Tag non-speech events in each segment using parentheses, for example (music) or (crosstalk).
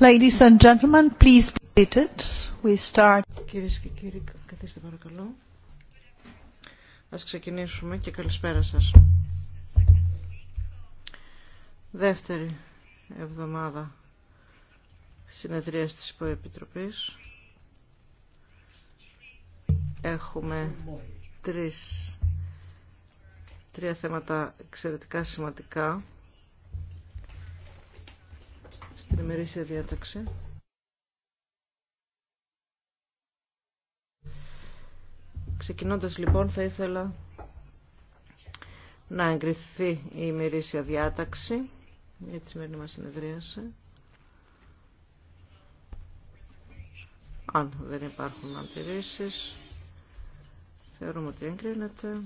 Ladies and gentlemen, please be seated. We start. Κυρίες και κύριοι, καθίστε παρακαλώ. Ας ξεκινήσουμε και καλησπέρα σας. Δεύτερη εβδομάδα συνεδρίας της Υποεπιτροπής. Έχουμε τρεις, τρία θέματα εξαιρετικά σημαντικά στην ημερήσια διάταξη. Ξεκινώντας λοιπόν θα ήθελα να εγκριθεί η ημερήσια διάταξη για τη σημερινή μας συνεδρίαση. Αν δεν υπάρχουν αντιρρήσεις, θεωρούμε ότι εγκρίνεται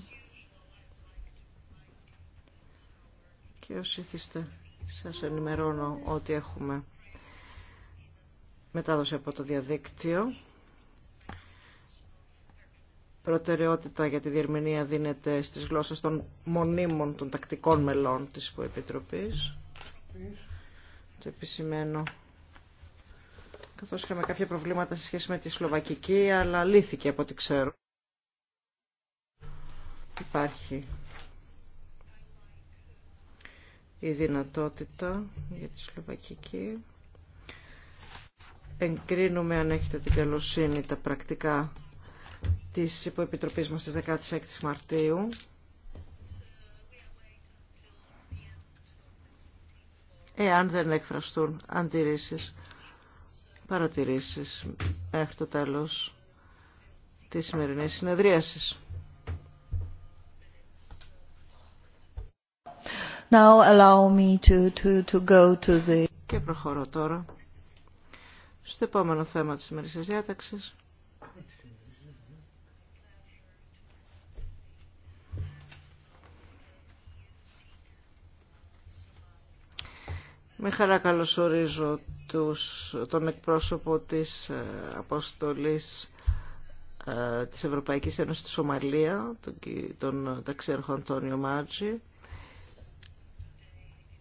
και όσοι ήθιστε σας ενημερώνω ότι έχουμε μετάδοση από το διαδίκτυο. Προτεραιότητα για τη διερμηνία δίνεται στις γλώσσες των μονίμων των τακτικών μελών της Υποεπιτροπής. Το επισημαίνω. Καθώς είχαμε κάποια προβλήματα σε σχέση με τη Σλοβακική, αλλά λύθηκε από ό,τι ξέρω. Υπάρχει η δυνατότητα για τη Σλοβακική. Εγκρίνουμε αν έχετε την καλοσύνη τα πρακτικά της υποεπιτροπής μας στις 16 Μαρτίου. Εάν δεν εκφραστούν αντιρρήσεις, παρατηρήσεις μέχρι το τέλος της σημερινής συνεδρίασης. Και προχωρώ τώρα στο επόμενο θέμα της σημερινής διάταξης. Με χαρά καλωσορίζω τον εκπρόσωπο της ε, αποστολής ε, της Ευρωπαϊκής Ένωσης της Σομαλία, τον, τον ταξιέρχο Αντώνιο Μάτζη.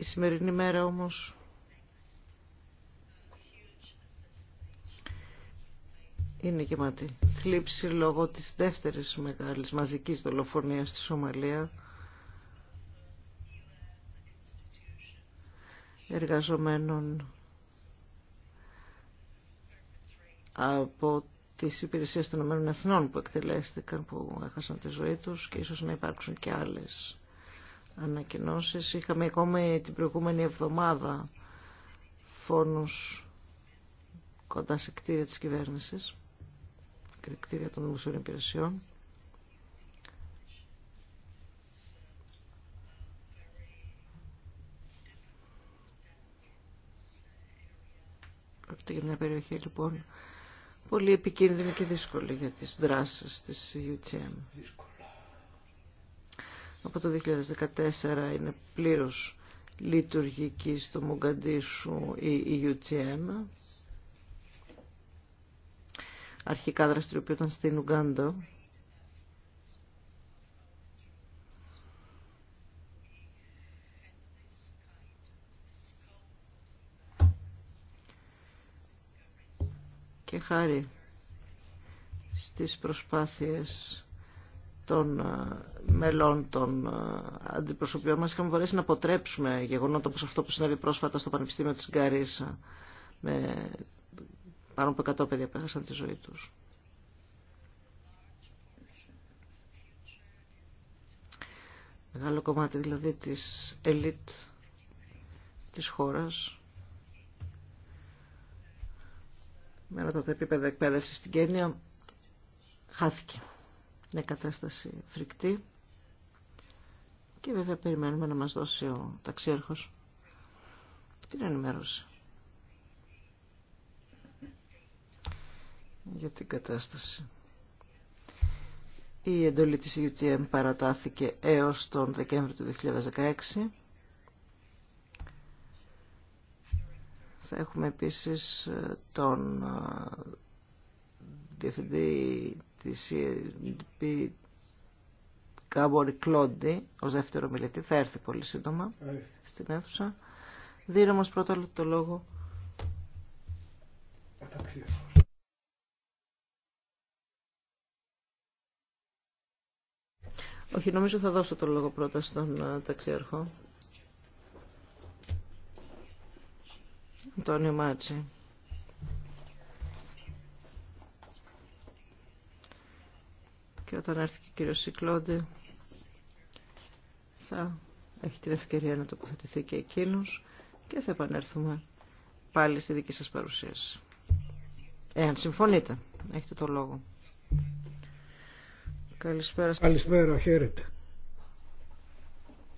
Η σημερινή μέρα όμως είναι γεμάτη. Θλίψη λόγω της δεύτερης μεγάλης μαζικής δολοφονίας στη Σομαλία. εργαζομένων από τις υπηρεσίες των ΗΕ που εκτελέστηκαν, που έχασαν τη ζωή τους και ίσως να υπάρξουν και άλλες ανακοινώσεις. Είχαμε ακόμη την προηγούμενη εβδομάδα φόνους κοντά σε κτίρια της κυβέρνησης και κτίρια των δημοσίων υπηρεσιών. Πρόκειται για μια περιοχή λοιπόν πολύ επικίνδυνη και δύσκολη για τις δράσεις της UTM. Δύσκολη από το 2014 είναι πλήρως λειτουργική στο Μογκαντήσου η UTM. Αρχικά δραστηριοποιούταν στην Ουγκάντα. Και χάρη στις προσπάθειες των ε, μελών των ε, αντιπροσωπιών μας είχαμε μπορέσει να αποτρέψουμε γεγονότα όπως αυτό που συνέβη πρόσφατα στο Πανεπιστήμιο της Γκάρης ε, με πάνω από 100 παιδιά έχασαν τη ζωή τους. Μεγάλο κομμάτι δηλαδή της ελίτ της χώρας με ένα τα επίπεδα εκπαίδευσης στην Κένια χάθηκε μια κατάσταση φρικτή και βέβαια περιμένουμε να μας δώσει ο ταξιέρχος την ενημέρωση για την κατάσταση. Η εντολή της UTM παρατάθηκε έως τον Δεκέμβριο του 2016. Θα έχουμε επίσης τον ε, Διευθυντή της ERP Κλόντι ως δεύτερο μιλητή θα έρθει πολύ σύντομα στην αίθουσα δίνω όμω πρώτα το λόγο Όχι, νομίζω θα δώσω το λόγο πρώτα στον ε, ταξιέρχο. Αντώνιο Μάτσι. και όταν έρθει και ο κύριος Σικλόντε θα έχει την ευκαιρία να τοποθετηθεί και εκείνος και θα επανέλθουμε πάλι στη δική σας παρουσίαση. Εάν συμφωνείτε, έχετε το λόγο. Καλησπέρα. Καλησπέρα, χαίρετε.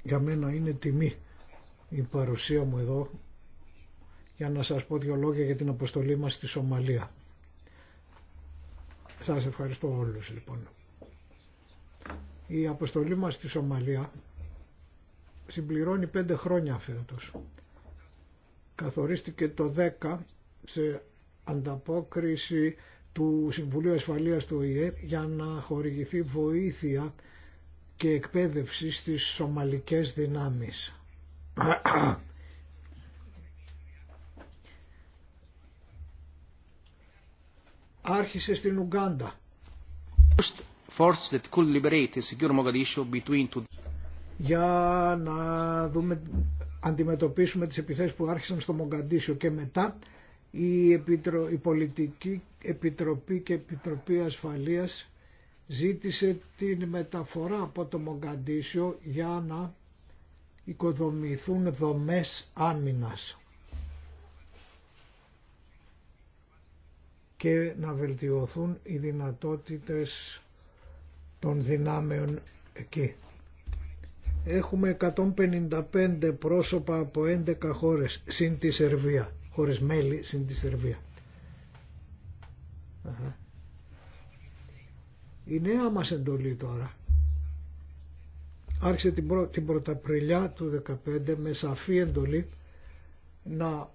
Για μένα είναι τιμή η παρουσία μου εδώ για να σας πω δύο λόγια για την αποστολή μας στη Σομαλία. Σας ευχαριστώ όλους λοιπόν. Η αποστολή μας στη Σομαλία συμπληρώνει πέντε χρόνια φέτος. Καθορίστηκε το 10 σε ανταπόκριση του Συμβουλίου Ασφαλείας του ΟΗΕ για να χορηγηθεί βοήθεια και εκπαίδευση στις σομαλικές δυνάμεις. Άρχισε στην Ουγκάντα. Για να δούμε, αντιμετωπίσουμε τις επιθέσεις που άρχισαν στο Μογκαντήσιο και μετά η, Πολιτική Επιτροπή και Επιτροπή Ασφαλείας ζήτησε την μεταφορά από το μογκαντίσιο για να οικοδομηθούν δομές άμυνας και να βελτιωθούν οι δυνατότητες των δυνάμεων εκεί. Έχουμε 155 πρόσωπα από 11 χώρες συν τη Σερβία, χώρες μέλη συν τη Σερβία. Η νέα μας εντολή τώρα άρχισε την, πρωταπριλιά του 2015 με σαφή εντολή να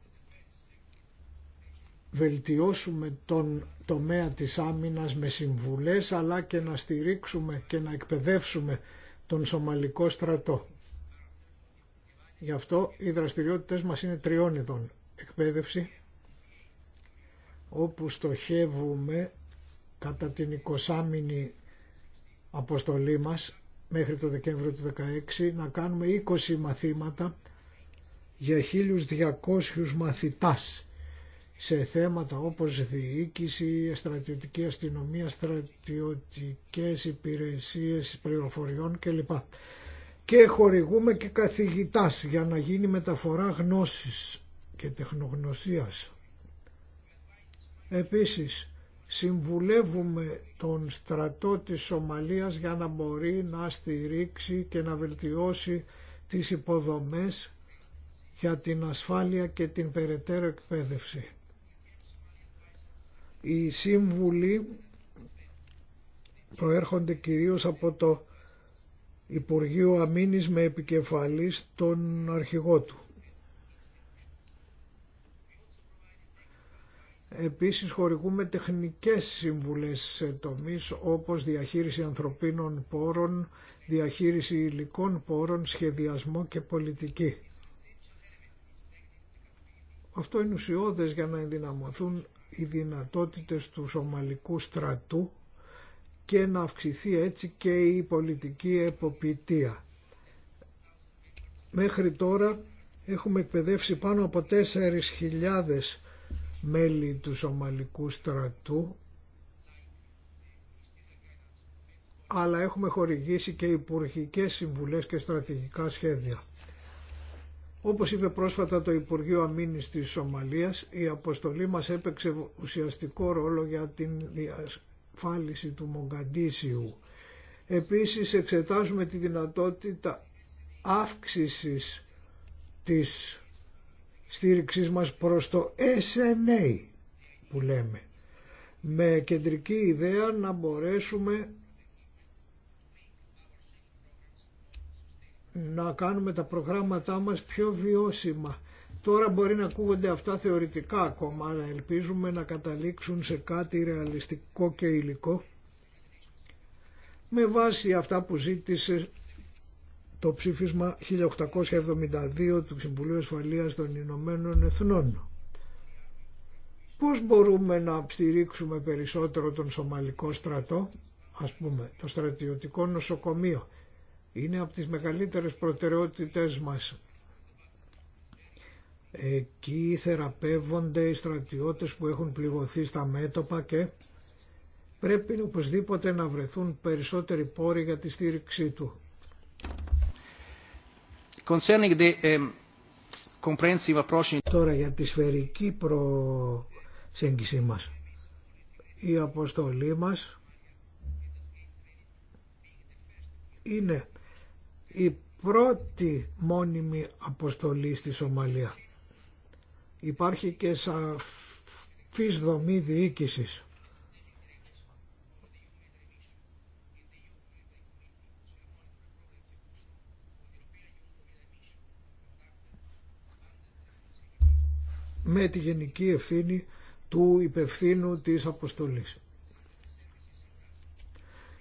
βελτιώσουμε τον τομέα της άμυνας με συμβουλές αλλά και να στηρίξουμε και να εκπαιδεύσουμε τον Σομαλικό στρατό. Γι' αυτό οι δραστηριότητες μας είναι τριών ειδών. Εκπαίδευση, όπου στοχεύουμε κατά την 20 αποστολή μας μέχρι το Δεκέμβριο του 2016 να κάνουμε 20 μαθήματα για 1.200 μαθητάς σε θέματα όπως διοίκηση, στρατιωτική αστυνομία, στρατιωτικές υπηρεσίες πληροφοριών κλπ. Και χορηγούμε και καθηγητάς για να γίνει μεταφορά γνώσης και τεχνογνωσίας. Επίσης, συμβουλεύουμε τον στρατό της Σομαλίας για να μπορεί να στηρίξει και να βελτιώσει τις υποδομές για την ασφάλεια και την περαιτέρω εκπαίδευση. Οι σύμβουλοι προέρχονται κυρίως από το Υπουργείο Αμήνης με επικεφαλής τον αρχηγό του. Επίσης χορηγούμε τεχνικές συμβουλές σε τομείς όπως διαχείριση ανθρωπίνων πόρων, διαχείριση υλικών πόρων, σχεδιασμό και πολιτική. Αυτό είναι ουσιώδες για να ενδυναμωθούν οι δυνατότητες του Σομαλικού στρατού και να αυξηθεί έτσι και η πολιτική εποπιτεία. Μέχρι τώρα έχουμε εκπαιδεύσει πάνω από 4.000 μέλη του Σομαλικού στρατού αλλά έχουμε χορηγήσει και υπουργικές συμβουλές και στρατηγικά σχέδια. Όπως είπε πρόσφατα το Υπουργείο Αμήνης της Σομαλίας, η αποστολή μας έπαιξε ουσιαστικό ρόλο για την διασφάλιση του Μογκαντήσιου. Επίσης εξετάζουμε τη δυνατότητα αύξησης της στήριξής μας προς το SNA που λέμε με κεντρική ιδέα να μπορέσουμε να κάνουμε τα προγράμματά μας πιο βιώσιμα. Τώρα μπορεί να ακούγονται αυτά θεωρητικά ακόμα, αλλά ελπίζουμε να καταλήξουν σε κάτι ρεαλιστικό και υλικό με βάση αυτά που ζήτησε το ψήφισμα 1872 του Συμβουλίου Ασφαλείας των Ηνωμένων Εθνών. Πώς μπορούμε να στηρίξουμε περισσότερο τον Σομαλικό στρατό, ας πούμε, το στρατιωτικό νοσοκομείο είναι από τις μεγαλύτερες προτεραιότητες μας. Εκεί θεραπεύονται οι στρατιώτες που έχουν πληγωθεί στα μέτωπα και πρέπει οπωσδήποτε να βρεθούν περισσότεροι πόροι για τη στήριξή του. Um, Τώρα για τη σφαιρική προσέγγιση μας. Η αποστολή μας είναι η πρώτη μόνιμη αποστολή στη Σομαλία. Υπάρχει και σαφής δομή διοίκησης. με τη γενική ευθύνη του υπευθύνου της αποστολής.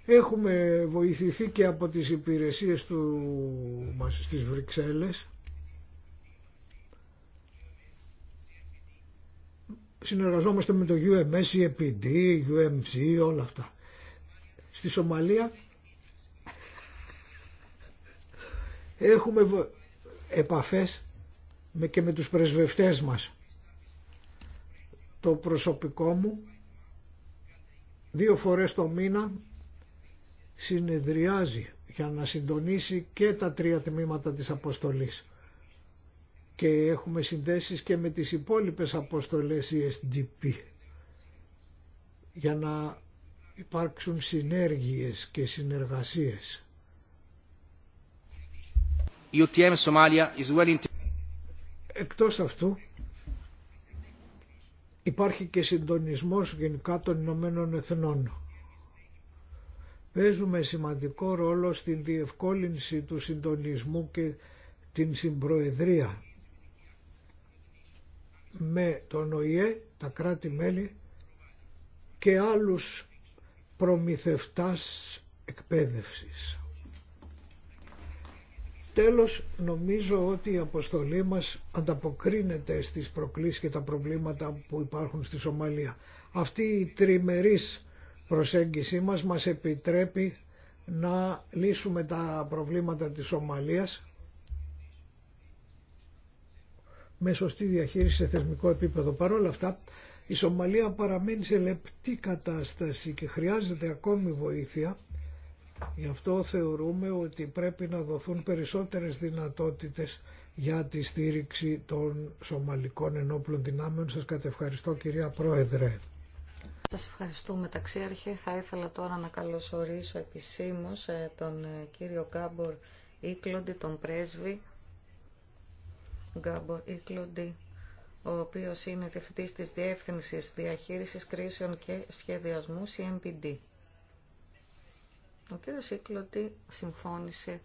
Έχουμε βοηθηθεί και από τις υπηρεσίες του μας στις Βρυξέλλες. Συνεργαζόμαστε με το UMS, EPD, UMC, όλα αυτά. Στη Σομαλία έχουμε επαφές με και με τους πρεσβευτές μας. Το προσωπικό μου δύο φορές το μήνα συνεδριάζει για να συντονίσει και τα τρία τμήματα της αποστολής. Και έχουμε συνδέσεις και με τις υπόλοιπες αποστολές ESDP για να υπάρξουν συνέργειες και συνεργασίες. UTM Somalia is well Εκτός αυτού υπάρχει και συντονισμός γενικά των Ηνωμένων Εθνών παίζουμε σημαντικό ρόλο στην διευκόλυνση του συντονισμού και την συμπροεδρία με τον ΟΗΕ, τα κράτη-μέλη και άλλους προμηθευτάς εκπαίδευσης. Τέλος, νομίζω ότι η αποστολή μας ανταποκρίνεται στις προκλήσεις και τα προβλήματα που υπάρχουν στη Σομαλία. Αυτή η τριμερής προσέγγισή μας μας επιτρέπει να λύσουμε τα προβλήματα της Σομαλίας με σωστή διαχείριση σε θεσμικό επίπεδο. Παρ' όλα αυτά η Σομαλία παραμένει σε λεπτή κατάσταση και χρειάζεται ακόμη βοήθεια. Γι' αυτό θεωρούμε ότι πρέπει να δοθούν περισσότερες δυνατότητες για τη στήριξη των Σομαλικών ενόπλων δυνάμεων. Σας κατευχαριστώ κυρία Πρόεδρε. Σας ευχαριστούμε ταξίαρχε. Θα ήθελα τώρα να καλωσορίσω επισήμως ε, τον ε, κύριο Γκάμπορ Ίκλοντι, τον πρέσβη Γκάμπορ Ίκλοντι, ο οποίος είναι διευθυντής της Διεύθυνσης Διαχείρισης Κρίσεων και Σχεδιασμού CMPD. Ο κύριος Ίκλοντι συμφώνησε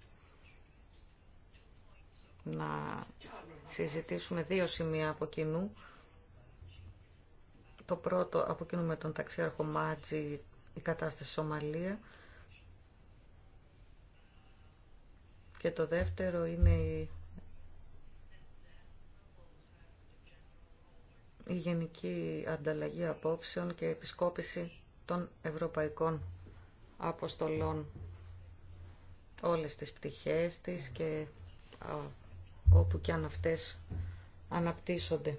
να συζητήσουμε δύο σημεία από κοινού το πρώτο από με τον ταξιάρχο Μάτζη, η κατάσταση Σομαλία. Και το δεύτερο είναι η, γενική ανταλλαγή απόψεων και επισκόπηση των ευρωπαϊκών αποστολών όλες τις πτυχές της και όπου και αν αυτές αναπτύσσονται.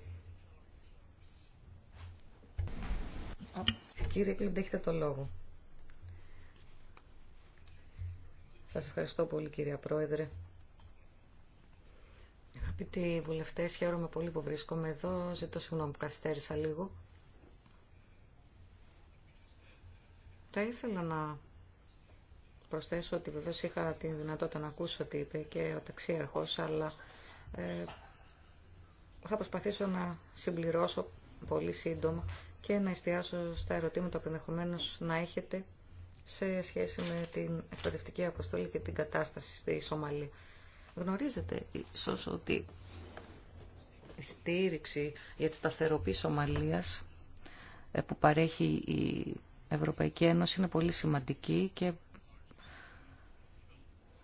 Κύριε Κλίντ, έχετε το λόγο. Σας ευχαριστώ πολύ κυρία Πρόεδρε. Αγαπητοί βουλευτές, χαίρομαι πολύ που βρίσκομαι εδώ. Ζητώ συγγνώμη που καθυστέρησα λίγο. Θα ήθελα να προσθέσω ότι βεβαίως είχα την δυνατότητα να ακούσω τι είπε και ο ταξίαρχος, αλλά ε, θα προσπαθήσω να συμπληρώσω πολύ σύντομα και να εστιάσω στα ερωτήματα που ενδεχομένω να έχετε σε σχέση με την εκπαιδευτική αποστολή και την κατάσταση στη Σομαλία. Γνωρίζετε ίσως ότι η στήριξη για τη σταθεροποίηση Σομαλίας ε, που παρέχει η Ευρωπαϊκή Ένωση είναι πολύ σημαντική και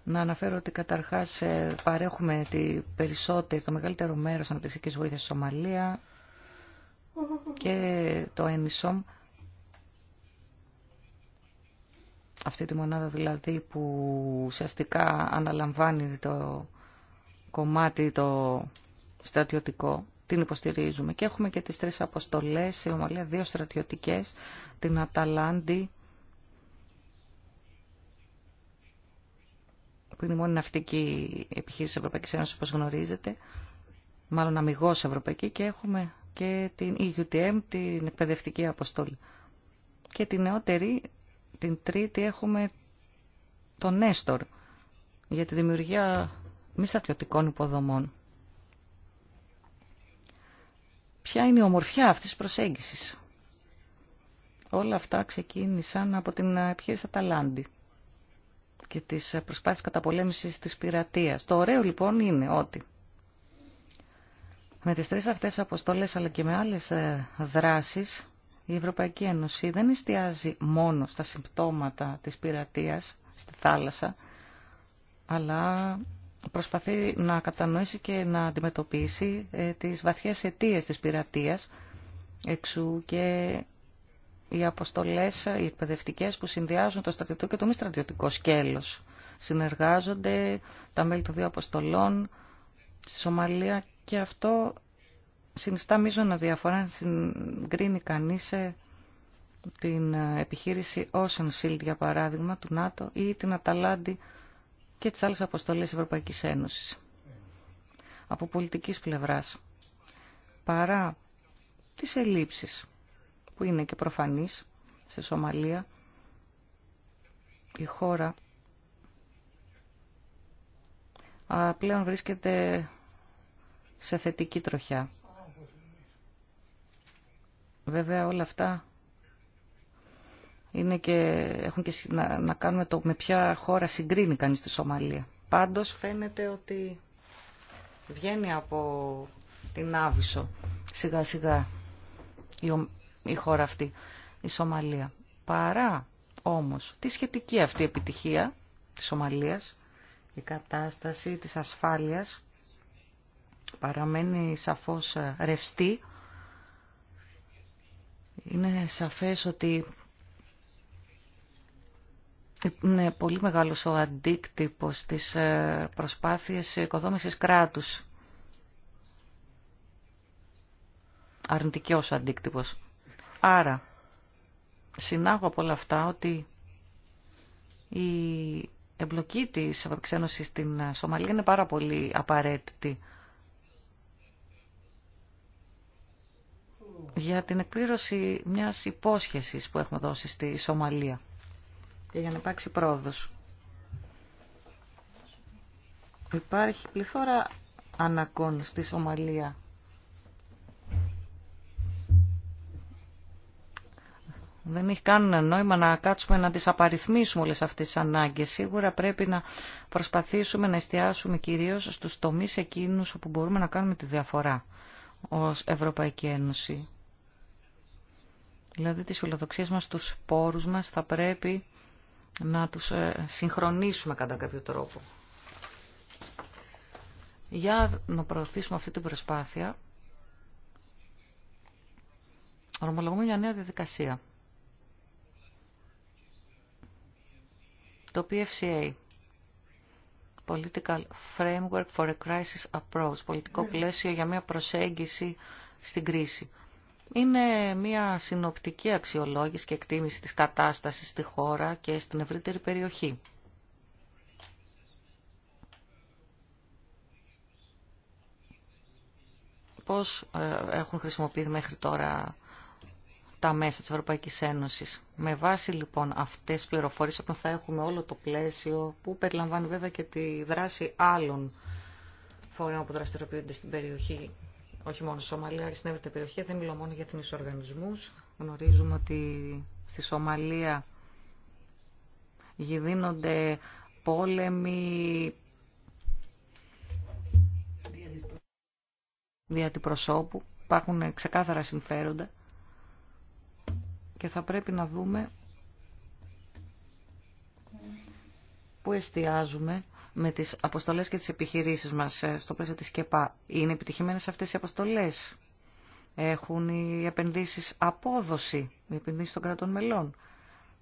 να αναφέρω ότι καταρχάς ε, παρέχουμε τη περισσότερη, το μεγαλύτερο μέρος αναπτυξικής βοήθειας στη Σομαλία, και το ΕΝΙΣΟΜ, αυτή τη μονάδα δηλαδή που ουσιαστικά αναλαμβάνει το κομμάτι το στρατιωτικό, την υποστηρίζουμε. Και έχουμε και τις τρεις αποστολές, Ομαλία, δύο στρατιωτικές, την Αταλάντη, που είναι η μόνη ναυτική επιχείρηση Ευρωπαϊκής Ένωσης, όπως γνωρίζετε, μάλλον αμυγός Ευρωπαϊκή, και έχουμε και την EUTM, την εκπαιδευτική αποστολή. Και την νεότερη, την τρίτη, έχουμε τον Νέστορ για τη δημιουργία μη στρατιωτικών υποδομών. Ποια είναι η ομορφιά αυτής της προσέγγισης. Όλα αυτά ξεκίνησαν από την επιχείρηση Αταλάντη και τις προσπάθειες καταπολέμησης της πειρατείας. Το ωραίο λοιπόν είναι ότι με τις τρεις αυτές αποστόλες αλλά και με άλλες ε, δράσεις η Ευρωπαϊκή Ένωση δεν εστιάζει μόνο στα συμπτώματα της πειρατείας στη θάλασσα αλλά προσπαθεί να κατανοήσει και να αντιμετωπίσει ε, τις βαθιές αιτίες της πειρατείας εξού και οι αποστολές, οι εκπαιδευτικές που συνδυάζουν το στρατιωτικό και το μη στρατιωτικό σκέλος. Συνεργάζονται τα μέλη των δύο αποστολών στη Σομαλία και αυτό συνιστά μείζωνα διαφορά αν συγκρίνει κανείς ε, την ε, επιχείρηση Ocean Shield για παράδειγμα του ΝΑΤΟ ή την Αταλάντη και τις άλλες αποστολές Ευρωπαϊκής Ένωσης. Από πολιτικής πλευράς, παρά τις ελλείψεις που είναι και προφανείς στη Σομαλία, η χώρα πλέον βρίσκεται σε θετική τροχιά. Βέβαια όλα αυτά είναι και, έχουν και να, να κάνουμε το με ποια χώρα συγκρίνει κανείς τη Σομαλία. Πάντως φαίνεται ότι βγαίνει από την Άβυσσο σιγά σιγά η, η χώρα αυτή, η Σομαλία. Παρά όμως τη σχετική αυτή επιτυχία της Σομαλίας, η κατάσταση της ασφάλειας παραμένει σαφώς ε, ρευστή. Είναι σαφές ότι είναι πολύ μεγάλος ο αντίκτυπος της ε, προσπάθειας οικοδόμησης κράτους. Αρνητικός αντίκτυπος. Άρα, συνάγω από όλα αυτά ότι η εμπλοκή της Ευρωπαϊκής στην Σομαλία είναι πάρα πολύ απαραίτητη. για την εκπλήρωση μιας υπόσχεσης που έχουμε δώσει στη Σομαλία και για να υπάρξει πρόοδος. Υπάρχει πληθώρα ανακών στη Σομαλία. Δεν έχει καν νόημα να κάτσουμε να τις απαριθμίσουμε όλες αυτές τις ανάγκες. Σίγουρα πρέπει να προσπαθήσουμε να εστιάσουμε κυρίως στους τομείς εκείνους όπου μπορούμε να κάνουμε τη διαφορά ως Ευρωπαϊκή Ένωση. Δηλαδή τις φιλοδοξίες μας, τους πόρους μας θα πρέπει να τους ε, συγχρονίσουμε κατά κάποιο τρόπο. Για να προωθήσουμε αυτή την προσπάθεια, ορμολογούμε μια νέα διαδικασία. Το PFCA, Political Framework for a Crisis Approach, πολιτικό ναι. πλαίσιο για μια προσέγγιση στην κρίση. Είναι μια συνοπτική αξιολόγηση και εκτίμηση της κατάστασης στη χώρα και στην ευρύτερη περιοχή. Πώς ε, έχουν χρησιμοποιηθεί μέχρι τώρα τα μέσα της Ευρωπαϊκής Ένωσης. Με βάση λοιπόν αυτές τις πληροφορίες όταν θα έχουμε όλο το πλαίσιο που περιλαμβάνει βέβαια και τη δράση άλλων φορέων που δραστηριοποιούνται στην περιοχή, όχι μόνο στη Σομαλία, αλλά στην ευρύτερη περιοχή, δεν μιλώ μόνο για την οργανισμούς. Γνωρίζουμε ότι στη Σομαλία γιδίνονται πόλεμοι δια προσώπου. Υπάρχουν ξεκάθαρα συμφέροντα και θα πρέπει να δούμε πού εστιάζουμε με τις αποστολές και τις επιχειρήσεις μας ε, στο πλαίσιο της ΚΕΠΑ. Είναι επιτυχημένες αυτές οι αποστολές. Έχουν οι επενδύσεις απόδοση, οι επενδύσεις των κρατών μελών.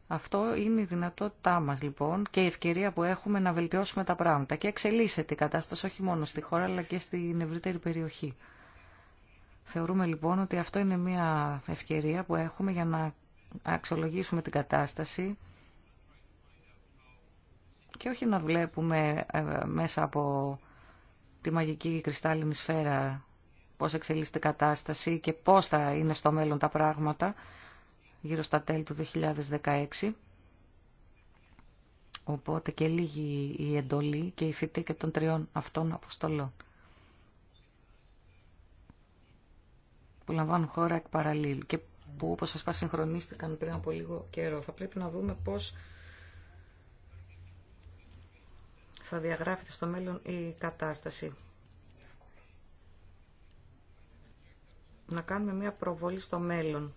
Αυτό είναι η δυνατότητά μας λοιπόν και η ευκαιρία που έχουμε να βελτιώσουμε τα πράγματα και εξελίσσεται η κατάσταση όχι μόνο στη χώρα αλλά και στην ευρύτερη περιοχή. Θεωρούμε λοιπόν ότι αυτό είναι μια ευκαιρία που έχουμε για να αξιολογήσουμε την κατάσταση και όχι να βλέπουμε ε, μέσα από τη μαγική κρυστάλλινη σφαίρα πώς εξελίσσεται η κατάσταση και πώς θα είναι στο μέλλον τα πράγματα γύρω στα τέλη του 2016. Οπότε και λίγη η εντολή και η θητή και των τριών αυτών αποστολών. Που λαμβάνουν χώρα εκ Και που όπως σας είπα συγχρονίστηκαν πριν από λίγο καιρό. Θα πρέπει να δούμε πώς θα διαγράφεται στο μέλλον η κατάσταση. Να κάνουμε μια προβολή στο μέλλον.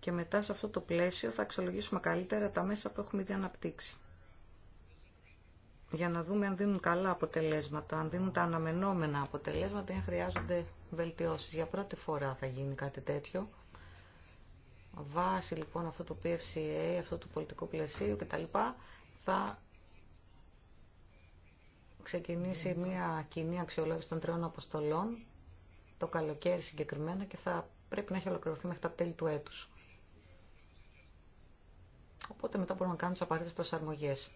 Και μετά σε αυτό το πλαίσιο θα αξιολογήσουμε καλύτερα τα μέσα που έχουμε ήδη αναπτύξει. Για να δούμε αν δίνουν καλά αποτελέσματα, αν δίνουν τα αναμενόμενα αποτελέσματα, αν χρειάζονται βελτιώσεις. Για πρώτη φορά θα γίνει κάτι τέτοιο. Βάσει λοιπόν αυτό το PFCA, αυτό του πολιτικού πλαισίου κτλ. θα ξεκινήσει μια κοινή αξιολόγηση των τριών αποστολών το καλοκαίρι συγκεκριμένα και θα πρέπει να έχει ολοκληρωθεί μέχρι τα τέλη του έτους. Οπότε μετά μπορούμε να κάνουμε τι απαραίτητε προσαρμογές.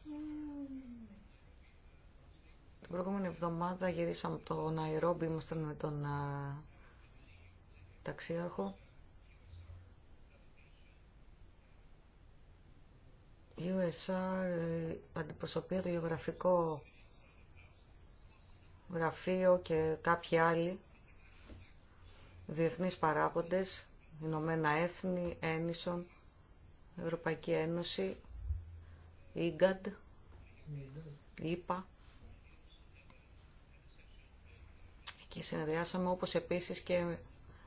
Την προηγούμενη εβδομάδα γυρίσαμε το Ναϊρόμπι, ήμασταν με τον α, ταξίαρχο. USR, ε, αντιπροσωπεία, το γεωγραφικό γραφείο και κάποιοι άλλοι διεθνείς παράγοντες, Ηνωμένα Έθνη, Ένισον, Ευρωπαϊκή Ένωση, mm ΙΠΑ. και συνεδριάσαμε όπως επίσης και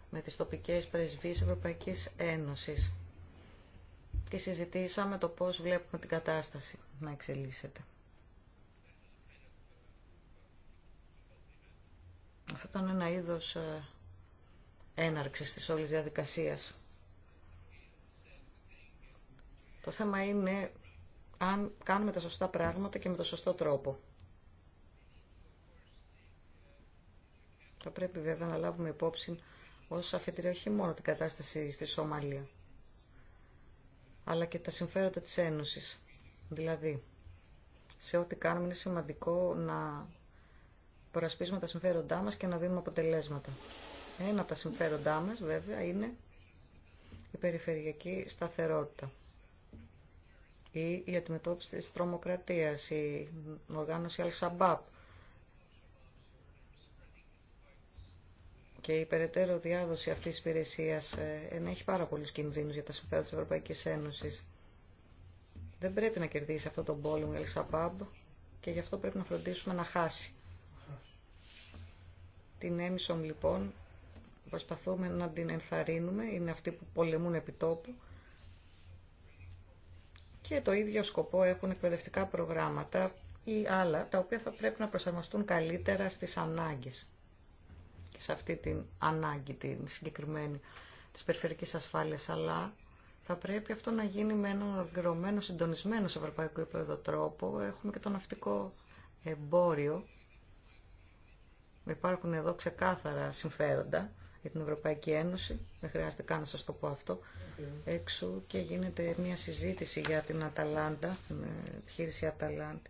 με τις τοπικές πρεσβείες Ευρωπαϊκής Ένωσης και συζητήσαμε το πώς βλέπουμε την κατάσταση να εξελίσσεται. Αυτό ήταν ένα είδος ε, έναρξης της όλης διαδικασίας. Το θέμα είναι αν κάνουμε τα σωστά πράγματα και με το σωστό τρόπο. Θα πρέπει βέβαια να λάβουμε υπόψη ως αφετηρία όχι μόνο την κατάσταση στη Σομαλία, αλλά και τα συμφέροντα της Ένωσης. Δηλαδή, σε ό,τι κάνουμε είναι σημαντικό να προασπίσουμε τα συμφέροντά μας και να δίνουμε αποτελέσματα. Ένα από τα συμφέροντά μας βέβαια είναι η περιφερειακή σταθερότητα ή η αντιμετώπιση της τρομοκρατίας, η οργάνωση Al-Shabaab και η περαιτέρω διάδοση αυτής της υπηρεσίας ε, ενέχει πάρα πολλούς κινδύνους για τα συμφέροντα της Ευρωπαϊκής Ένωσης. Δεν πρέπει να κερδίσει αυτό τον πόλεμο η Ελσαμπάμπ και γι' αυτό πρέπει να φροντίσουμε να χάσει. Την Έμισομ λοιπόν προσπαθούμε να την ενθαρρύνουμε, είναι αυτοί που πολεμούν επί τόπου και το ίδιο σκοπό έχουν εκπαιδευτικά προγράμματα ή άλλα τα οποία θα πρέπει να προσαρμοστούν καλύτερα στις ανάγκες και σε αυτή την ανάγκη την συγκεκριμένη της περιφερικής ασφάλειας, αλλά θα πρέπει αυτό να γίνει με έναν ολοκληρωμένο, συντονισμένο σε ευρωπαϊκό επίπεδο τρόπο. Έχουμε και το ναυτικό εμπόριο. Υπάρχουν εδώ ξεκάθαρα συμφέροντα για την Ευρωπαϊκή Ένωση. Δεν χρειάζεται καν να σας το πω αυτό. Έξω και γίνεται μια συζήτηση για την Αταλάντα, την επιχείρηση Αταλάντη,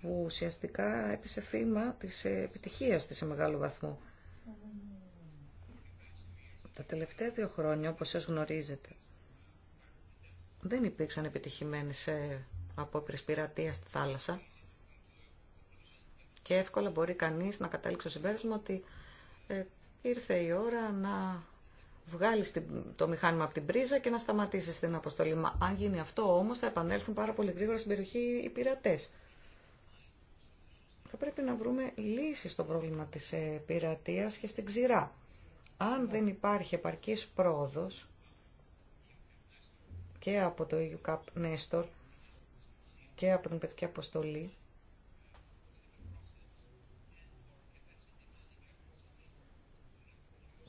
που ουσιαστικά έπεσε θύμα της επιτυχίας της σε μεγάλο βαθμό. Τα τελευταία δύο χρόνια, όπως σας γνωρίζετε, δεν υπήρξαν επιτυχημένες ε, απόπειρες πειρατεία στη θάλασσα και εύκολα μπορεί κανείς να καταλήξει το συμπέρασμα ότι ε, ήρθε η ώρα να βγάλει το μηχάνημα από την πρίζα και να σταματήσει στην αποστολή. Μα αν γίνει αυτό όμως θα επανέλθουν πάρα πολύ γρήγορα στην περιοχή οι πειρατές. Θα πρέπει να βρούμε λύση στο πρόβλημα της ε, πειρατείας και στην ξηρά. Αν δεν υπάρχει επαρκής πρόοδος και από το EUCAP Nestor και από την παιδική αποστολή,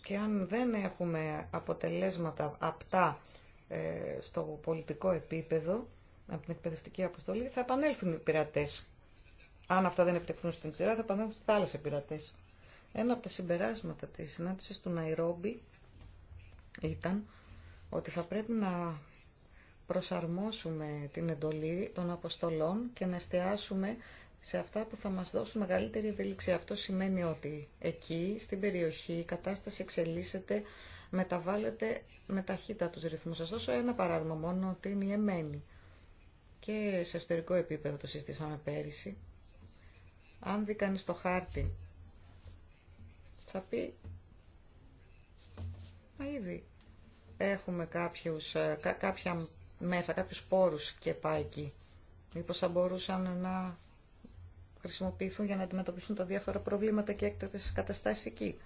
και αν δεν έχουμε αποτελέσματα απτά ε, στο πολιτικό επίπεδο, από την εκπαιδευτική αποστολή, θα επανέλθουν οι πειρατές αν αυτά δεν επιτευχθούν στην πτυρά, θα πάνε στη θάλασσα πειρατέ. Ένα από τα συμπεράσματα τη συνάντηση του Ναϊρόμπι ήταν ότι θα πρέπει να προσαρμόσουμε την εντολή των αποστολών και να εστιάσουμε σε αυτά που θα μας δώσουν μεγαλύτερη ευελιξία. Αυτό σημαίνει ότι εκεί, στην περιοχή, η κατάσταση εξελίσσεται, μεταβάλλεται με ταχύτητα τους ρυθμούς. Σας δώσω ένα παράδειγμα μόνο, ότι είναι η εμένη. Και σε εσωτερικό επίπεδο το συστησαμε πέρυσι, αν δει στο το χάρτη, θα πει, μα ήδη έχουμε κάποιους, ε, κάποια μέσα, κάποιους πόρους και πάει εκεί. Μήπως θα μπορούσαν να χρησιμοποιηθούν για να αντιμετωπίσουν τα διάφορα προβλήματα και έκτατες καταστάσεις εκεί.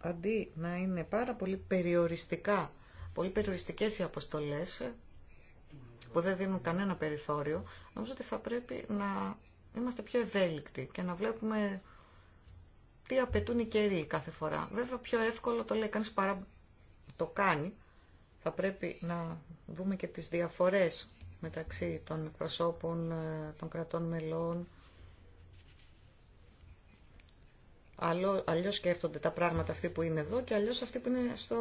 Αντί να είναι πάρα πολύ περιοριστικά, πολύ περιοριστικές οι αποστολές, που δεν δίνουν κανένα περιθώριο, νομίζω ότι θα πρέπει να είμαστε πιο ευέλικτοι και να βλέπουμε τι απαιτούν οι καιροί κάθε φορά. Βέβαια πιο εύκολο το λέει κανείς παρά το κάνει. Θα πρέπει να δούμε και τις διαφορές μεταξύ των προσώπων ε, των κρατών μελών. Αλλιώς σκέφτονται τα πράγματα αυτοί που είναι εδώ και αλλιώς αυτοί που είναι στο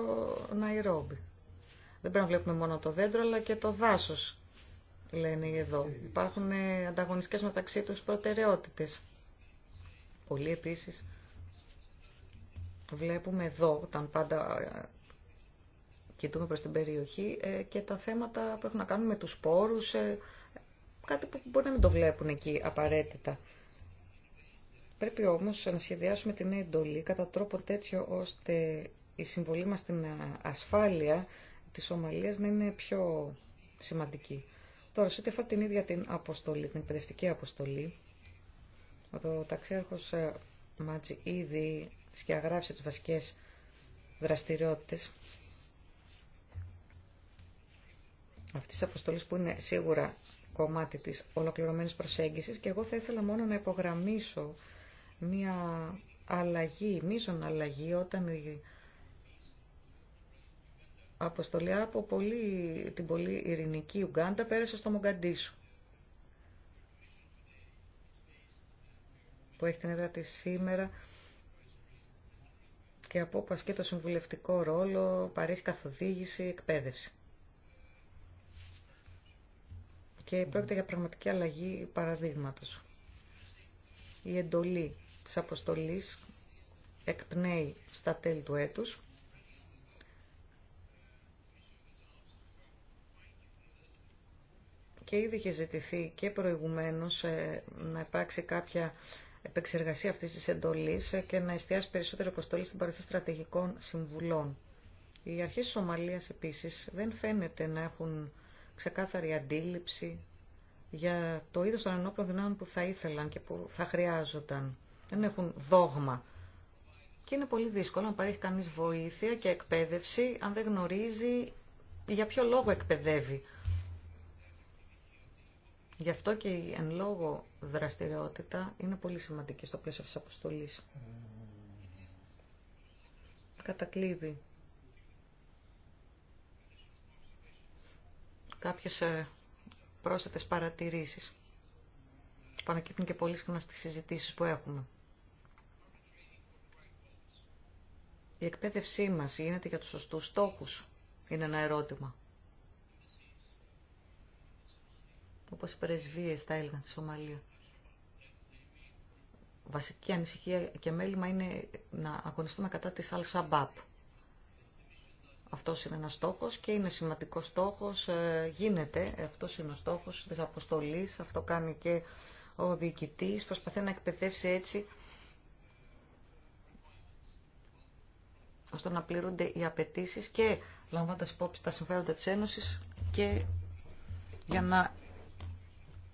Ναϊρόμπι. Δεν πρέπει να βλέπουμε μόνο το δέντρο αλλά και το δάσος λένε εδώ. Υπάρχουν ε, ανταγωνιστικές μεταξύ τους προτεραιότητες. Πολλοί επίσης βλέπουμε εδώ, όταν πάντα ε, κοιτούμε προς την περιοχή, ε, και τα θέματα που έχουν να κάνουν με τους σπόρους, κάτι που μπορεί να μην το βλέπουν εκεί απαραίτητα. Πρέπει όμως να σχεδιάσουμε την εντολή κατά τρόπο τέτοιο ώστε η συμβολή μας στην ασφάλεια της Ομαλίας να είναι πιο σημαντική. Τώρα, σε ό,τι την ίδια την αποστολή, την εκπαιδευτική αποστολή, ο ταξιάρχος ε, Μάτζη ήδη σκιαγράψει τις βασικές δραστηριότητες αυτής της αποστολής που είναι σίγουρα κομμάτι της ολοκληρωμένης προσέγγισης και εγώ θα ήθελα μόνο να υπογραμμίσω μια αλλαγή, μείζον αλλαγή όταν η αποστολή από πολύ, την πολύ ειρηνική Ουγγάντα πέρασε στο Μογκαντίσου, που έχει την έδρα της σήμερα και από όπου ασκεί το συμβουλευτικό ρόλο, παρέχει καθοδήγηση, εκπαίδευση. Και πρόκειται για πραγματική αλλαγή παραδείγματος. Η εντολή της αποστολής εκπνέει στα τέλη του έτους και ήδη είχε ζητηθεί και προηγουμένως ε, να υπάρξει κάποια επεξεργασία αυτής της εντολής και να εστιάσει περισσότερο αποστολή στην παροχή στρατηγικών συμβουλών. Οι αρχές της Σομαλίας επίσης δεν φαίνεται να έχουν ξεκάθαρη αντίληψη για το είδος των ενόπλων δυνάμεων που θα ήθελαν και που θα χρειάζονταν. Δεν έχουν δόγμα. Και είναι πολύ δύσκολο να παρέχει κανείς βοήθεια και εκπαίδευση αν δεν γνωρίζει για ποιο λόγο εκπαιδεύει Γι' αυτό και η εν λόγω δραστηριότητα είναι πολύ σημαντική στο πλαίσιο της αποστολής. Κατακλείδη. Κάποιες ε, πρόσθετες παρατηρήσεις. Πανακύπτουν και πολύ σχεδόν στις συζητήσεις που έχουμε. Η εκπαίδευσή μας γίνεται για τους σωστούς στόχους. Είναι ένα ερώτημα. όπως οι πρεσβείες τα έλεγαν στη Σομαλία. Βασική ανησυχία και μέλημα είναι να αγωνιστούμε κατά της Al Σαμπάπ. Αυτός είναι ένας στόχος και είναι σημαντικός στόχος, ε, γίνεται, αυτός είναι ο στόχος της αποστολής, αυτό κάνει και ο διοικητής, προσπαθεί να εκπαιδεύσει έτσι ώστε να πληρούνται οι απαιτήσει και λαμβάνοντα υπόψη τα συμφέροντα της Ένωσης και για να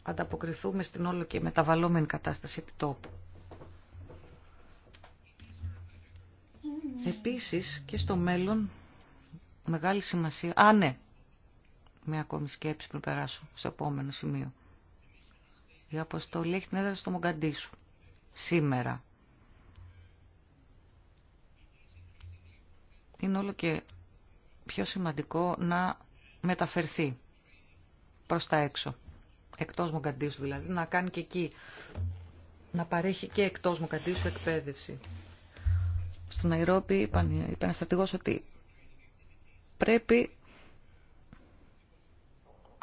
ανταποκριθούμε στην όλο και μεταβαλλόμενη κατάσταση επιτόπου. Επίσης και στο μέλλον μεγάλη σημασία... Α, ναι, Μια ακόμη σκέψη πριν περάσω στο επόμενο σημείο. Η αποστολή έχει την έδρα στο Μογκαντήσου. Σήμερα. Είναι όλο και πιο σημαντικό να μεταφερθεί προς τα έξω εκτός Μογκαντήσου δηλαδή, να κάνει και εκεί, να παρέχει και εκτός Μογκαντήσου εκπαίδευση. Στον Αϊρόπη είπαν, είπαν στρατηγός ότι πρέπει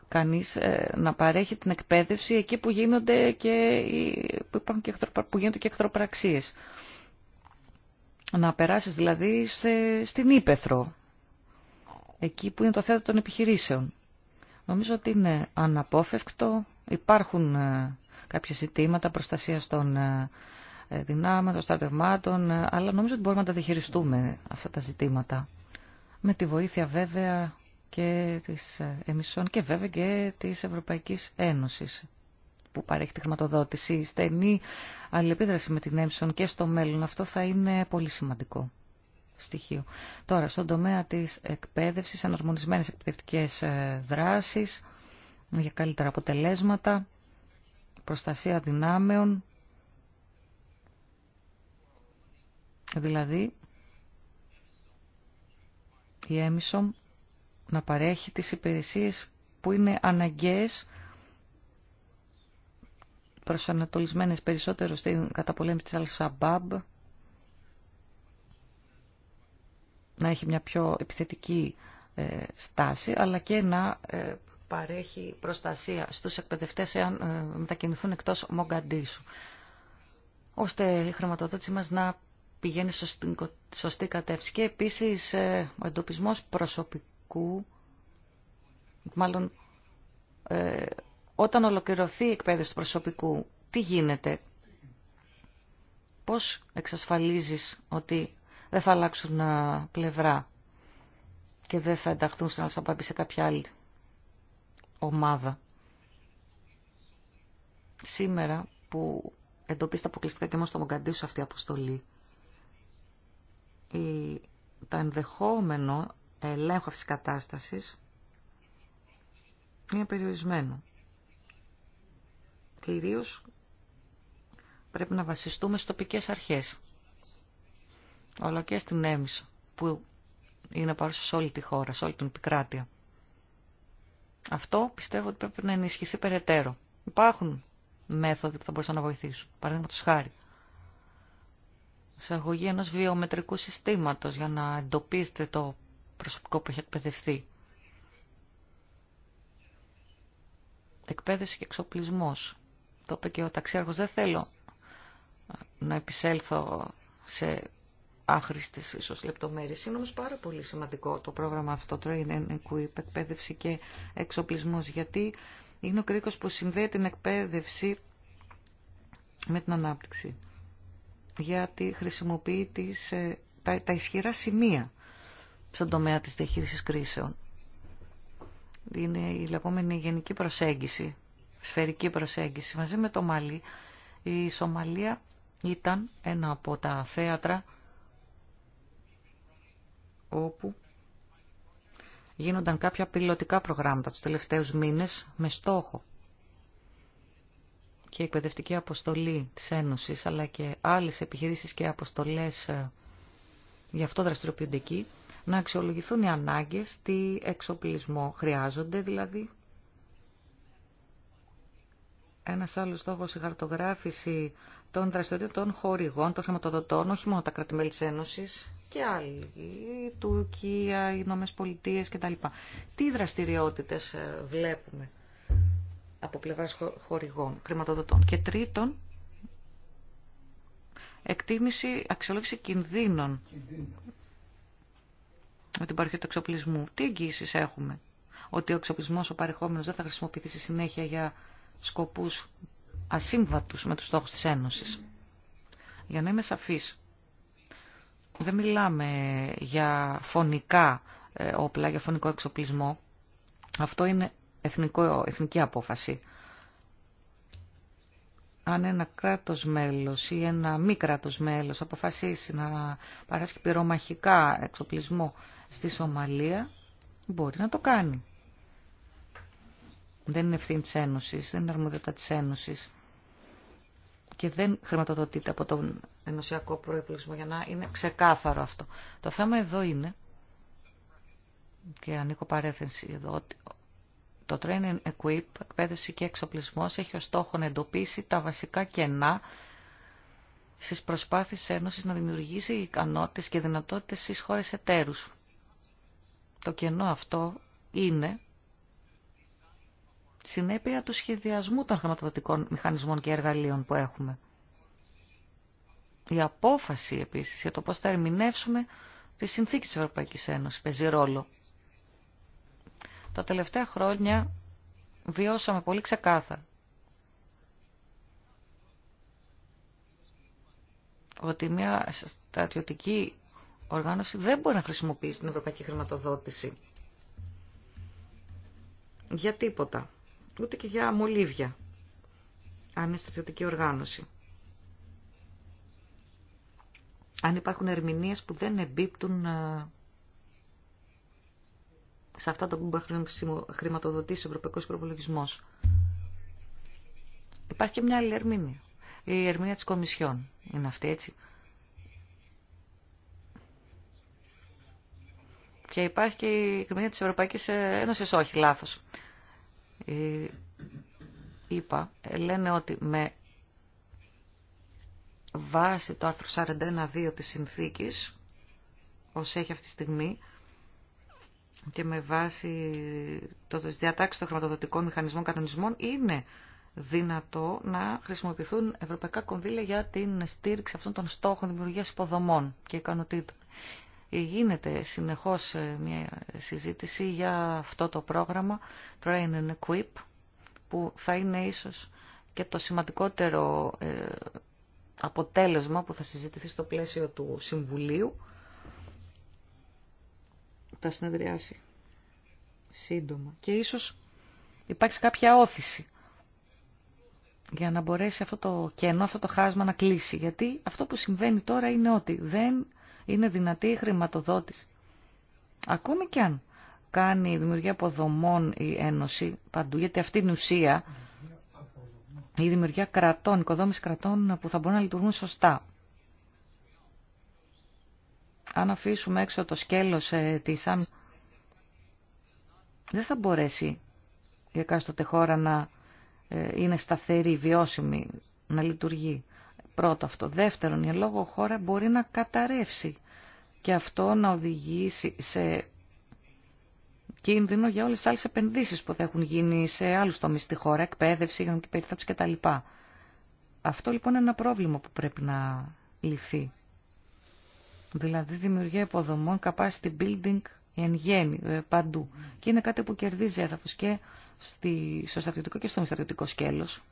κανείς ε, να παρέχει την εκπαίδευση εκεί που γίνονται και, που και, που γίνονται και εχθροπραξίες. Να περάσεις δηλαδή στην Ήπεθρο, εκεί που είναι το θέατρο των επιχειρήσεων. Νομίζω ότι είναι αναπόφευκτο. Υπάρχουν ε, κάποια ζητήματα προστασία των ε, ε, δυνάμεων, των στρατευμάτων, αλλά νομίζω ότι μπορούμε να τα διαχειριστούμε αυτά τα ζητήματα. Με τη βοήθεια βέβαια και της Εμισών και βέβαια και της Ευρωπαϊκής Ένωσης που παρέχει τη χρηματοδότηση. Η στενή αλληλεπίδραση με την Έμισον και στο μέλλον αυτό θα είναι πολύ σημαντικό στοιχείο. Τώρα, στον τομέα της εκπαίδευσης, αναρμονισμένες εκπαιδευτικές ε, δράσεις για καλύτερα αποτελέσματα, προστασία δυνάμεων, δηλαδή η έμισο να παρέχει τις υπηρεσίες που είναι αναγκαίες προσανατολισμένες περισσότερο στην καταπολέμηση της al να έχει μια πιο επιθετική ε, στάση, αλλά και να ε, παρέχει προστασία στους εκπαιδευτές εάν ε, μετακινηθούν εκτός Μογκαντήσου, ώστε η χρηματοδότηση μας να πηγαίνει σωστή, σωστή κατεύθυνση. Και επίσης ο εντοπισμός προσωπικού, μάλλον όταν ολοκληρωθεί η εκπαίδευση του προσωπικού, τι γίνεται, πώς εξασφαλίζεις ότι δεν θα αλλάξουν ε, πλευρά και δεν θα ενταχθούν στην να σε κάποια άλλη ομάδα. Σήμερα που εντοπίστε αποκλειστικά και μόνο στο Μογκαντήσου αυτή η αποστολή, η, τα ενδεχόμενο ελέγχου αυτής της κατάστασης είναι περιορισμένο. Κυρίως πρέπει να βασιστούμε στις τοπικές αρχές αλλά και στην Έμισο, που είναι παρούσα σε όλη τη χώρα, σε όλη την επικράτεια. Αυτό πιστεύω ότι πρέπει να ενισχυθεί περαιτέρω. Υπάρχουν μέθοδοι που θα μπορούσαν να βοηθήσουν. Παραδείγματο χάρη. Εισαγωγή ενό βιομετρικού συστήματο για να εντοπίσετε το προσωπικό που έχει εκπαιδευτεί. Εκπαίδευση και εξοπλισμό. Το είπε και ο ταξίαρχο. Δεν θέλω να επισέλθω σε άχρηστες ίσως λεπτομέρειες. Είναι όμως πάρα πολύ σημαντικό το πρόγραμμα αυτό, Train and Equip, εκπαίδευση και εξοπλισμός, γιατί είναι ο κρίκος που συνδέει την εκπαίδευση με την ανάπτυξη. Γιατί χρησιμοποιεί τις, ε, τα, τα ισχυρά σημεία στον τομέα της διαχείρισης κρίσεων. Είναι η λεγόμενη γενική προσέγγιση, σφαιρική προσέγγιση. Μαζί με το Μαλί, η Σομαλία ήταν ένα από τα θέατρα όπου γίνονταν κάποια πιλωτικά προγράμματα τους τελευταίους μήνες με στόχο και η εκπαιδευτική αποστολή της Ένωσης αλλά και άλλες επιχειρήσεις και αποστολές ε, γι' αυτό δραστηριοποιούνται εκεί να αξιολογηθούν οι ανάγκες, τι εξοπλισμό χρειάζονται δηλαδή ένας άλλος στόχος η χαρτογράφηση των δραστηριοτήτων των χορηγών, των χρηματοδοτών, όχι μόνο τα κρατημέλη της Ένωσης και άλλοι, η Τουρκία, οι Ηνωμένες Πολιτείες κτλ. Τι δραστηριότητες ε, βλέπουμε από πλευράς χορηγών, χρηματοδοτών. Και τρίτον, εκτίμηση, αξιολόγηση κινδύνων με την παροχή του εξοπλισμού. Τι εγγύησεις έχουμε ότι ο εξοπλισμός ο παρεχόμενος δεν θα χρησιμοποιηθεί στη συνέχεια για σκοπούς ασύμβατους με τους στόχους της Ένωσης. Για να είμαι σαφής, δεν μιλάμε για φωνικά ε, όπλα, για φωνικό εξοπλισμό. Αυτό είναι εθνικό, εθνική απόφαση. Αν ένα κράτος μέλος ή ένα μη κράτος μέλος αποφασίσει να παράσχει πυρομαχικά εξοπλισμό στη Σομαλία, μπορεί να το κάνει δεν είναι ευθύνη της Ένωσης, δεν είναι αρμοδιότητα της Ένωσης και δεν χρηματοδοτείται από τον ενωσιακό προεπλογισμό για να είναι ξεκάθαρο αυτό. Το θέμα εδώ είναι, και ανήκω παρέθεση εδώ, ότι το Training Equip, εκπαίδευση και εξοπλισμός, έχει ως στόχο να εντοπίσει τα βασικά κενά στις προσπάθειες Ένωση να δημιουργήσει ικανότητες και δυνατότητες στις χώρες εταίρους. Το κενό αυτό είναι συνέπεια του σχεδιασμού των χρηματοδοτικών μηχανισμών και εργαλείων που έχουμε. Η απόφαση επίσης για το πώς θα ερμηνεύσουμε τη συνθήκη της Ευρωπαϊκής Ένωσης παίζει ρόλο. Τα τελευταία χρόνια βιώσαμε πολύ ξεκάθαρα ότι μια στρατιωτική οργάνωση δεν μπορεί να χρησιμοποιήσει την ευρωπαϊκή χρηματοδότηση για τίποτα ούτε και για μολύβια, αν είναι στρατιωτική οργάνωση. Αν υπάρχουν ερμηνείες που δεν εμπίπτουν ε, σε αυτά τα που μπορεί να χρηματοδοτήσει ο Ευρωπαϊκός Προπολογισμός. Υπάρχει και μια άλλη ερμηνεία. Η ερμηνεία της Κομισιόν είναι αυτή, έτσι. Και υπάρχει και η ερμηνεία της Ευρωπαϊκής Ένωσης, όχι, λάθος. Ε, είπα, λένε ότι με βάση το άρθρο 41.2 της συνθήκης, ως έχει αυτή τη στιγμή, και με βάση το διατάξει των χρηματοδοτικών μηχανισμών κανονισμών, είναι δυνατό να χρησιμοποιηθούν ευρωπαϊκά κονδύλια για την στήριξη αυτών των στόχων δημιουργίας υποδομών και ικανοτήτων. Γίνεται συνεχώς ε, μια συζήτηση για αυτό το πρόγραμμα Train and Equip που θα είναι ίσως και το σημαντικότερο ε, αποτέλεσμα που θα συζητηθεί στο πλαίσιο του Συμβουλίου. Θα συνεδριάσει σύντομα και ίσως υπάρξει κάποια όθηση για να μπορέσει αυτό το κενό, αυτό το χάσμα να κλείσει. Γιατί αυτό που συμβαίνει τώρα είναι ότι δεν είναι δυνατή η χρηματοδότηση. Ακόμη και αν κάνει η δημιουργία αποδομών η Ένωση παντού, γιατί αυτή είναι η ουσία, η δημιουργία κρατών, οικοδόμηση κρατών που θα μπορούν να λειτουργούν σωστά. Αν αφήσουμε έξω το σκέλος ε, της άμυνας, δεν θα μπορέσει η εκάστοτε χώρα να ε, είναι σταθερή, βιώσιμη, να λειτουργεί. Πρώτο αυτό. Δεύτερον, η λόγω χώρα μπορεί να καταρρεύσει και αυτό να οδηγήσει σε κίνδυνο για όλες τις άλλες επενδύσεις που θα έχουν γίνει σε άλλους τομείς στη χώρα, εκπαίδευση, υγειονομική περίθαψη κτλ. Αυτό λοιπόν είναι ένα πρόβλημα που πρέπει να λυθεί. Δηλαδή δημιουργία υποδομών, capacity building εν γέννη, ε, παντού. Και είναι κάτι που κερδίζει έδαφος και στη, στο στρατιωτικό και στο μη στρατιωτικό σκέλος.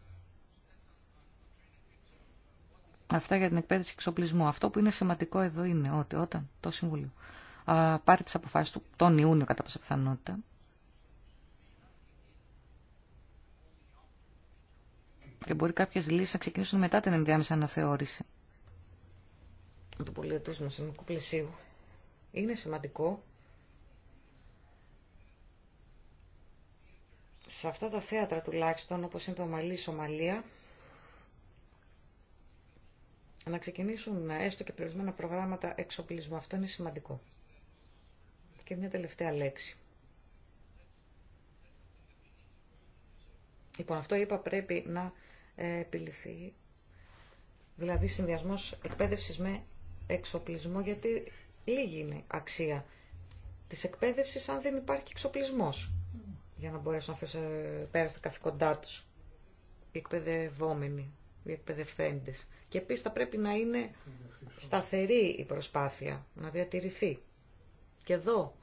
Αυτά για την εκπαίδευση εξοπλισμού. Αυτό που είναι σημαντικό εδώ είναι ότι όταν το Συμβουλίο πάρει τις αποφάσεις του τον Ιούνιο κατά πάσα πιθανότητα, και μπορεί κάποιες λύσεις να ξεκινήσουν μετά την ενδιάμεση αναθεώρηση του πολιετούς μας πλαισίου. Είναι σημαντικό σε αυτά τα θέατρα τουλάχιστον όπως είναι το Μαλή Σομαλία να ξεκινήσουν έστω και περιορισμένα προγράμματα εξοπλισμού. Αυτό είναι σημαντικό. Και μια τελευταία λέξη. Λοιπόν, αυτό είπα πρέπει να επιληθεί. Δηλαδή συνδυασμό εκπαίδευση με εξοπλισμό, γιατί λίγη είναι αξία της εκπαίδευση αν δεν υπάρχει εξοπλισμό για να μπορέσουν να φέρουν πέρα στα καθήκοντά τους οι εκπαιδευόμενοι οι Και επίσης θα πρέπει να είναι σταθερή η προσπάθεια, να διατηρηθεί. Και εδώ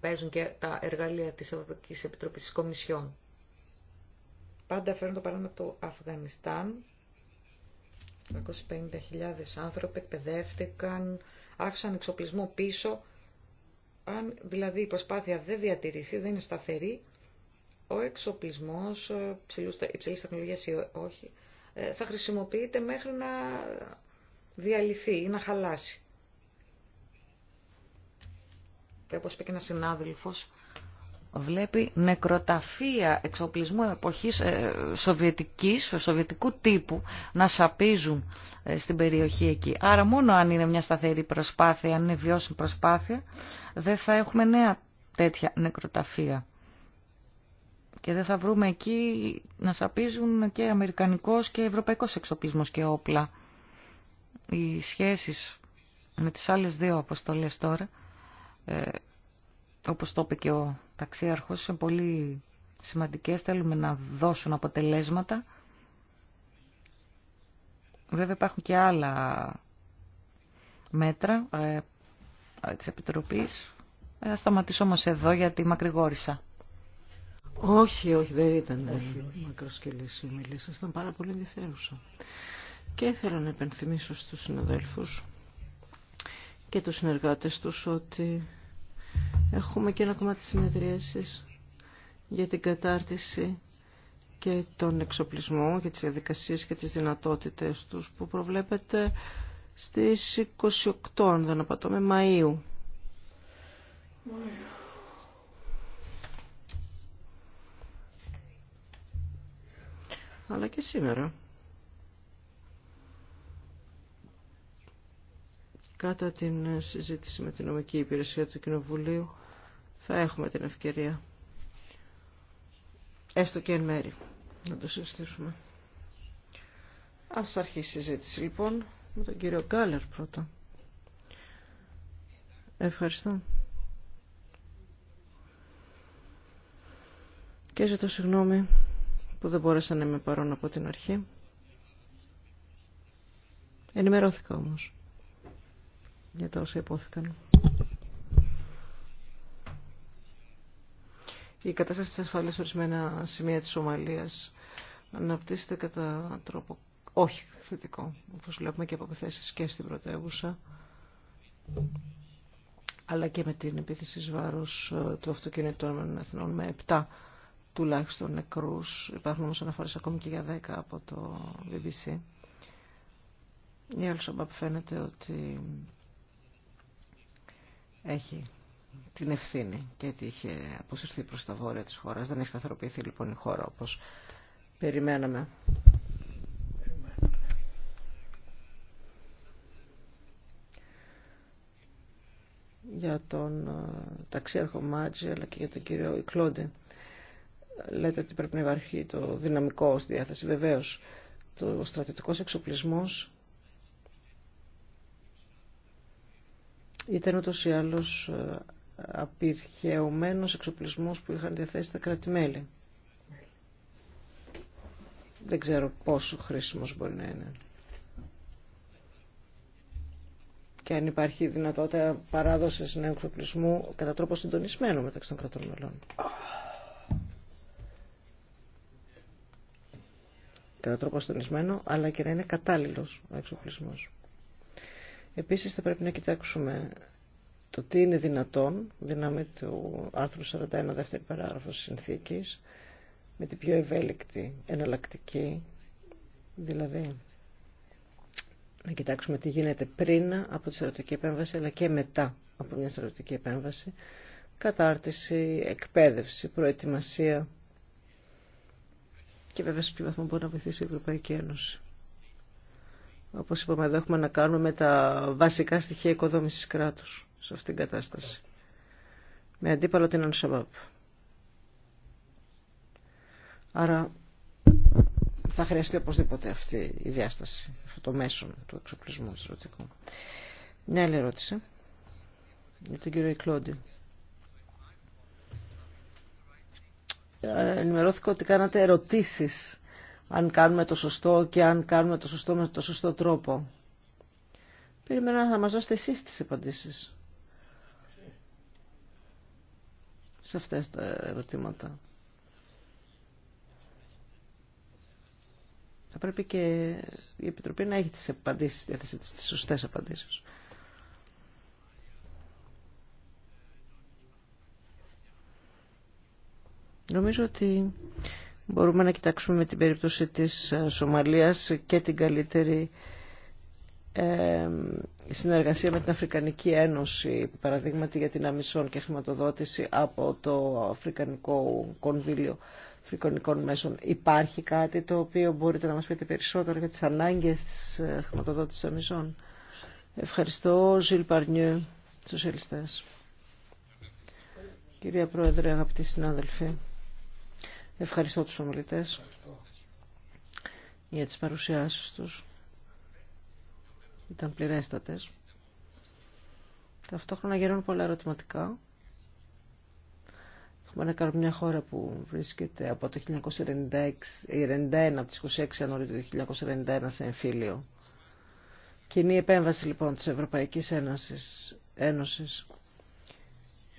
παίζουν και τα εργαλεία της Ευρωπαϊκής Επιτροπής της Κομισιόν. Πάντα φέρνω το παράδειγμα του Αφγανιστάν. 250.000 άνθρωποι εκπαιδεύτηκαν, άφησαν εξοπλισμό πίσω. Αν δηλαδή η προσπάθεια δεν διατηρηθεί, δεν είναι σταθερή, ο εξοπλισμός ε, υψηλής τεχνολογίας ή όχι, ε, θα χρησιμοποιείται μέχρι να διαλυθεί ή να χαλάσει. Και όπως είπε και ένας συνάδελφος, βλέπει νεκροταφεία εξοπλισμού εποχής ε, σοβιετικής, σοβιετικού τύπου να σαπίζουν στην περιοχή εκεί. Άρα μόνο αν είναι μια σταθερή προσπάθεια, αν είναι βιώσιμη προσπάθεια, δεν θα έχουμε νέα τέτοια νεκροταφεία. Και δεν θα βρούμε εκεί να σαπίζουν και αμερικανικός και ευρωπαϊκός εξοπλισμός και όπλα. Οι σχέσεις με τις άλλες δύο αποστολές τώρα, ε, όπως το είπε και ο ταξίαρχος, είναι πολύ σημαντικές, θέλουμε να δώσουν αποτελέσματα. Βέβαια υπάρχουν και άλλα μέτρα ε, της Επιτροπής. θα ε, σταματήσω όμως εδώ γιατί μακρηγόρησα. Όχι, όχι, δεν ήταν ε, μακροσκελής η ομιλία σας, ήταν πάρα πολύ ενδιαφέρουσα. Και ήθελα να επενθυμίσω στους συναδέλφους και τους συνεργάτες τους ότι έχουμε και ένα κομμάτι συνεδρίασης για την κατάρτιση και τον εξοπλισμό και τις διαδικασίες και τις δυνατότητες τους που προβλέπεται στις 28, δεν απατώμε, Μαΐου. αλλά και σήμερα. Κατά την συζήτηση με την νομική υπηρεσία του Κοινοβουλίου θα έχουμε την ευκαιρία, έστω και εν μέρη, να το συζητήσουμε. Ας αρχίσει η συζήτηση λοιπόν με τον κύριο Γκάλερ πρώτα. Ευχαριστώ. Και ζητώ συγγνώμη που δεν μπόρεσαν να είμαι παρόν από την αρχή. Ενημερώθηκα όμως για τα όσα υπόθηκαν. Η κατάσταση της ασφάλειας ορισμένα σημεία της Σομαλίας αναπτύσσεται κατά τρόπο όχι θετικό, όπως βλέπουμε και από επιθέσεις και στην πρωτεύουσα, αλλά και με την επίθεση βάρους ε, του αυτοκινητών εθνών με 7 τουλάχιστον νεκρούς. Υπάρχουν όμως αναφορές ακόμη και για 10 από το BBC. Η Αλσομπάπ φαίνεται ότι έχει την ευθύνη και ότι είχε αποσυρθεί προς τα βόρεια της χώρας. Δεν έχει σταθεροποιηθεί λοιπόν η χώρα όπως περιμέναμε. για τον ε, ταξίαρχο Μάτζη αλλά και για τον κύριο Ικλόντε λέτε ότι πρέπει να υπάρχει το δυναμικό ως διάθεση. Βεβαίως, το στρατιωτικός εξοπλισμός ήταν ούτως ή άλλως ε, απειρχαιωμένος εξοπλισμός που είχαν διαθέσει τα κρατημέλη. Δεν ξέρω πόσο χρήσιμος μπορεί να είναι. Και αν υπάρχει δυνατότητα παράδοσης νέου εξοπλισμού κατά τρόπο συντονισμένο μεταξύ των κρατών μελών. κατά τρόπο αλλά και να είναι κατάλληλος ο εξοπλισμός. Επίσης θα πρέπει να κοιτάξουμε το τι είναι δυνατόν, δυνάμει του άρθρου 41 δεύτερη παράγραφος συνθήκης, με την πιο ευέλικτη, εναλλακτική, δηλαδή να κοιτάξουμε τι γίνεται πριν από τη στρατιωτική επέμβαση, αλλά και μετά από μια στρατιωτική επέμβαση, κατάρτιση, εκπαίδευση, προετοιμασία, και βέβαια σε ποιο βαθμό μπορεί να βοηθήσει η Ευρωπαϊκή Ένωση. Όπως είπαμε εδώ έχουμε να κάνουμε τα βασικά στοιχεία οικοδόμησης κράτους σε αυτήν την κατάσταση. Με αντίπαλο την Ανσαμπάπ. Άρα θα χρειαστεί οπωσδήποτε αυτή η διάσταση, αυτό το μέσο του εξοπλισμού του Ρωτικού. Μια άλλη ερώτηση για τον κύριο Ικλόντι. Ε, ενημερώθηκα ότι κάνατε ερωτήσεις αν κάνουμε το σωστό και αν κάνουμε το σωστό με το σωστό τρόπο. Περιμένω να μας δώσετε εσείς τις απαντήσεις σε αυτές τα ερωτήματα. Θα πρέπει και η Επιτροπή να έχει τις απαντήσεις, διάθεση τις σωστές απαντήσεις. Νομίζω ότι μπορούμε να κοιτάξουμε με την περίπτωση της ε, Σομαλίας και την καλύτερη ε, συνεργασία με την Αφρικανική Ένωση, παραδείγματι για την αμισόν και χρηματοδότηση από το Αφρικανικό Κονδύλιο Αφρικανικών Μέσων. Υπάρχει κάτι το οποίο μπορείτε να μας πείτε περισσότερο για τις ανάγκες της ε, χρηματοδότησης αμισόν. Ευχαριστώ, Ζιλ Παρνιού, σοσιαλιστές. Κυρία Πρόεδρε, αγαπητοί συνάδελφοι. Ευχαριστώ τους ομιλητές για τις παρουσιάσεις τους. Ήταν πληρέστατες. Ταυτόχρονα γερνούν πολλά ερωτηματικά. Έχουμε να κάνουμε μια χώρα που βρίσκεται από το 1991, από τις 26 Ιανουαρίου του 1991 σε εμφύλιο. Κοινή επέμβαση λοιπόν της Ευρωπαϊκής Ένωσης, Ένωσης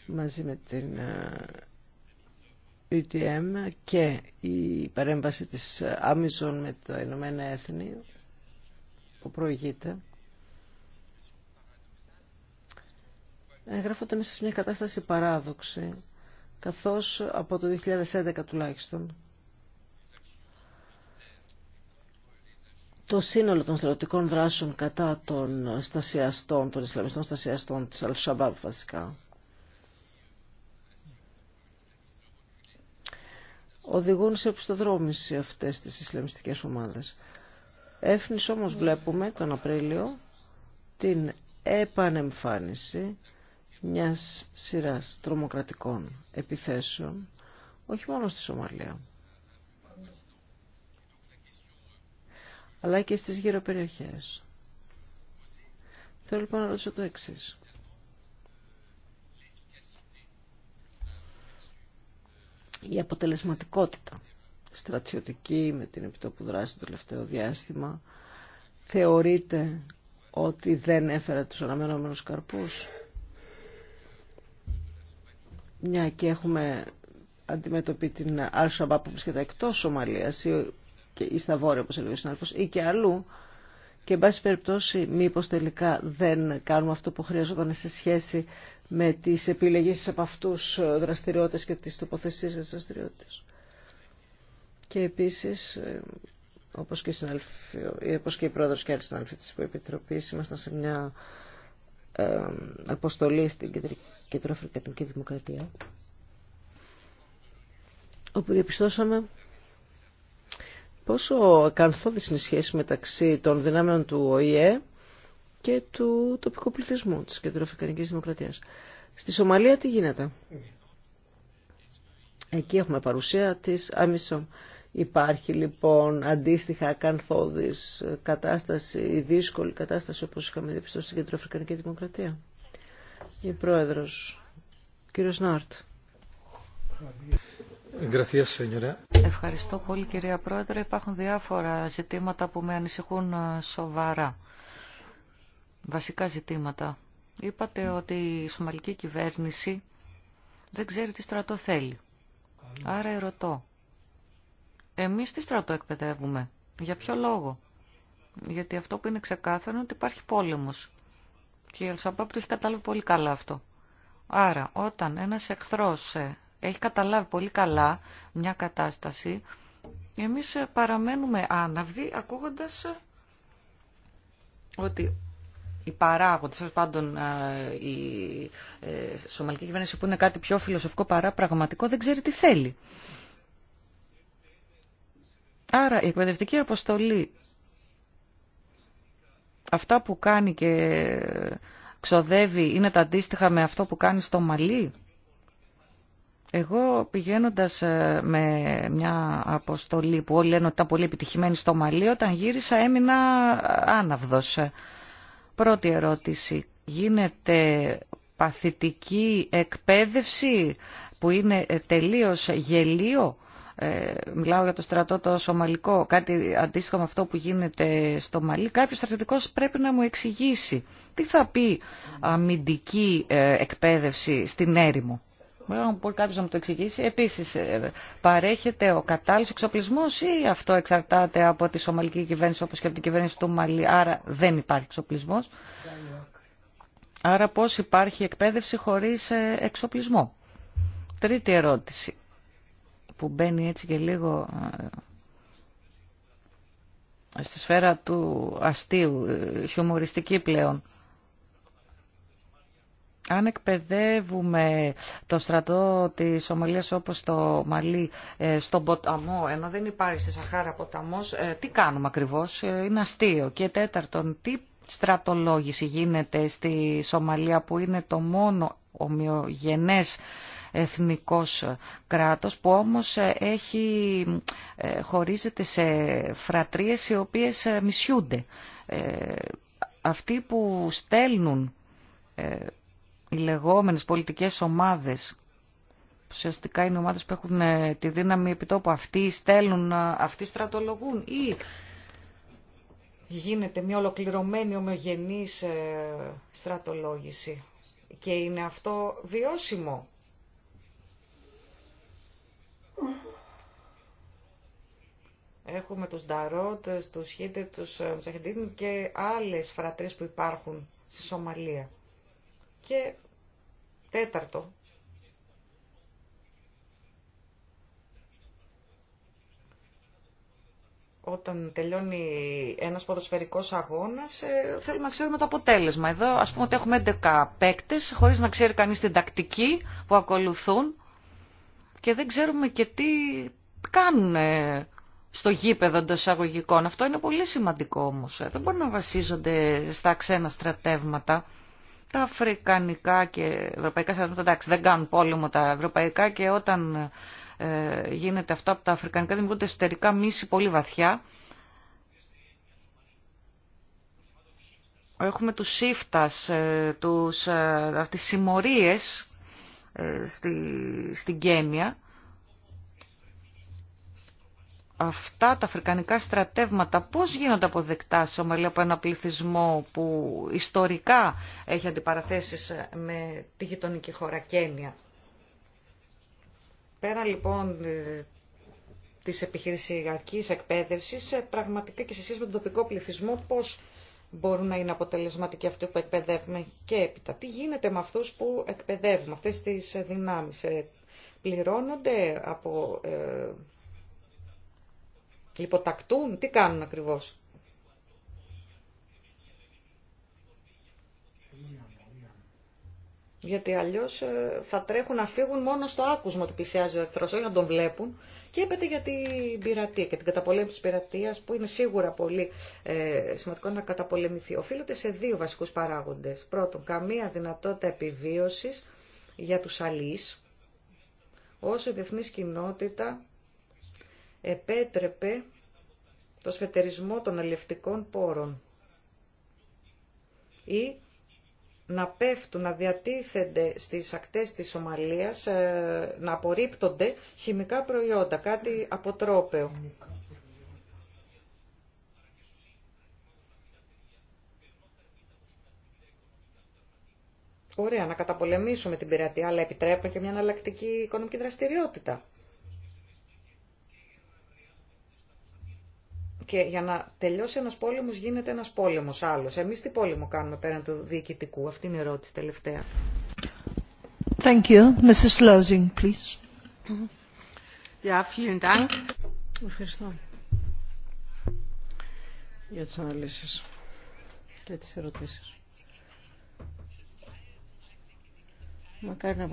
μαζί με την ε, UTM και η παρέμβαση της Amazon με το Ηνωμένα Έθνη που προηγείται γράφονται μέσα σε μια κατάσταση παράδοξη καθώς από το 2011 τουλάχιστον το σύνολο των στρατιωτικών δράσεων κατά των στασιαστών, των Ισλαμιστών στασιαστών της Al-Shabaab βασικά οδηγούν σε οπισθοδρόμηση αυτές τις Ισλαμιστικές ομάδες. Έφνης όμως βλέπουμε τον Απρίλιο την επανεμφάνιση μιας σειράς τρομοκρατικών επιθέσεων, όχι μόνο στη Σομαλία, αλλά και στις γύρω περιοχές. Θέλω λοιπόν να ρωτήσω το εξής. η αποτελεσματικότητα στρατιωτική με την επιτόπου δράση το τελευταίο διάστημα θεωρείται ότι δεν έφερε τους αναμενόμενους καρπούς. Μια και έχουμε αντιμετωπίσει την al που βρίσκεται εκτός Σομαλίας ή, και, ή στα βόρεια όπως έλεγε ο συνάδελφος ή και αλλού και εν πάση περιπτώσει μήπως τελικά δεν κάνουμε αυτό που χρειαζόταν σε σχέση με τις επιλεγήσεις από αυτούς ε, δραστηριότητες και τις τοποθεσίες για τις δραστηριότητες. Και επίσης, ε, όπως και, ε, όπως και η πρόεδρος και άλλοι συνάδελφοι της Επιτροπής, ήμασταν σε μια αποστολή στην Κεντροαφρικανική Δημοκρατία, όπου διαπιστώσαμε πόσο ακαθόδης είναι η σχέση μεταξύ των δυνάμεων του ΟΗΕ και του τοπικού πληθυσμού της Κεντροαφρικανικής Δημοκρατίας. Στη Σομαλία τι γίνεται. Εκεί έχουμε παρουσία της Αμισόμ. Υπάρχει λοιπόν αντίστοιχα ακανθώδης κατάσταση, δύσκολη κατάσταση όπως είχαμε διαπιστώσει στην Κεντροαφρικανική Δημοκρατία. Η Πρόεδρος, κύριος Νάρτ. Ευχαριστώ πολύ κυρία Πρόεδρε. Υπάρχουν διάφορα ζητήματα που με ανησυχούν σοβαρά βασικά ζητήματα. Είπατε ναι. ότι η Σομαλική κυβέρνηση δεν ξέρει τι στρατό θέλει. Ναι. Άρα ερωτώ. Εμείς τι στρατό εκπαιδεύουμε. Για ποιο λόγο. Γιατί αυτό που είναι ξεκάθαρο είναι ότι υπάρχει πόλεμος. Και η Αλσαμπάπ το έχει καταλάβει πολύ καλά αυτό. Άρα όταν ένας εχθρός ε, έχει καταλάβει πολύ καλά μια κατάσταση, εμείς ε, παραμένουμε άναυδοι ακούγοντας ε, ότι οι παράγοντες, τέλο πάντων ε, η ε, σομαλική κυβέρνηση που είναι κάτι πιο φιλοσοφικό παρά πραγματικό δεν ξέρει τι θέλει. Άρα η εκπαιδευτική αποστολή αυτά που κάνει και ξοδεύει είναι τα αντίστοιχα με αυτό που κάνει στο Μαλί. Εγώ πηγαίνοντας ε, με μια αποστολή που όλοι λένε ότι ήταν πολύ επιτυχημένη στο Μαλί, όταν γύρισα έμεινα άναυδος. Πρώτη ερώτηση. Γίνεται παθητική εκπαίδευση που είναι ε, τελείως γελίο. Ε, μιλάω για το στρατό το σομαλικό, κάτι αντίστοιχο με αυτό που γίνεται στο Μαλί. Κάποιος στρατιωτικός πρέπει να μου εξηγήσει τι θα πει αμυντική ε, εκπαίδευση στην έρημο. Μπορεί κάποιο να μου το εξηγήσει. Επίση, ε, παρέχεται ο κατάλληλο εξοπλισμό ή αυτό εξαρτάται από τη σομαλική κυβέρνηση όπω και από την κυβέρνηση του Μαλή. Άρα δεν υπάρχει εξοπλισμό. Άρα πώς υπάρχει εκπαίδευση χωρίς ε, εξοπλισμό. Τρίτη ερώτηση που μπαίνει έτσι και λίγο ε, στη σφαίρα του αστείου, χιουμοριστική πλέον αν εκπαιδεύουμε το στρατό της Σομαλίας όπως το Μαλί ε, στον ποταμό, ενώ δεν υπάρχει στη Σαχάρα ποταμός, ε, τι κάνουμε ακριβώς, ε, είναι αστείο. Και τέταρτον, τι στρατολόγηση γίνεται στη Σομαλία που είναι το μόνο ομοιογενές εθνικός κράτος που όμως έχει, χωρίζεται σε φρατρίες οι οποίες μισιούνται. αυτοί που στέλνουν οι λεγόμενες πολιτικές ομάδες ουσιαστικά είναι ομάδες που έχουν ε, τη δύναμη επιτόπου αυτοί στέλνουν, ε, αυτοί στρατολογούν ή γίνεται μια ολοκληρωμένη ομογενής ε, στρατολόγηση και είναι αυτό βιώσιμο. Έχουμε τους Νταρότ, τους Χίτε, τους Μουσαχεντίνου και άλλες φρατρίες που υπάρχουν στη Σομαλία. Και Τέταρτο. Όταν τελειώνει ένας ποδοσφαιρικός αγώνας, ε, θέλουμε να ξέρουμε το αποτέλεσμα. Εδώ ας πούμε ότι έχουμε 11 παίκτες, χωρίς να ξέρει κανείς την τακτική που ακολουθούν και δεν ξέρουμε και τι κάνουν στο γήπεδο των εισαγωγικών. Αυτό είναι πολύ σημαντικό όμως. Ε, δεν μπορεί να βασίζονται στα ξένα στρατεύματα τα αφρικανικά και ευρωπαϊκά στρατεύματα, εντάξει δεν κάνουν πόλεμο τα ευρωπαϊκά και όταν ε, γίνεται αυτό από τα αφρικανικά δημιουργούνται εσωτερικά μίση πολύ βαθιά. Έχουμε τους σύφτας, ε, τους, ε, αυτές τις συμμορίες στη, στην Κένια αυτά τα αφρικανικά στρατεύματα πώς γίνονται αποδεκτά σε ομαλή από ένα πληθυσμό που ιστορικά έχει αντιπαραθέσεις με τη γειτονική χώρα Κένια. Πέρα λοιπόν ε, της επιχειρησιακής εκπαίδευσης, ε, πραγματικά και σε σχέση με τον τοπικό πληθυσμό πώς μπορούν να είναι αποτελεσματικοί αυτοί που εκπαιδεύουμε και έπειτα. Τι γίνεται με αυτούς που εκπαιδεύουμε, αυτές τις δυνάμεις. Ε, πληρώνονται από Λιποτακτούν, τι κάνουν ακριβώς. Γιατί αλλιώς ε, θα τρέχουν να φύγουν μόνο στο άκουσμα ότι πλησιάζει ο εχθρός, όχι να τον βλέπουν. Και έπεται για την πειρατεία και την καταπολέμηση της πειρατείας που είναι σίγουρα πολύ ε, σημαντικό να καταπολεμηθεί. Οφείλεται σε δύο βασικούς παράγοντες. Πρώτον, καμία δυνατότητα επιβίωσης για τους αλείς, όσο η διεθνής κοινότητα επέτρεπε το σφετερισμό των ελευτικών πόρων ή να πέφτουν, να διατίθενται στις ακτές της Σομαλίας, ε, να απορρίπτονται χημικά προϊόντα, κάτι αποτρόπαιο. Ωραία, να καταπολεμήσουμε την πειρατεία, αλλά επιτρέπουμε και μια αναλλακτική οικονομική δραστηριότητα. Και για να τελειώσει ένας πόλεμος γίνεται ένας πόλεμος άλλος. Εμείς τι πόλεμο κάνουμε πέραν του διοικητικού. Αυτή είναι η ερώτηση τελευταία. Thank you. Mrs. please. Ja, vielen Dank. Ευχαριστώ για τις αναλύσεις και τις ερωτήσεις. Μακάρι να,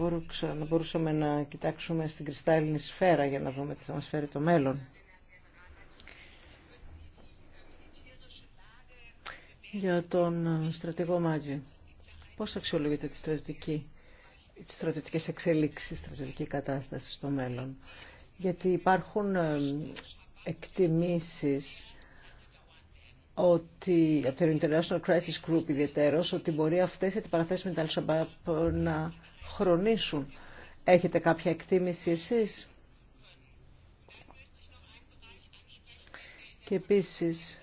μπορούσαμε να κοιτάξουμε στην κρυστάλλινη σφαίρα για να δούμε τι θα μας φέρει το μέλλον. για τον ε, στρατηγό Μάτζη. Πώς αξιολογείται τη στρατηγική, τις στρατιωτικές εξελίξεις, στρατιωτική κατάσταση στο μέλλον. Γιατί υπάρχουν ε, εκτιμήσεις ότι από το International Crisis Group ιδιαίτερως ότι μπορεί αυτές οι αντιπαραθέσεις με τα al να χρονίσουν. Έχετε κάποια εκτίμηση εσείς? Και επίσης,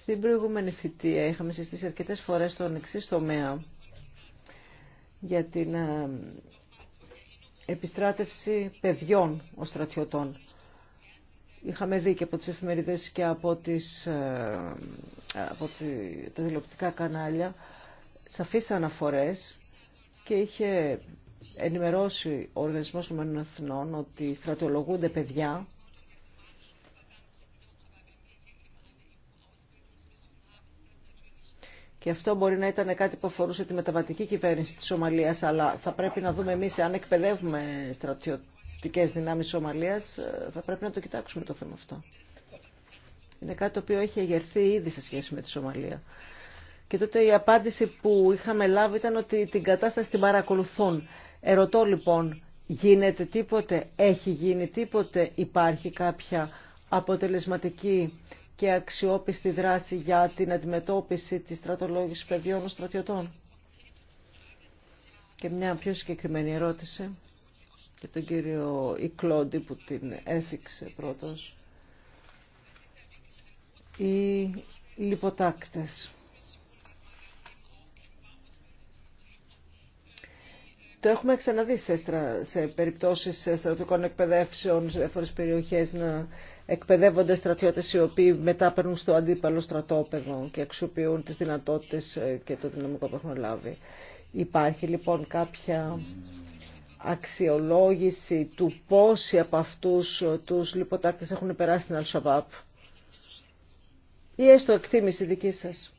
στην προηγούμενη θητεία είχαμε συστήσει αρκετές φορές τον εξή τομέα για την ε, επιστράτευση παιδιών ο στρατιωτών. Είχαμε δει και από τις εφημερίδες και από, τις, ε, από τα τηλεοπτικά κανάλια σαφείς αναφορές και είχε ενημερώσει ο Οργανισμός Εθνών ότι στρατιολογούνται παιδιά Και αυτό μπορεί να ήταν κάτι που αφορούσε τη μεταβατική κυβέρνηση της Σομαλίας, αλλά θα πρέπει να δούμε εμείς αν εκπαιδεύουμε στρατιωτικές δυνάμεις Σομαλίας, ε, θα πρέπει να το κοιτάξουμε το θέμα αυτό. Είναι κάτι το οποίο έχει εγερθεί ήδη σε σχέση με τη Σομαλία. Και τότε η απάντηση που είχαμε λάβει ήταν ότι την κατάσταση την παρακολουθούν. Ερωτώ λοιπόν, γίνεται τίποτε, έχει γίνει τίποτε, υπάρχει κάποια αποτελεσματική και αξιόπιστη δράση για την αντιμετώπιση της στρατολόγησης παιδιών στρατιωτών. Και μια πιο συγκεκριμένη ερώτηση για τον κύριο Ικλόντι που την έφυξε πρώτος. Οι λιποτάκτες. Το έχουμε ξαναδεί σε, στρα... σε περιπτώσεις στρατιωτικών εκπαιδεύσεων σε διάφορες περιοχές να εκπαιδεύονται στρατιώτες οι οποίοι μετά παίρνουν στο αντίπαλο στρατόπεδο και αξιοποιούν τις δυνατότητες ε, και το δυναμικό που έχουν λάβει. Υπάρχει λοιπόν κάποια αξιολόγηση του πόσοι από αυτούς ε, τους λιποτάκτες έχουν περάσει στην Αλσαβάπ ή έστω εκτίμηση δική σας.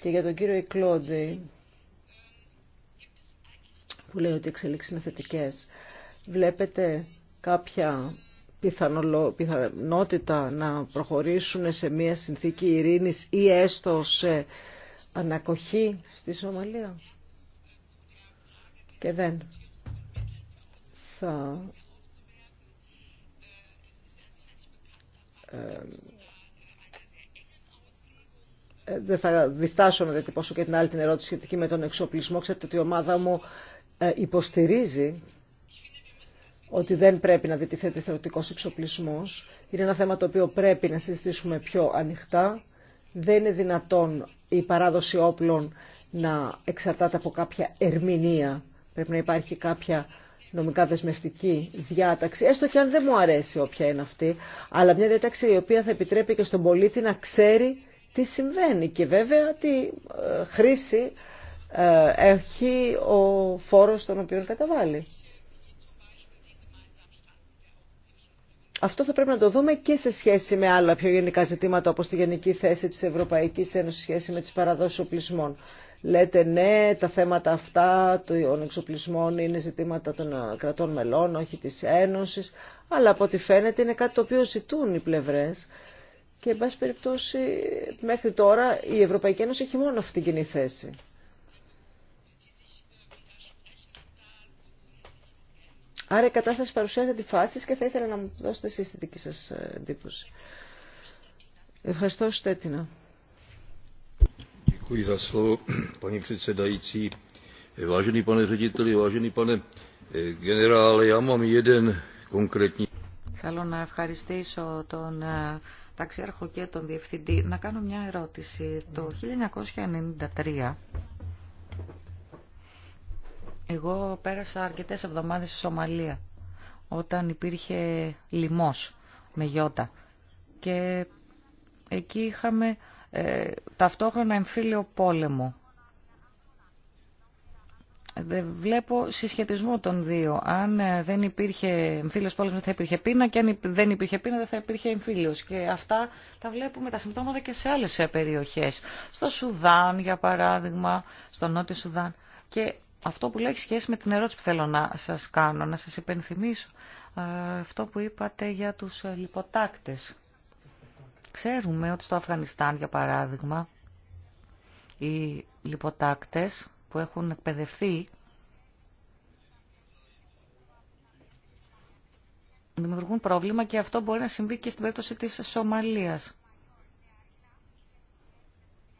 Και για τον κύριο Ικλόντι που λέει ότι οι εξελίξεις είναι θετικές, βλέπετε κάποια πιθανότητα να προχωρήσουν σε μια συνθήκη ειρήνης ή έστω σε ανακοχή στη Σομαλία. Και δεν θα ε, ε, δεν θα διστάσω να διατυπώσω και την άλλη την ερώτηση σχετική με τον εξοπλισμό. Ξέρετε ότι η ομάδα μου ε, υποστηρίζει ότι δεν πρέπει να διτηθέται στρατιωτικό εξοπλισμός. Είναι ένα θέμα το οποίο πρέπει να συζητήσουμε πιο ανοιχτά. Δεν είναι δυνατόν η παράδοση όπλων να εξαρτάται από κάποια ερμηνεία. Πρέπει να υπάρχει κάποια νομικά δεσμευτική διάταξη, έστω και αν δεν μου αρέσει όποια είναι αυτή, αλλά μια διάταξη η οποία θα επιτρέπει και στον πολίτη να ξέρει τι συμβαίνει και βέβαια τι ε, χρήση ε, έχει ο φόρος τον οποίο καταβάλει. αυτό θα πρέπει να το δούμε και σε σχέση με άλλα πιο γενικά ζητήματα όπως τη γενική θέση της Ευρωπαϊκής Ένωσης σχέση με τις παραδόσεις οπλισμών. Λέτε ναι, τα θέματα αυτά των εξοπλισμών είναι ζητήματα των κρατών μελών, όχι της Ένωσης, αλλά από ό,τι φαίνεται είναι κάτι το οποίο ζητούν οι πλευρές. Και εν πάση περιπτώσει μέχρι τώρα η Ευρωπαϊκή Ένωση έχει μόνο αυτή την κοινή θέση. Άρα η κατάσταση παρουσιάζει αντιφάσεις και θα ήθελα να μου δώσετε εσείς τη δική σας ε, εντύπωση. Ευχαριστώ, Στέτινα. Θέλω να ευχαριστήσω τον ε, ταξιάρχο και τον διευθυντή. Να κάνω μια ερώτηση. Το 1993 ναι. Εγώ πέρασα αρκετές εβδομάδες στη Σομαλία, όταν υπήρχε λοιμός με γιώτα. Και εκεί είχαμε ε, ταυτόχρονα εμφύλιο πόλεμο. Δεν βλέπω συσχετισμό των δύο. Αν ε, δεν υπήρχε εμφύλιος πόλεμος δεν θα υπήρχε πείνα και αν δεν υπήρχε πείνα δεν θα υπήρχε εμφύλιος. Και αυτά τα βλέπουμε τα συμπτώματα και σε άλλες ε, περιοχές. Στο Σουδάν για παράδειγμα, στο Νότιο Σουδάν. Και αυτό που λέει σχέση με την ερώτηση που θέλω να σας κάνω, να σας υπενθυμίσω. Ε, αυτό που είπατε για τους ε, λιποτάκτες. Ξέρουμε ότι στο Αφγανιστάν, για παράδειγμα, οι λιποτάκτες που έχουν εκπαιδευτεί δημιουργούν πρόβλημα και αυτό μπορεί να συμβεί και στην περίπτωση της Σομαλίας.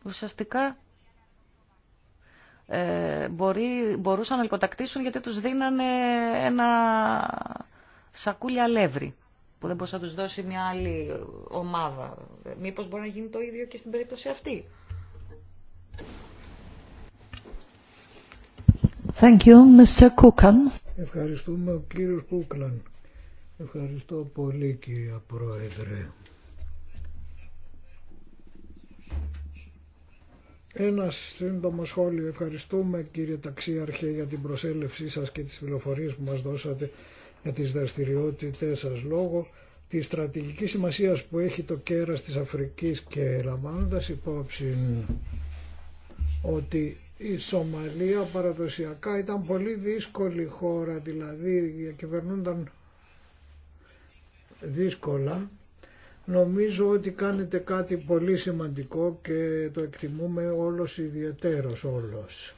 Ουσιαστικά ε, μπορεί, μπορούσαν να λικοτακτήσουν γιατί τους δίνανε ένα σακούλι αλεύρι που δεν μπορούσε να τους δώσει μια άλλη ομάδα. Ε, μήπως μπορεί να γίνει το ίδιο και στην περίπτωση αυτή. Thank you, Mr. Ευχαριστούμε ο κύριο Ευχαριστώ πολύ κύριε Πρόεδρε. Ένα σύντομο σχόλιο. Ευχαριστούμε κύριε Ταξίαρχε για την προσέλευσή σας και τις πληροφορίες που μας δώσατε για τις δραστηριότητες σας λόγω τη στρατηγική σημασία που έχει το κέρας της Αφρικής και λαμβάνοντας υπόψη ότι η Σομαλία παραδοσιακά ήταν πολύ δύσκολη χώρα, δηλαδή διακυβερνούνταν δύσκολα Νομίζω ότι κάνετε κάτι πολύ σημαντικό και το εκτιμούμε όλος ιδιαιτέρως όλος.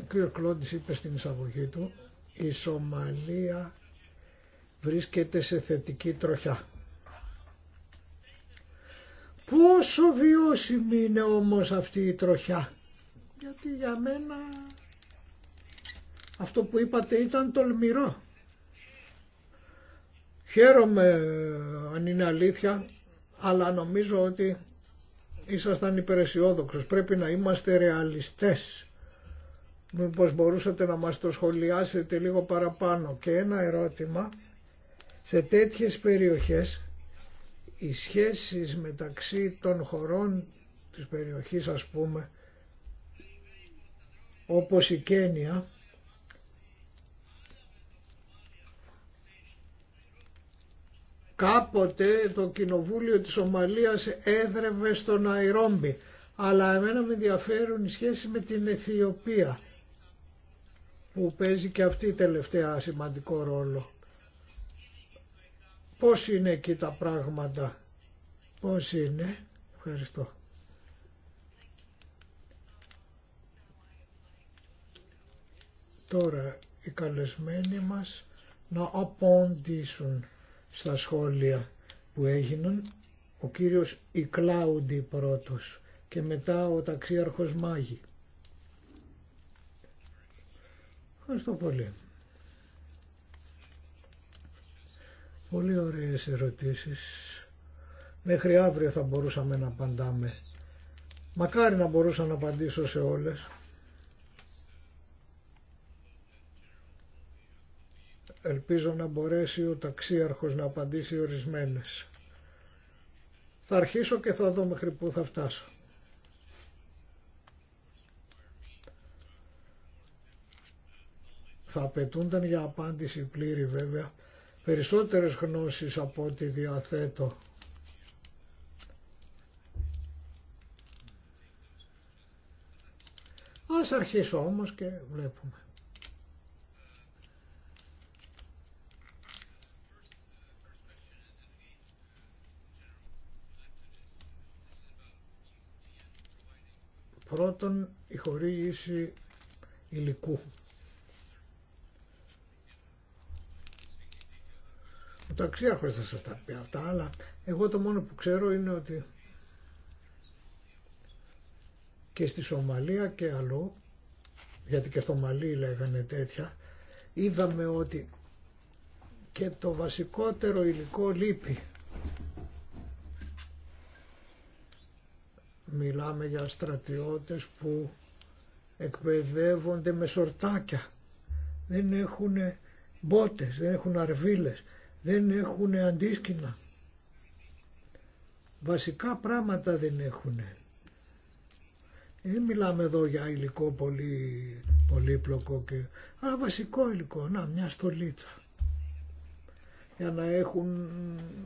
Ο κ. Κλόντης είπε στην εισαγωγή του η Σομαλία βρίσκεται σε θετική τροχιά. Πόσο βιώσιμη είναι όμως αυτή η τροχιά. Γιατί για μένα αυτό που είπατε ήταν τολμηρό. Χαίρομαι ε, αν είναι αλήθεια, αλλά νομίζω ότι ήσασταν υπεραισιόδοξος. Πρέπει να είμαστε ρεαλιστές. Μήπως μπορούσατε να μας το σχολιάσετε λίγο παραπάνω. Και ένα ερώτημα, σε τέτοιες περιοχές οι σχέσεις μεταξύ των χωρών της περιοχής ας πούμε όπως η Κένια Κάποτε το κοινοβούλιο της Ομαλίας έδρευε στο Ναϊρόμπι, αλλά εμένα με ενδιαφέρουν οι σχέσεις με την Αιθιοπία, που παίζει και αυτή τελευταία σημαντικό ρόλο. Πώς είναι εκεί τα πράγματα, πώς είναι, ευχαριστώ. Τώρα οι καλεσμένοι μας να απαντήσουν στα σχόλια που έγιναν. Ο κύριος Ικλάουντι πρώτος και μετά ο ταξίαρχος Μάγη. Ευχαριστώ πολύ. Πολύ ωραίες ερωτήσεις. Μέχρι αύριο θα μπορούσαμε να απαντάμε. Μακάρι να μπορούσα να απαντήσω σε όλες. Ελπίζω να μπορέσει ο ταξίαρχος να απαντήσει ορισμένες. Θα αρχίσω και θα δω μέχρι πού θα φτάσω. Θα απαιτούνταν για απάντηση πλήρη βέβαια περισσότερες γνώσεις από ό,τι διαθέτω. Ας αρχίσω όμως και βλέπουμε. Πρώτον, η χορήγηση υλικού. Ο ταξιάρχος θα σας τα πει αυτά, αλλά εγώ το μόνο που ξέρω είναι ότι και στη Σομαλία και αλλού, γιατί και στο Μαλί λέγανε τέτοια, είδαμε ότι και το βασικότερο υλικό λείπει. Μιλάμε για στρατιώτες που εκπαιδεύονται με σορτάκια. Δεν έχουν μπότες, δεν έχουν αρβίλες, δεν έχουν αντίσκηνα. Βασικά πράγματα δεν έχουν. Δεν μιλάμε εδώ για υλικό πολύ πλοκό. και, αλλά βασικό υλικό, να μια στολίτσα. Για να έχουν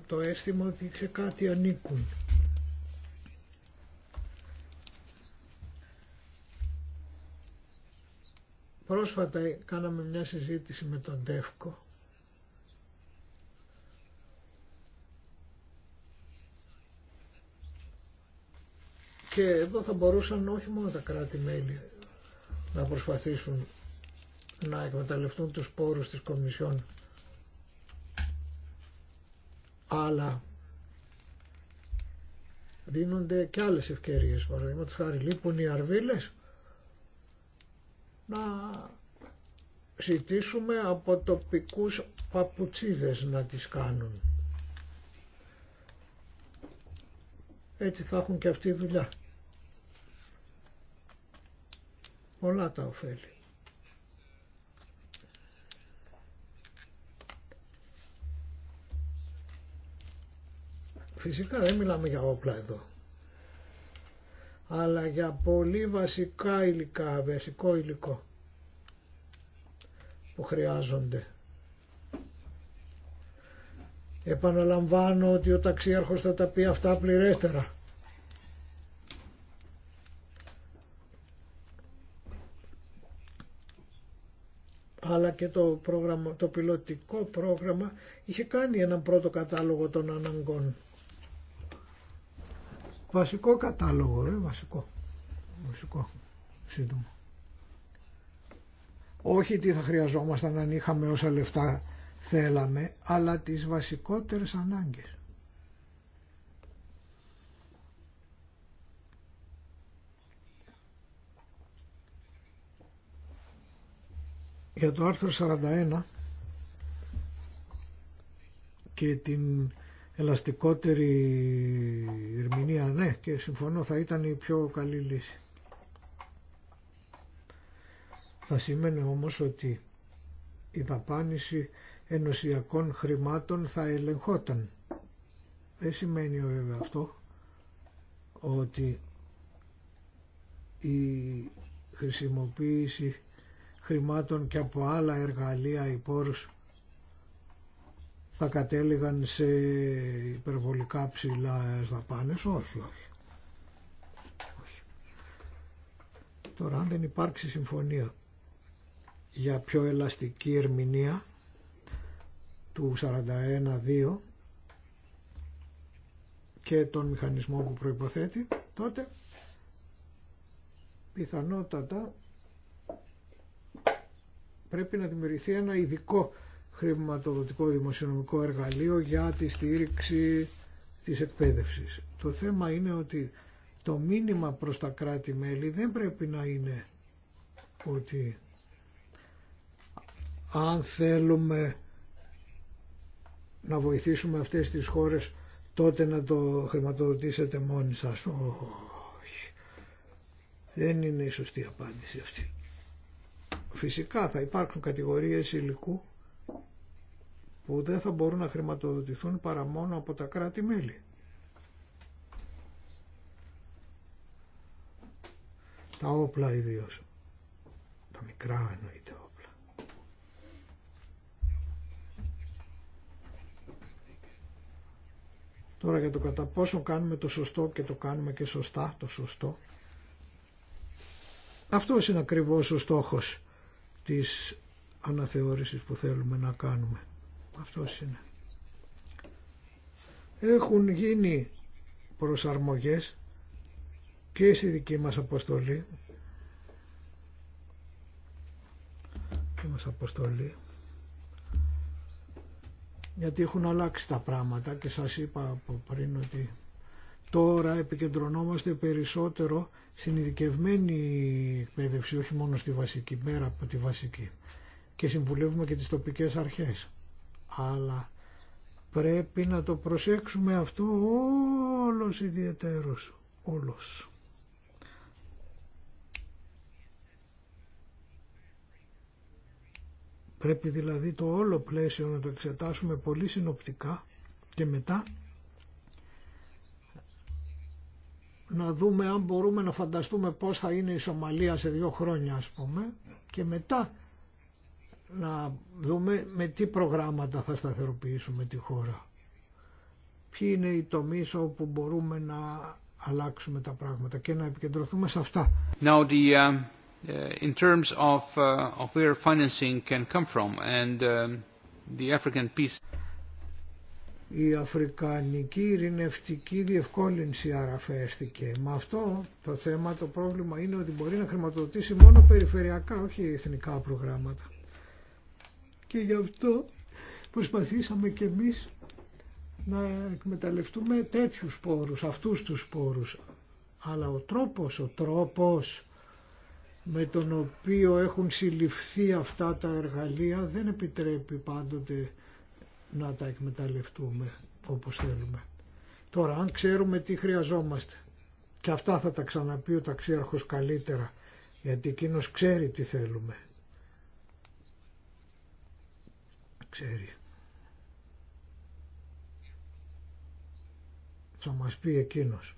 το αίσθημα ότι σε κάτι ανήκουν. Πρόσφατα κάναμε μια συζήτηση με τον Τεύκο και εδώ θα μπορούσαν όχι μόνο τα κράτη-μέλη να προσπαθήσουν να εκμεταλλευτούν τους πόρους της Κομισιόν αλλά δίνονται και άλλες ευκαιρίες παραδείγματος χάρη λείπουν οι αρβίλες να ζητήσουμε από τοπικούς παπουτσίδες να τις κάνουν. Έτσι θα έχουν και αυτή η δουλειά. Πολλά τα ωφέλη. Φυσικά δεν μιλάμε για όπλα εδώ αλλά για πολύ βασικά υλικά, βασικό υλικό που χρειάζονται. Επαναλαμβάνω ότι ο ταξίαρχος θα τα πει αυτά πληρέστερα. αλλά και το, πρόγραμμα, το πιλωτικό πρόγραμμα είχε κάνει έναν πρώτο κατάλογο των αναγκών. Βασικό κατάλογο, ρε, βασικό. Βασικό, σύντομο. Όχι τι θα χρειαζόμασταν αν είχαμε όσα λεφτά θέλαμε, αλλά τις βασικότερες ανάγκες. Για το άρθρο 41 και την ελαστικότερη ερμηνεία, ναι, και συμφωνώ θα ήταν η πιο καλή λύση. Θα σημαίνει όμως ότι η δαπάνηση ενωσιακών χρημάτων θα ελεγχόταν. Δεν σημαίνει βέβαια αυτό ότι η χρησιμοποίηση χρημάτων και από άλλα εργαλεία υπόρους θα κατέληγαν σε υπερβολικά ψηλά δαπάνες. Όχι, όχι. Τώρα αν δεν υπάρξει συμφωνία για πιο ελαστική ερμηνεία του 41-2 και τον μηχανισμό που προϋποθέτει, τότε πιθανότατα πρέπει να δημιουργηθεί ένα ειδικό χρηματοδοτικό δημοσιονομικό εργαλείο για τη στήριξη της εκπαίδευσης. Το θέμα είναι ότι το μήνυμα προς τα κράτη-μέλη δεν πρέπει να είναι ότι αν θέλουμε να βοηθήσουμε αυτές τις χώρες τότε να το χρηματοδοτήσετε μόνοι σας. Δεν είναι η σωστή απάντηση αυτή. Φυσικά θα υπάρξουν κατηγορίες υλικού που δεν θα μπορούν να χρηματοδοτηθούν παρά μόνο από τα κράτη-μέλη. Τα όπλα ιδίω. Τα μικρά εννοείται όπλα. Τώρα για το κατά πόσο κάνουμε το σωστό και το κάνουμε και σωστά το σωστό. Αυτό είναι ακριβώς ο στόχος της αναθεώρησης που θέλουμε να κάνουμε. Αυτός είναι. Έχουν γίνει προσαρμογές και στη δική μας αποστολή και μας αποστολή γιατί έχουν αλλάξει τα πράγματα και σας είπα από πριν ότι τώρα επικεντρωνόμαστε περισσότερο στην ειδικευμένη εκπαίδευση όχι μόνο στη βασική, μέρα, από τη βασική και συμβουλεύουμε και τις τοπικές αρχές αλλά πρέπει να το προσέξουμε αυτό όλος ιδιαίτερος, όλος. Πρέπει δηλαδή το όλο πλαίσιο να το εξετάσουμε πολύ συνοπτικά και μετά να δούμε αν μπορούμε να φανταστούμε πώς θα είναι η Σομαλία σε δύο χρόνια ας πούμε και μετά να δούμε με τι προγράμματα θα σταθεροποιήσουμε τη χώρα. Ποιοι είναι οι τομείς όπου μπορούμε να αλλάξουμε τα πράγματα και να επικεντρωθούμε σε αυτά. Now the, uh, uh, in terms of, uh, of where financing can come from and um, the African peace. Η Αφρικανική ειρηνευτική διευκόλυνση αραφέστηκε. Με αυτό το θέμα το πρόβλημα είναι ότι μπορεί να χρηματοδοτήσει μόνο περιφερειακά, όχι εθνικά προγράμματα και γι' αυτό προσπαθήσαμε κι εμείς να εκμεταλλευτούμε τέτοιους πόρους, αυτούς τους πόρους. Αλλά ο τρόπος, ο τρόπος με τον οποίο έχουν συλληφθεί αυτά τα εργαλεία δεν επιτρέπει πάντοτε να τα εκμεταλλευτούμε όπως θέλουμε. Τώρα αν ξέρουμε τι χρειαζόμαστε και αυτά θα τα ξαναπεί ο ταξίαρχος καλύτερα γιατί εκείνο ξέρει τι θέλουμε ξέρει. Θα μας πει εκείνος.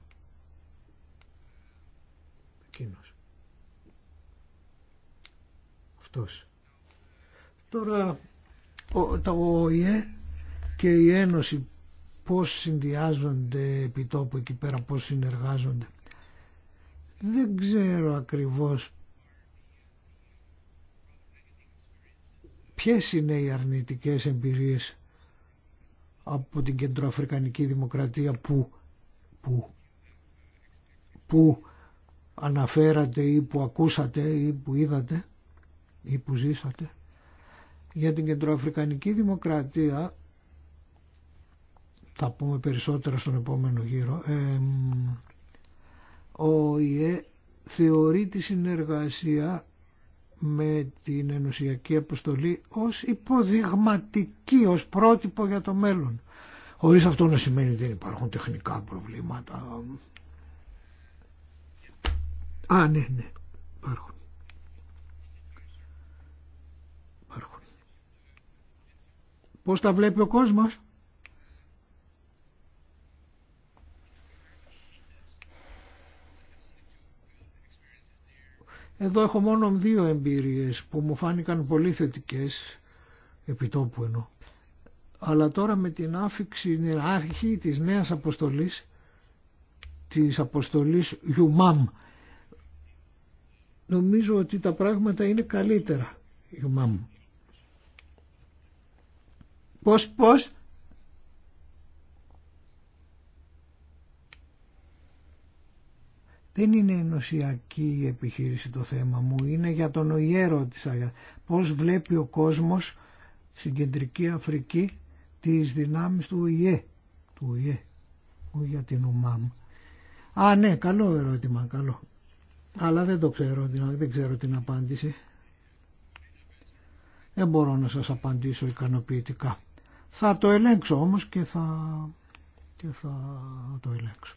Εκείνος. Αυτός. Τώρα ο, τα ΟΗΕ και η Ένωση πώς συνδυάζονται επί τόπου εκεί πέρα, πώς συνεργάζονται. Δεν ξέρω ακριβώς Ποιες είναι οι αρνητικές εμπειρίες από την κεντροαφρικανική δημοκρατία που, που, που αναφέρατε ή που ακούσατε ή που είδατε ή που ζήσατε. Για την κεντροαφρικανική δημοκρατία θα πούμε περισσότερα στον επόμενο γύρο ο ΙΕ θεωρεί τη συνεργασία με την ενωσιακή αποστολή ως υποδειγματική, ως πρότυπο για το μέλλον. Χωρίς αυτό να σημαίνει ότι δεν υπάρχουν τεχνικά προβλήματα. Α, ναι, ναι, υπάρχουν. Υπάρχουν. Πώς τα βλέπει ο κόσμος. Εδώ έχω μόνο δύο εμπειρίες που μου φάνηκαν πολύ θετικές, επιτόπου εννοώ. Αλλά τώρα με την άφηξη, την άρχη της νέας αποστολής, της αποστολής Ιουμάμ, νομίζω ότι τα πράγματα είναι καλύτερα. Ιουμάμ. Πώς, πώς, Δεν είναι ενωσιακή η επιχείρηση το θέμα μου, είναι για τον της ρώτησα. Πώς βλέπει ο κόσμος στην Κεντρική Αφρική τις δυνάμεις του ΙΕ, του ΙΕ, όχι για την ΟΜΑΜ. Α, ναι, καλό ερώτημα, καλό. Αλλά δεν το ξέρω, δεν ξέρω την απάντηση. Δεν μπορώ να σας απαντήσω ικανοποιητικά. Θα το ελέγξω όμως και θα, και θα το ελέγξω.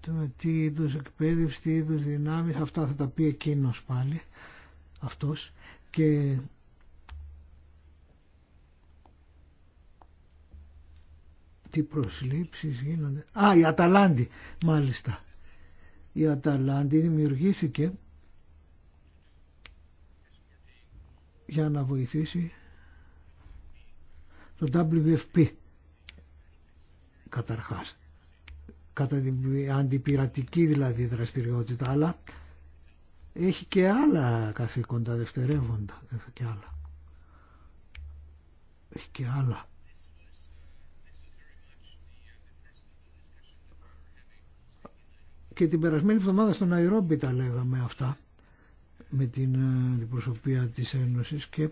το τι είδου εκπαίδευση, τι είδου δυνάμει, αυτά θα τα πει εκείνο πάλι, αυτός και τι προσλήψεις γίνονται. Α, η Αταλάντη, μάλιστα. Η Αταλάντη δημιουργήθηκε για να βοηθήσει το WFP καταρχάς κατά την αντιπειρατική δηλαδή δραστηριότητα, αλλά έχει και άλλα καθήκοντα δευτερεύοντα, και άλλα. Έχει και άλλα. Και την περασμένη εβδομάδα στον Αϊρόμπι τα λέγαμε αυτά με την ε, αντιπροσωπεία της Ένωσης και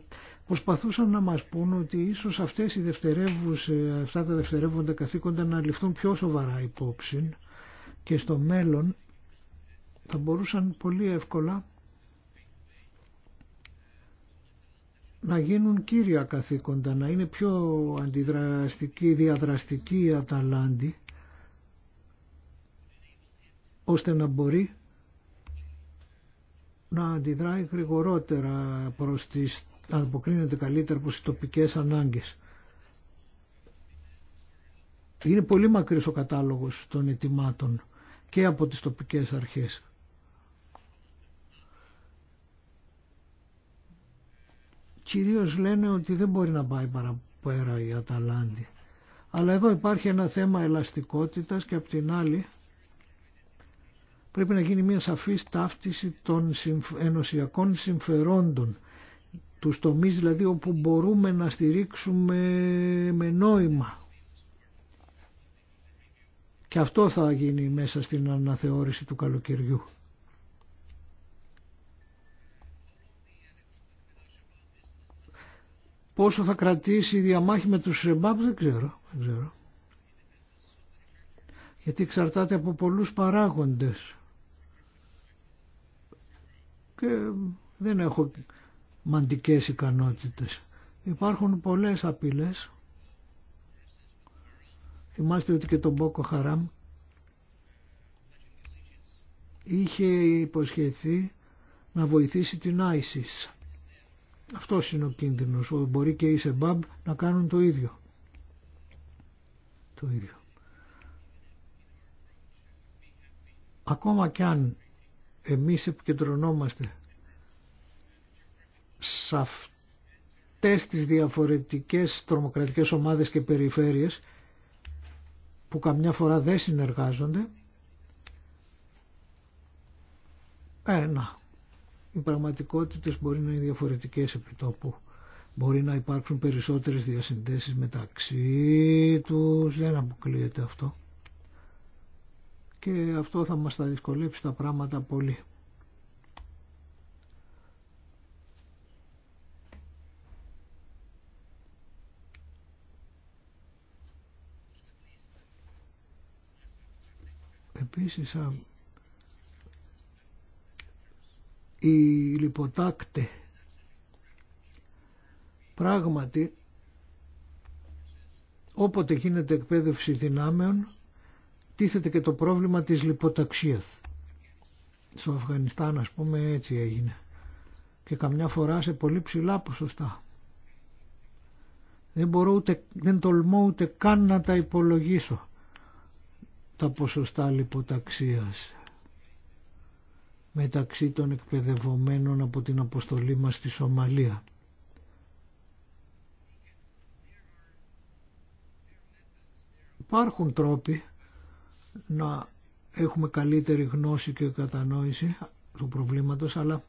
προσπαθούσαν να μας πούν ότι ίσως αυτές οι ε, αυτά τα δευτερεύοντα καθήκοντα να ληφθούν πιο σοβαρά υπόψη και στο μέλλον θα μπορούσαν πολύ εύκολα να γίνουν κύρια καθήκοντα, να είναι πιο αντιδραστική, διαδραστική η Αταλάντη, ώστε να μπορεί να αντιδράει γρηγορότερα προς τις, να αποκρίνεται καλύτερα προς τις τοπικές ανάγκες. Είναι πολύ μακρύς ο κατάλογος των ετοιμάτων και από τις τοπικές αρχές. Κυρίως λένε ότι δεν μπορεί να πάει παραπέρα η Αταλάντη. Αλλά εδώ υπάρχει ένα θέμα ελαστικότητας και απ' την άλλη πρέπει να γίνει μια σαφής ταύτιση των ενωσιακών συμφερόντων του τομείς δηλαδή όπου μπορούμε να στηρίξουμε με νόημα. Και αυτό θα γίνει μέσα στην αναθεώρηση του καλοκαιριού. Πόσο θα κρατήσει η διαμάχη με τους Σεμπάμπ δεν ξέρω. Δεν ξέρω. Γιατί εξαρτάται από πολλούς παράγοντες και δεν έχω μαντικές ικανότητες. Υπάρχουν πολλές απειλές. Θυμάστε ότι και τον Μπόκο Χαράμ είχε υποσχεθεί να βοηθήσει την Άισις. Αυτό είναι ο κίνδυνος. Μπορεί και οι Σεμπάμπ να κάνουν το ίδιο. Το ίδιο. Ακόμα κι αν εμείς επικεντρωνόμαστε σε αυτές τις διαφορετικές τρομοκρατικές ομάδες και περιφέρειες που καμιά φορά δεν συνεργάζονται ένα οι πραγματικότητες μπορεί να είναι διαφορετικές επί τόπου μπορεί να υπάρξουν περισσότερες διασυνδέσεις μεταξύ τους δεν αποκλείεται αυτό και αυτό θα μας τα δυσκολέψει τα πράγματα πολύ. Επίσης η λιποτάκτε πράγματι όποτε γίνεται εκπαίδευση δυνάμεων τίθεται και το πρόβλημα της λιποταξίας. Στο Αφγανιστάν ας πούμε έτσι έγινε και καμιά φορά σε πολύ ψηλά ποσοστά. Δεν μπορώ ούτε, δεν τολμώ ούτε καν να τα υπολογίσω τα ποσοστά λιποταξίας μεταξύ των εκπαιδευομένων από την αποστολή μας στη Σομαλία. Υπάρχουν τρόποι να έχουμε καλύτερη γνώση και κατανόηση του προβλήματος, αλλά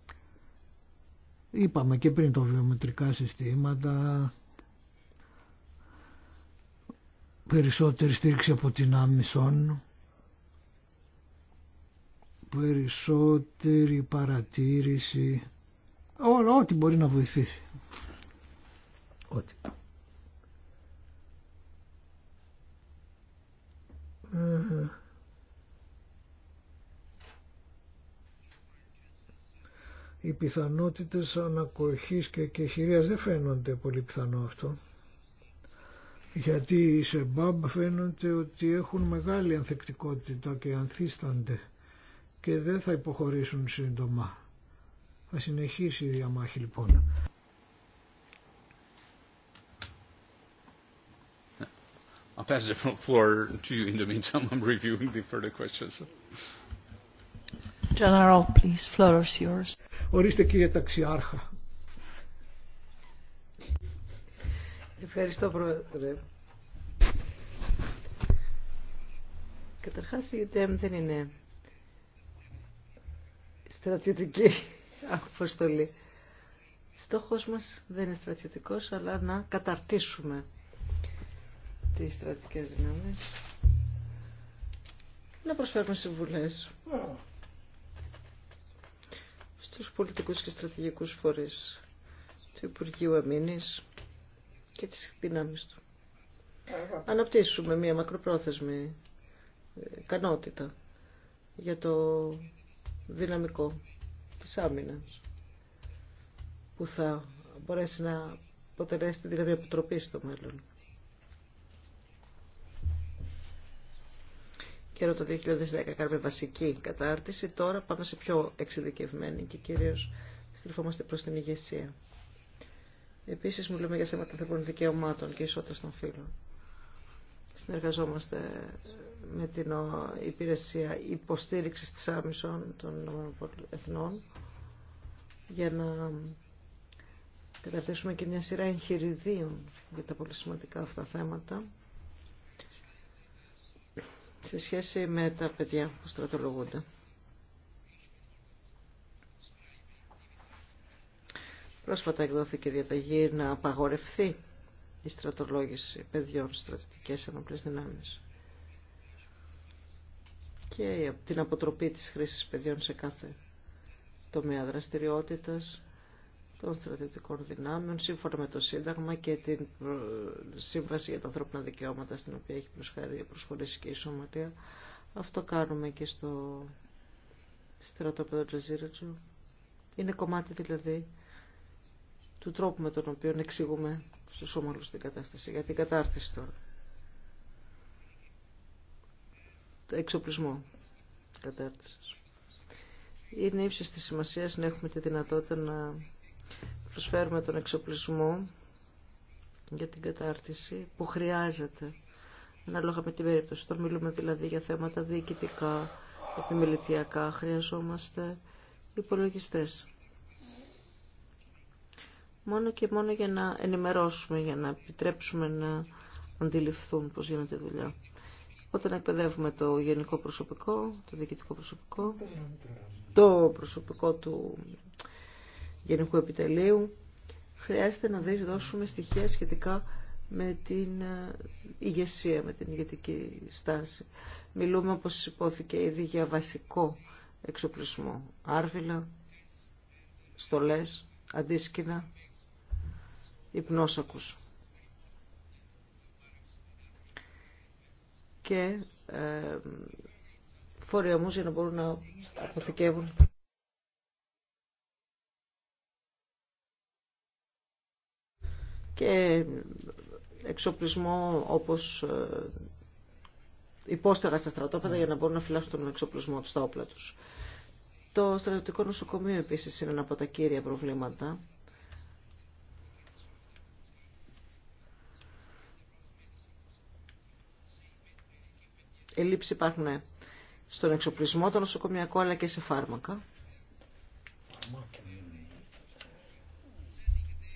είπαμε και πριν το βιομετρικά συστήματα, περισσότερη στήριξη από την άμυσον, περισσότερη παρατήρηση, όλα ό,τι μπορεί να βοηθήσει. Ό,τι. Mm-hmm. οι πιθανότητες ανακοχής και κεχηρίας δεν φαίνονται πολύ πιθανό αυτό γιατί οι σεμπάμπ φαίνονται ότι έχουν μεγάλη ανθεκτικότητα και ανθίστανται και δεν θα υποχωρήσουν σύντομα. Θα συνεχίσει η διαμάχη λοιπόν. I'll pass the (laughs) floor to you in the meantime. I'm reviewing the further questions. General, please, floor is yours. Ορίστε κύριε Ταξιάρχα. Ευχαριστώ πρόεδρε. Καταρχάς η ΕΤΕΜ δεν είναι στρατιωτική (laughs) αποστολή. Στόχος μας δεν είναι στρατιωτικός, αλλά να καταρτήσουμε τις στρατικές δυνάμεις να προσφέρουν συμβουλές στους πολιτικούς και στρατηγικούς φορείς του Υπουργείου Αμήνης και τις δυνάμεις του. Αναπτύσσουμε μία μακροπρόθεσμη ε, ικανότητα για το δυναμικό της άμυνας που θα μπορέσει να αποτελέσει τη δυναμή αποτροπή στο μέλλον. καιρό το 2010 κάναμε βασική κατάρτιση, τώρα πάμε σε πιο εξειδικευμένη και κυρίως στριφόμαστε προς την ηγεσία. Επίσης μιλούμε για θέματα θεπών δικαιωμάτων και ισότητας των φύλων. Συνεργαζόμαστε με την υπηρεσία υποστήριξης της άμυσων των Εθνών για να καταθέσουμε και μια σειρά εγχειριδίων για τα πολύ σημαντικά αυτά θέματα σε σχέση με τα παιδιά που στρατολογούνται. Πρόσφατα εκδόθηκε διαταγή να απαγορευθεί η στρατολόγηση παιδιών στρατιωτικές ενόπλες δυνάμεις και την αποτροπή της χρήσης παιδιών σε κάθε τομέα δραστηριότητας των στρατιωτικών δυνάμεων σύμφωνα με το Σύνταγμα και την ε, Σύμβαση για τα Ανθρώπινα Δικαιώματα στην οποία έχει προσχωρήσει και η Σωματεία. Αυτό κάνουμε και στο στρατόπεδο Τζαζίρετζο. Είναι κομμάτι δηλαδή του τρόπου με τον οποίο εξηγούμε στου όμορφους την κατάσταση για την κατάρτιση τώρα. Το εξοπλισμό κατάρτισης. Είναι ύψης της σημασίας να έχουμε τη δυνατότητα να προσφέρουμε τον εξοπλισμό για την κατάρτιση που χρειάζεται. Ανάλογα με την περίπτωση, Τώρα μιλούμε δηλαδή για θέματα διοικητικά, επιμελητιακά, χρειαζόμαστε υπολογιστές. Μόνο και μόνο για να ενημερώσουμε, για να επιτρέψουμε να αντιληφθούν πώς γίνεται η δουλειά. Όταν εκπαιδεύουμε το γενικό προσωπικό, το διοικητικό προσωπικό, το προσωπικό του Γενικού Επιτελείου, χρειάζεται να δώσουμε στοιχεία σχετικά με την ε, ηγεσία, με την ηγετική στάση. Μιλούμε, όπως υπόθηκε ήδη, για βασικό εξοπλισμό. Άρβιλα, στολές, αντίσκηνα, υπνόσακους. Και ε, φορεαμούς για να μπορούν να αποθηκεύουν και εξοπλισμό όπως ε, υπόστεγα στα στρατόπεδα για να μπορούν να φυλάσσουν τον εξοπλισμό τους στα όπλα τους. Το στρατιωτικό νοσοκομείο επίσης είναι ένα από τα κύρια προβλήματα. Ελλείψη υπάρχουν στον εξοπλισμό, το νοσοκομιακό αλλά και σε φάρμακα.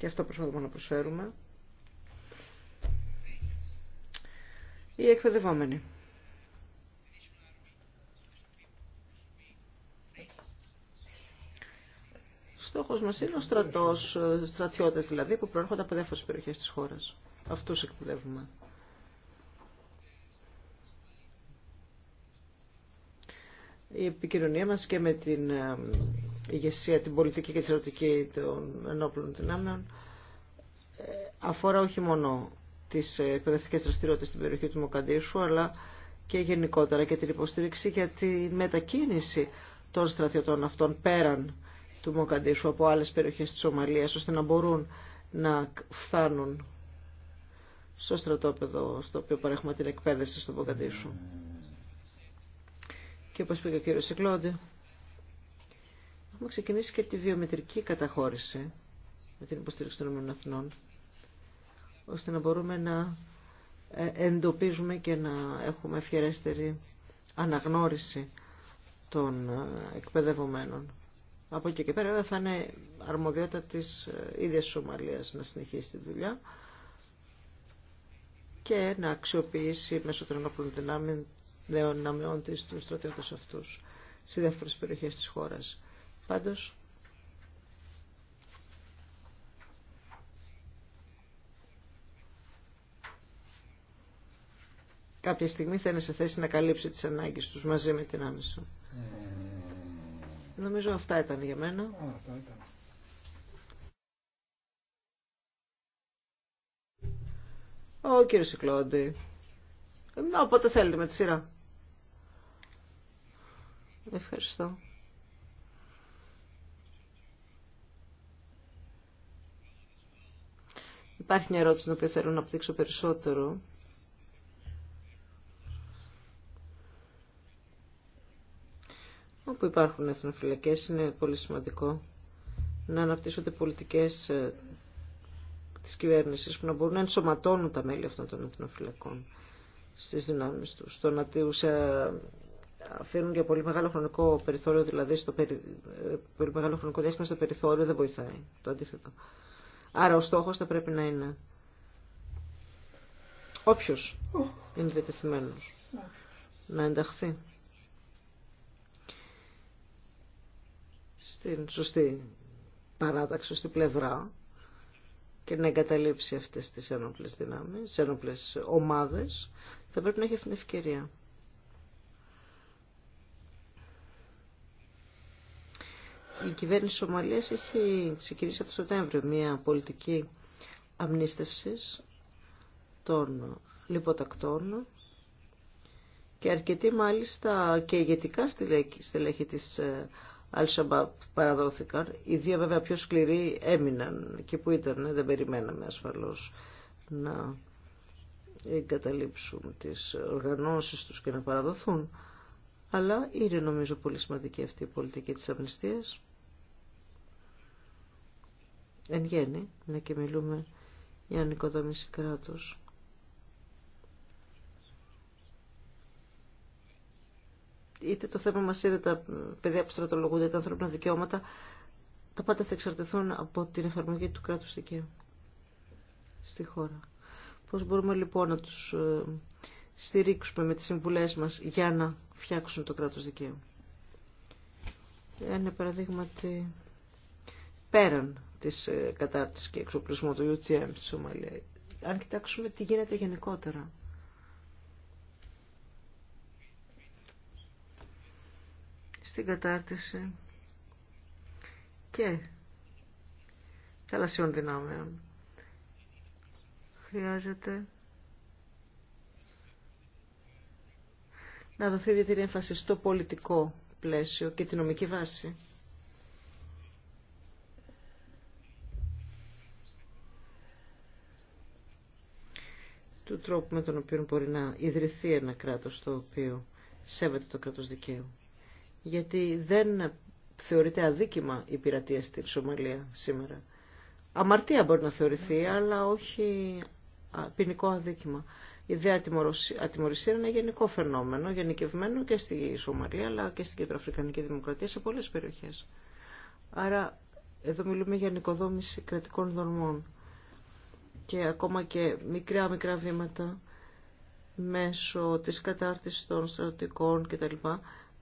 Και αυτό προσπαθούμε να προσφέρουμε. Οι εκπαιδευόμενοι. Στόχος μας είναι ο στρατός, στρατιώτες δηλαδή, που προέρχονται από διάφορες περιοχές της χώρας. Αυτούς εκπαιδεύουμε. Η επικοινωνία μας και με την ε, ηγεσία, την πολιτική και τη ερωτική των ενόπλων δυνάμεων ε, αφορά όχι μόνο τις ε, εκπαιδευτικές δραστηριότητες στην περιοχή του Μοκαντήσου, αλλά και γενικότερα και την υποστήριξη για τη μετακίνηση των στρατιωτών αυτών πέραν του Μοκαντήσου από άλλες περιοχές της Σομαλίας, ώστε να μπορούν να φτάνουν στο στρατόπεδο στο οποίο παρέχουμε την εκπαίδευση στο Μοκαντήσου. Και όπως πήγε ο κύριος Σικλόντι, Έχουμε ξεκινήσει και τη βιομετρική καταχώρηση με την υποστήριξη των ΗΠΑ, ώστε να μπορούμε να ε, εντοπίζουμε και να έχουμε ευχερέστερη αναγνώριση των ε, εκπαιδευομένων. Από εκεί και πέρα θα είναι αρμοδιότητα της ε, ίδιας Σομαλίας να συνεχίσει τη δουλειά και να αξιοποιήσει μέσω των ενόπλων δυνάμεων της τους στρατιώτες αυτούς σε διάφορες περιοχές της χώρας. Πάντως, κάποια στιγμή θα είναι σε θέση να καλύψει τις ανάγκες τους μαζί με την άμεσα. Ε, Νομίζω αυτά ήταν για μένα. Α, Ο κύριος Σικλόντι. Ε, όποτε θέλετε με τη σειρά. Ευχαριστώ. Υπάρχει μια ερώτηση την οποία θέλω να απτύξω περισσότερο. Όπου υπάρχουν εθνοφυλακές είναι πολύ σημαντικό να αναπτύσσονται πολιτικές ε, της κυβέρνησης που να μπορούν να ενσωματώνουν τα μέλη αυτών των εθνοφυλακών στις δυνάμεις τους. Στο να τους ε, αφήνουν για πολύ μεγάλο χρονικό περιθώριο, δηλαδή στο περι... Ε, πολύ μεγάλο χρονικό διάστημα στο περιθώριο δεν βοηθάει. Το αντίθετο. Άρα ο στόχος θα πρέπει να είναι όποιος είναι διατεθειμένος να ενταχθεί στην σωστή παράταξη, σωστή πλευρά και να εγκαταλείψει αυτές τις ένοπλες δυνάμεις, τις ένοπλες ομάδες, θα πρέπει να έχει αυτή την ευκαιρία. η κυβέρνηση Σομαλίας έχει ξεκινήσει από το Σεπτέμβριο μια πολιτική αμνίστευσης των λιποτακτών και αρκετοί μάλιστα και ηγετικά στελέχη της ε, Al-Shabaab παραδόθηκαν. Οι δύο βέβαια πιο σκληροί έμειναν και που ήταν, ε, δεν περιμέναμε ασφαλώς να εγκαταλείψουν τις οργανώσεις τους και να παραδοθούν. Αλλά είναι νομίζω πολύ σημαντική αυτή η πολιτική της αμνηστίας εν γέννη, να και μιλούμε για νοικοδόμηση κράτους. Είτε το θέμα μας είναι τα παιδιά που στρατολογούνται, τα ανθρώπινα δικαιώματα, τα πάντα θα εξαρτηθούν από την εφαρμογή του κράτους δικαίου στη χώρα. Πώς μπορούμε λοιπόν να τους ε, στηρίξουμε με τις συμβουλές μας για να φτιάξουν το κράτος δικαίου. Ένα παραδείγματι πέραν της ε, κατάρτισης και εξοπλισμού του UTM στη Σομαλία. Αν κοιτάξουμε τι γίνεται γενικότερα. Στην κατάρτιση και θαλασσιών δυνάμεων χρειάζεται να δοθεί ιδιαίτερη έμφαση στο πολιτικό πλαίσιο και τη νομική βάση. του τρόπου με τον οποίο μπορεί να ιδρυθεί ένα κράτος το οποίο σέβεται το κράτος δικαίου. Γιατί δεν θεωρείται αδίκημα η πειρατεία στη Σομαλία σήμερα. Αμαρτία μπορεί να θεωρηθεί, αλλά όχι ποινικό αδίκημα. Η ιδέα ατιμορρησία είναι ένα γενικό φαινόμενο, γενικευμένο και στη Σομαλία, αλλά και στην Κεντροαφρικανική Δημοκρατία, σε πολλές περιοχές. Άρα εδώ μιλούμε για νοικοδόμηση κρατικών δορμών και ακόμα και μικρά μικρά βήματα μέσω της κατάρτισης των τα κτλ.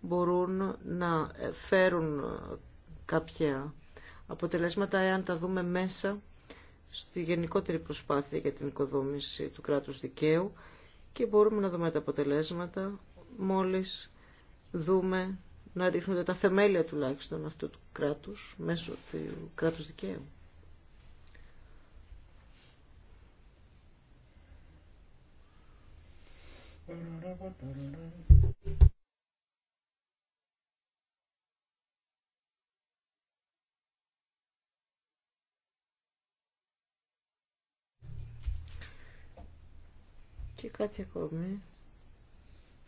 μπορούν να φέρουν κάποια αποτελέσματα εάν τα δούμε μέσα στη γενικότερη προσπάθεια για την οικοδόμηση του κράτους δικαίου και μπορούμε να δούμε τα αποτελέσματα μόλις δούμε να ρίχνονται τα θεμέλια τουλάχιστον αυτού του κράτους μέσω του κράτους δικαίου. Και κάτι ακόμη,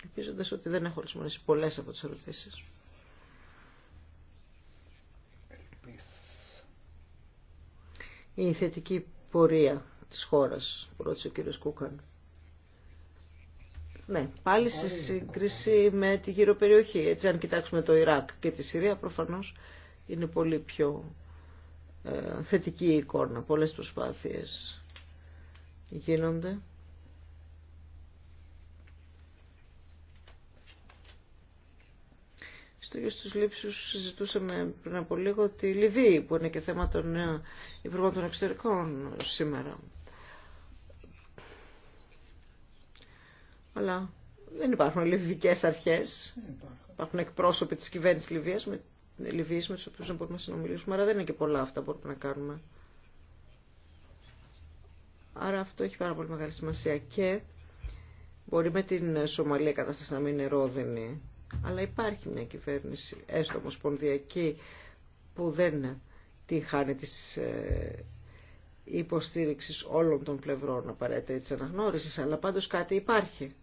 Ελπίζοντα ότι δεν έχω λησμονήσει πολλέ από τι ερωτήσει. Η θετική πορεία της χώρας, ρώτησε ο κύριος Κούκαν. Ναι, πάλι σε σύγκριση με τη γύρω περιοχή. Έτσι, αν κοιτάξουμε το Ιράκ και τη Συρία, προφανώς είναι πολύ πιο ε, θετική η εικόνα. Πολλές προσπάθειες γίνονται. Στο γιο στους λήψους συζητούσαμε πριν από λίγο τη Λιβύη, που είναι και θέμα των ε, Υπουργών των Εξωτερικών σήμερα. Αλλά δεν υπάρχουν λιβικέ αρχέ. Υπάρχουν. υπάρχουν εκπρόσωποι τη κυβέρνηση Λιβύη με, με του οποίου δεν μπορούμε να συνομιλήσουμε. Άρα δεν είναι και πολλά αυτά που μπορούμε να κάνουμε. Άρα αυτό έχει πάρα πολύ μεγάλη σημασία και μπορεί με την Σομαλία η κατάσταση να μην είναι ρόδινη. Αλλά υπάρχει μια κυβέρνηση, έστω ομοσπονδιακή, που δεν τη χάνει τη ε, υποστήριξη όλων των πλευρών απαραίτητα τη αναγνώριση, αλλά πάντως κάτι υπάρχει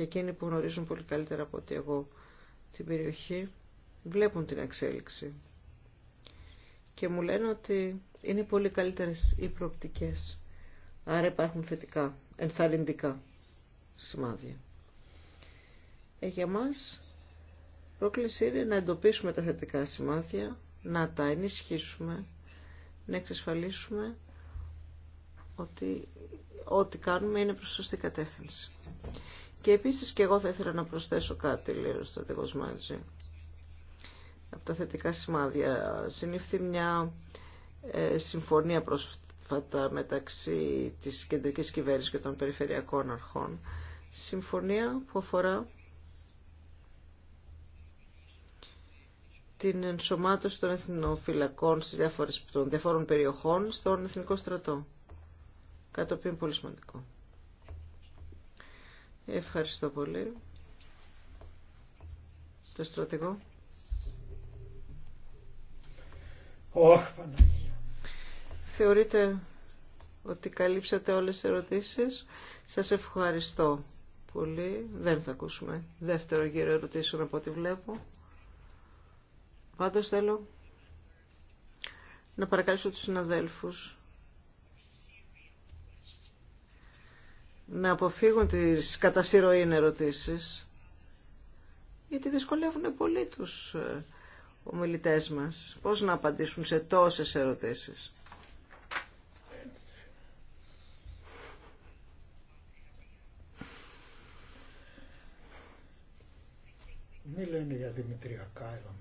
και εκείνοι που γνωρίζουν πολύ καλύτερα από ότι εγώ την περιοχή βλέπουν την εξέλιξη και μου λένε ότι είναι πολύ καλύτερες οι προοπτικές. Άρα υπάρχουν θετικά, ενθαρρυντικά σημάδια. Ε, για μας πρόκληση είναι να εντοπίσουμε τα θετικά σημάδια, να τα ενισχύσουμε, να εξασφαλίσουμε ότι ό,τι κάνουμε είναι προς σωστή κατεύθυνση. Και επίσης και εγώ θα ήθελα να προσθέσω κάτι, λέει ο στρατηγός Μάντζη, Από τα θετικά σημάδια. Συνήφθη μια ε, συμφωνία πρόσφατα μεταξύ της κεντρικής κυβέρνησης και των περιφερειακών αρχών. Συμφωνία που αφορά την ενσωμάτωση των εθνοφυλακών στις διάφορες, των διαφόρων περιοχών στον εθνικό στρατό. Κάτι το οποίο είναι πολύ σημαντικό. Ευχαριστώ πολύ. Το στρατηγό. Θεωρείτε ότι καλύψατε όλες τις ερωτήσεις. Σας ευχαριστώ πολύ. Δεν θα ακούσουμε δεύτερο γύρο ερωτήσεων από ό,τι βλέπω. Πάντως θέλω να παρακαλέσω τους συναδέλφους να αποφύγουν τις κατασυρωήν ερωτήσεις, γιατί δυσκολεύουν πολύ τους ε, ομιλητές μας. Πώς να απαντήσουν σε τόσες ερωτήσεις. Μη λένε για δημητριακά εδώ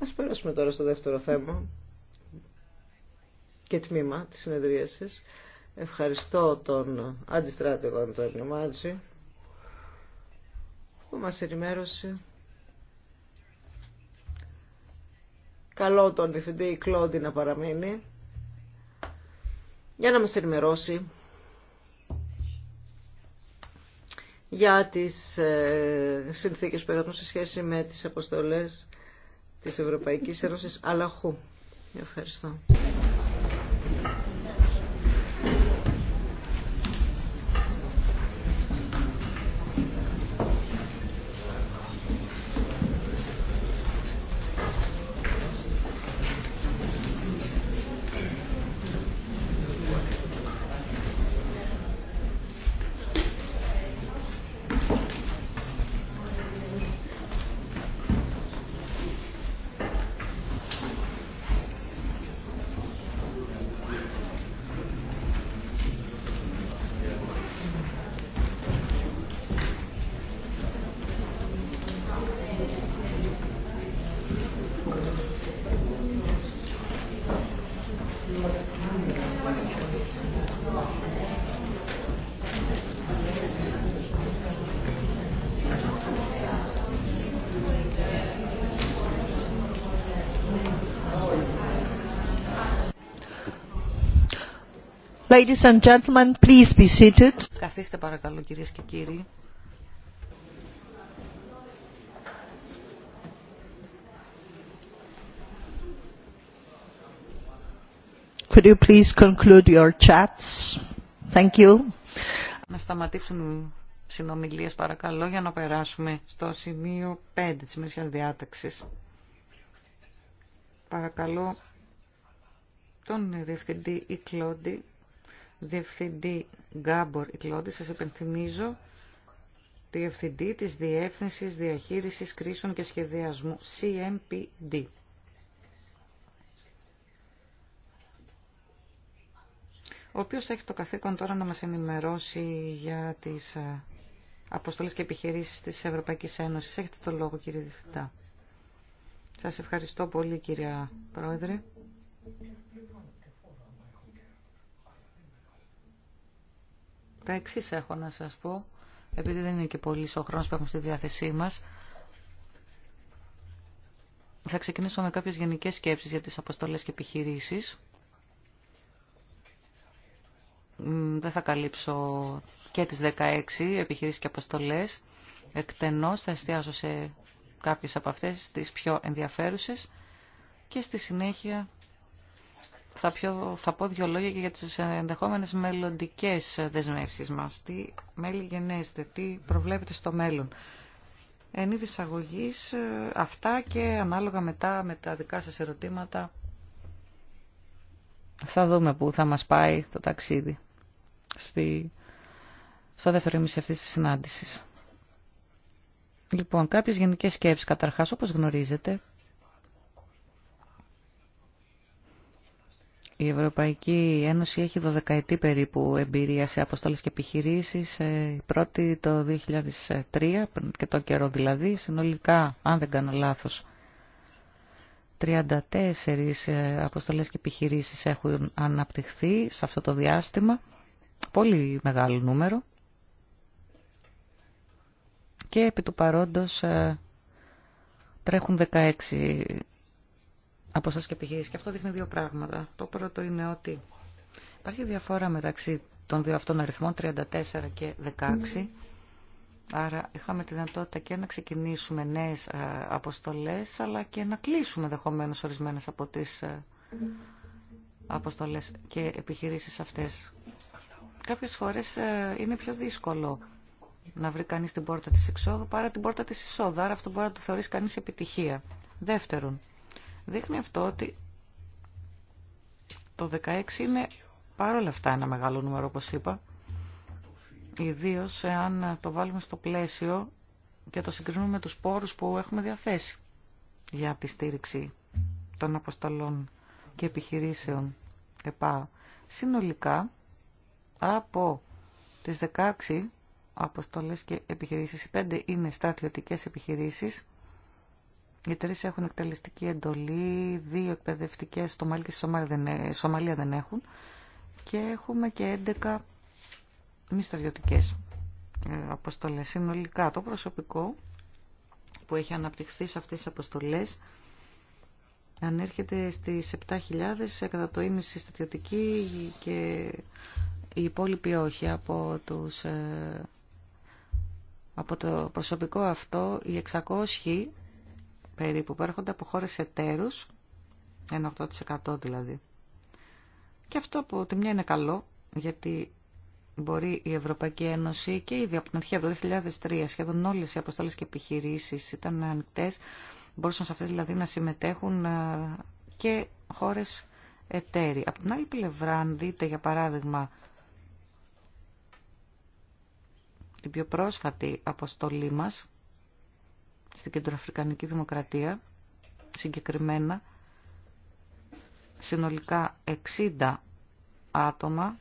Ας περάσουμε τώρα στο δεύτερο θέμα και τμήμα της συνεδρίασης. Ευχαριστώ τον αντιστράτηγο Αντώνιο Μάτζη που μας ενημέρωσε. Καλό τον Διευθυντή Κλόντι να παραμείνει για να μας ενημερώσει για τις ε, συνθήκες που έχουν σε σχέση με τις αποστολές της Ευρωπαϊκής Ένωσης Αλαχού. Ευχαριστώ. Ladies and gentlemen, please be seated. Καθίστε παρακαλώ κυρίες και κύριοι. Could you please conclude your chats? Thank you. Να σταματήσουν οι συνομιλίες παρακαλώ για να περάσουμε στο σημείο 5 της Μέσιας Διάταξης. Παρακαλώ τον Διευθυντή Ικλόντι Διευθυντή Γκάμπορ Ικλόντη. Σας υπενθυμίζω τη Διευθυντή της Διεύθυνσης Διαχείρισης Κρίσεων και Σχεδιασμού, CMPD. ο οποίος έχει το καθήκον τώρα να μας ενημερώσει για τις ε, αποστολές και επιχειρήσεις της Ευρωπαϊκής Ένωσης. Έχετε το λόγο κύριε Διευθυντά. Σας ευχαριστώ πολύ κυρία Πρόεδρε. Τα εξή έχω να σας πω, επειδή δεν είναι και πολύ ο χρόνος που έχουμε στη διάθεσή μας. Θα ξεκινήσω με κάποιες γενικές σκέψεις για τις αποστολές και επιχειρήσεις. Δεν θα καλύψω και τις 16 επιχειρήσεις και αποστολές. Εκτενώς θα εστιάσω σε κάποιες από αυτές τις πιο ενδιαφέρουσες και στη συνέχεια θα, θα πω δύο λόγια και για τις ενδεχόμενες μελλοντικέ δεσμεύσεις μας. Τι μέλη γενέστε, τι προβλέπετε στο μέλλον. Εν είδη ε, αυτά και ανάλογα μετά με τα δικά σας ερωτήματα θα δούμε που θα μας πάει το ταξίδι στη, στο δεύτερο ημίση αυτής της συνάντησης. Λοιπόν, κάποιες γενικές σκέψεις καταρχάς, όπως γνωρίζετε, Η Ευρωπαϊκή Ένωση έχει 12 ετή περίπου εμπειρία σε αποστόλες και επιχειρήσεις. Ε, η πρώτη το 2003, και το καιρό δηλαδή, συνολικά, αν δεν κάνω λάθος, 34 ε, αποστολές και επιχειρήσεις έχουν αναπτυχθεί σε αυτό το διάστημα. Πολύ μεγάλο νούμερο. Και επί του παρόντος ε, τρέχουν 16 από και Και αυτό δείχνει δύο πράγματα. Το πρώτο είναι ότι υπάρχει διαφορά μεταξύ των δύο αυτών αριθμών, 34 και 16. Άρα είχαμε τη δυνατότητα και να ξεκινήσουμε νέες ε, αποστολές, αλλά και να κλείσουμε ενδεχομένω ορισμένες από τις ε, αποστολές και επιχειρήσεις αυτές. Κάποιες φορές ε, είναι πιο δύσκολο να βρει κανείς την πόρτα της εξόδου παρά την πόρτα της εισόδου, άρα αυτό μπορεί να το θεωρεί κανείς επιτυχία. Δεύτερον, Δείχνει αυτό ότι το 16 είναι παρόλα αυτά ένα μεγάλο νούμερο, όπως είπα, ιδίω εάν το βάλουμε στο πλαίσιο και το συγκρίνουμε με τους πόρους που έχουμε διαθέσει για τη στήριξη των αποστολών και επιχειρήσεων ΕΠΑ. Συνολικά, από τις 16 αποστολές και επιχειρήσεις, οι 5 είναι στρατιωτικές επιχειρήσεις, οι τρει έχουν εκτελεστική εντολή, δύο εκπαιδευτικέ στο Μάλι και ε, Σομαλία δεν έχουν. Και έχουμε και 11 μη στρατιωτικέ ε, αποστολέ. Συνολικά το προσωπικό που έχει αναπτυχθεί σε αυτές τι αποστολές ανέρχεται στις 7.000 κατά το ίμιση στρατιωτική και οι υπόλοιποι όχι από ε, από το προσωπικό αυτό οι 600 περίπου που έρχονται από χώρες εταίρους, ένα 8% δηλαδή. Και αυτό από τη μια είναι καλό, γιατί μπορεί η Ευρωπαϊκή Ένωση και ήδη από την αρχή από το 2003 σχεδόν όλες οι αποστολές και επιχειρήσεις ήταν ανοιχτέ, μπορούσαν σε αυτές δηλαδή να συμμετέχουν ε, και χώρες εταίροι. Από την άλλη πλευρά, αν δείτε για παράδειγμα την πιο πρόσφατη αποστολή μας, στην Κεντροαφρικανική Δημοκρατία, συγκεκριμένα συνολικά 60 άτομα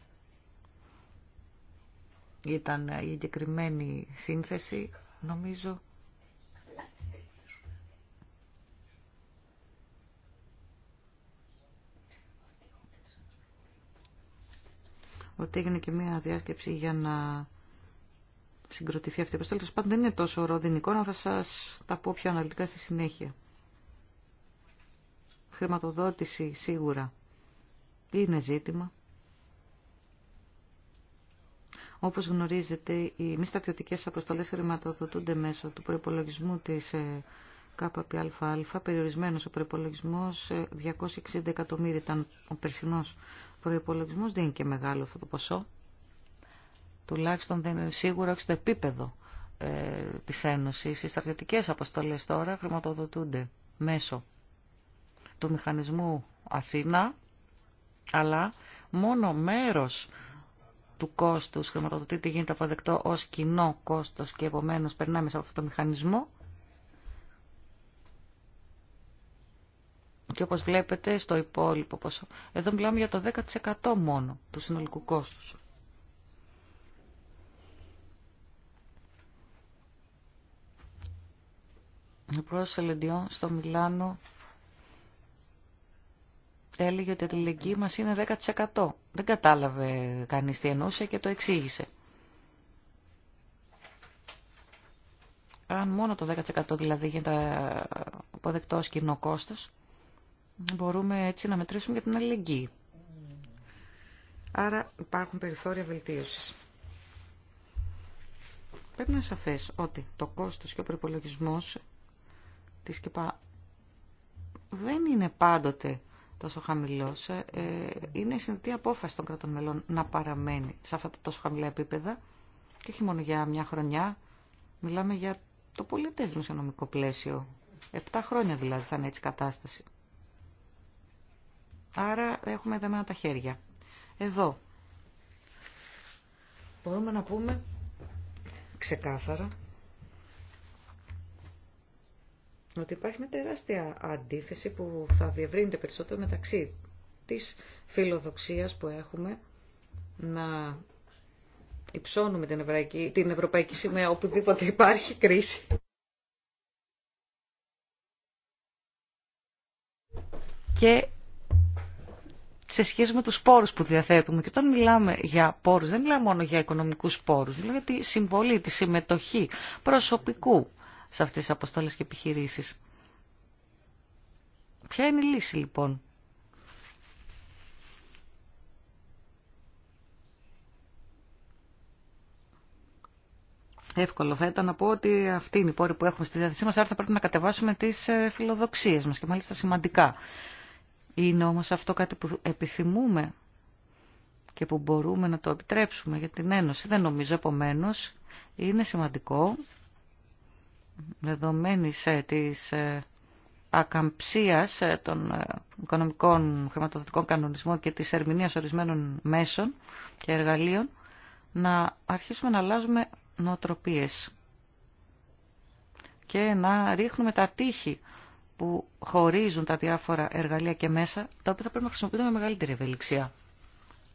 ήταν η εγκεκριμένη σύνθεση, νομίζω. Ότι έγινε και μία διάσκεψη για να συγκροτηθεί αυτή η αποστολή. Τέλο πάντων δεν είναι τόσο ροδινικό, να θα σας τα πω πιο αναλυτικά στη συνέχεια. Χρηματοδότηση σίγουρα είναι ζήτημα. Όπως γνωρίζετε, οι μη στρατιωτικές αποστολές χρηματοδοτούνται μέσω του προπολογισμού της ε, ΚΑΠΑΠΑΑ. περιορισμένος ο προϋπολογισμός, 260 ε, εκατομμύρια ήταν ο περσινός προϋπολογισμός, δεν είναι και μεγάλο αυτό το ποσό τουλάχιστον δεν είναι σίγουρο όχι στο επίπεδο ε, της Ένωσης. Οι στρατιωτικές αποστολές τώρα χρηματοδοτούνται μέσω του μηχανισμού Αθήνα, αλλά μόνο μέρος του κόστους χρηματοδοτείται γίνεται αποδεκτό ως κοινό κόστος και επομένως περνάμε σε αυτό το μηχανισμό. Και όπως βλέπετε στο υπόλοιπο ποσό, εδώ μιλάμε για το 10% μόνο του συνολικού κόστους. Ο πρόεδρος Ελεντιών στο Μιλάνο έλεγε ότι η αλληλεγγύη μας είναι 10%. Δεν κατάλαβε κανείς τι εννοούσε και το εξήγησε. Αν μόνο το 10% δηλαδή γίνεται αποδεκτό ως κοινό κόστος, μπορούμε έτσι να μετρήσουμε για την αλληλεγγύη. Άρα υπάρχουν περιθώρια βελτίωσης. Πρέπει να είναι σαφές ότι το κόστος και ο προπολογισμό της δεν είναι πάντοτε τόσο χαμηλός. Ε, ε, είναι συνδετή απόφαση των κρατών μελών να παραμένει σε αυτά τα τόσο χαμηλά επίπεδα και όχι μόνο για μια χρονιά. Μιλάμε για το πολιτές δημοσιονομικό πλαίσιο. Επτά χρόνια δηλαδή θα είναι έτσι κατάσταση. Άρα έχουμε δεμένα τα χέρια. Εδώ μπορούμε να πούμε ξεκάθαρα ότι υπάρχει μια τεράστια αντίθεση που θα διευρύνεται περισσότερο μεταξύ της φιλοδοξίας που έχουμε να υψώνουμε την, ευραϊκή, την ευρωπαϊκή σημαία οπουδήποτε υπάρχει κρίση. Και σε σχέση με τους πόρους που διαθέτουμε. Και όταν μιλάμε για πόρους, δεν μιλάμε μόνο για οικονομικούς πόρους, μιλάμε για τη συμβολή, τη συμμετοχή προσωπικού, σε αυτές τις αποστόλες και επιχειρήσεις. Ποια είναι η λύση λοιπόν. Εύκολο θα ήταν να πω ότι αυτή είναι η πόρη που έχουμε στη διάθεσή μας, άρα θα πρέπει να κατεβάσουμε τις ε, φιλοδοξίες μας και μάλιστα σημαντικά. Είναι όμως αυτό κάτι που επιθυμούμε και που μπορούμε να το επιτρέψουμε για την Ένωση. Δεν νομίζω επομένω είναι σημαντικό δεδομένης ε, της ε, ακαμψίας ε, των οικονομικών χρηματοδοτικών κανονισμών και της ερμηνείας ορισμένων μέσων και εργαλείων να αρχίσουμε να αλλάζουμε νοοτροπίες και να ρίχνουμε τα τείχη που χωρίζουν τα διάφορα εργαλεία και μέσα, τα οποία θα πρέπει να χρησιμοποιούνται με μεγαλύτερη ευελιξία.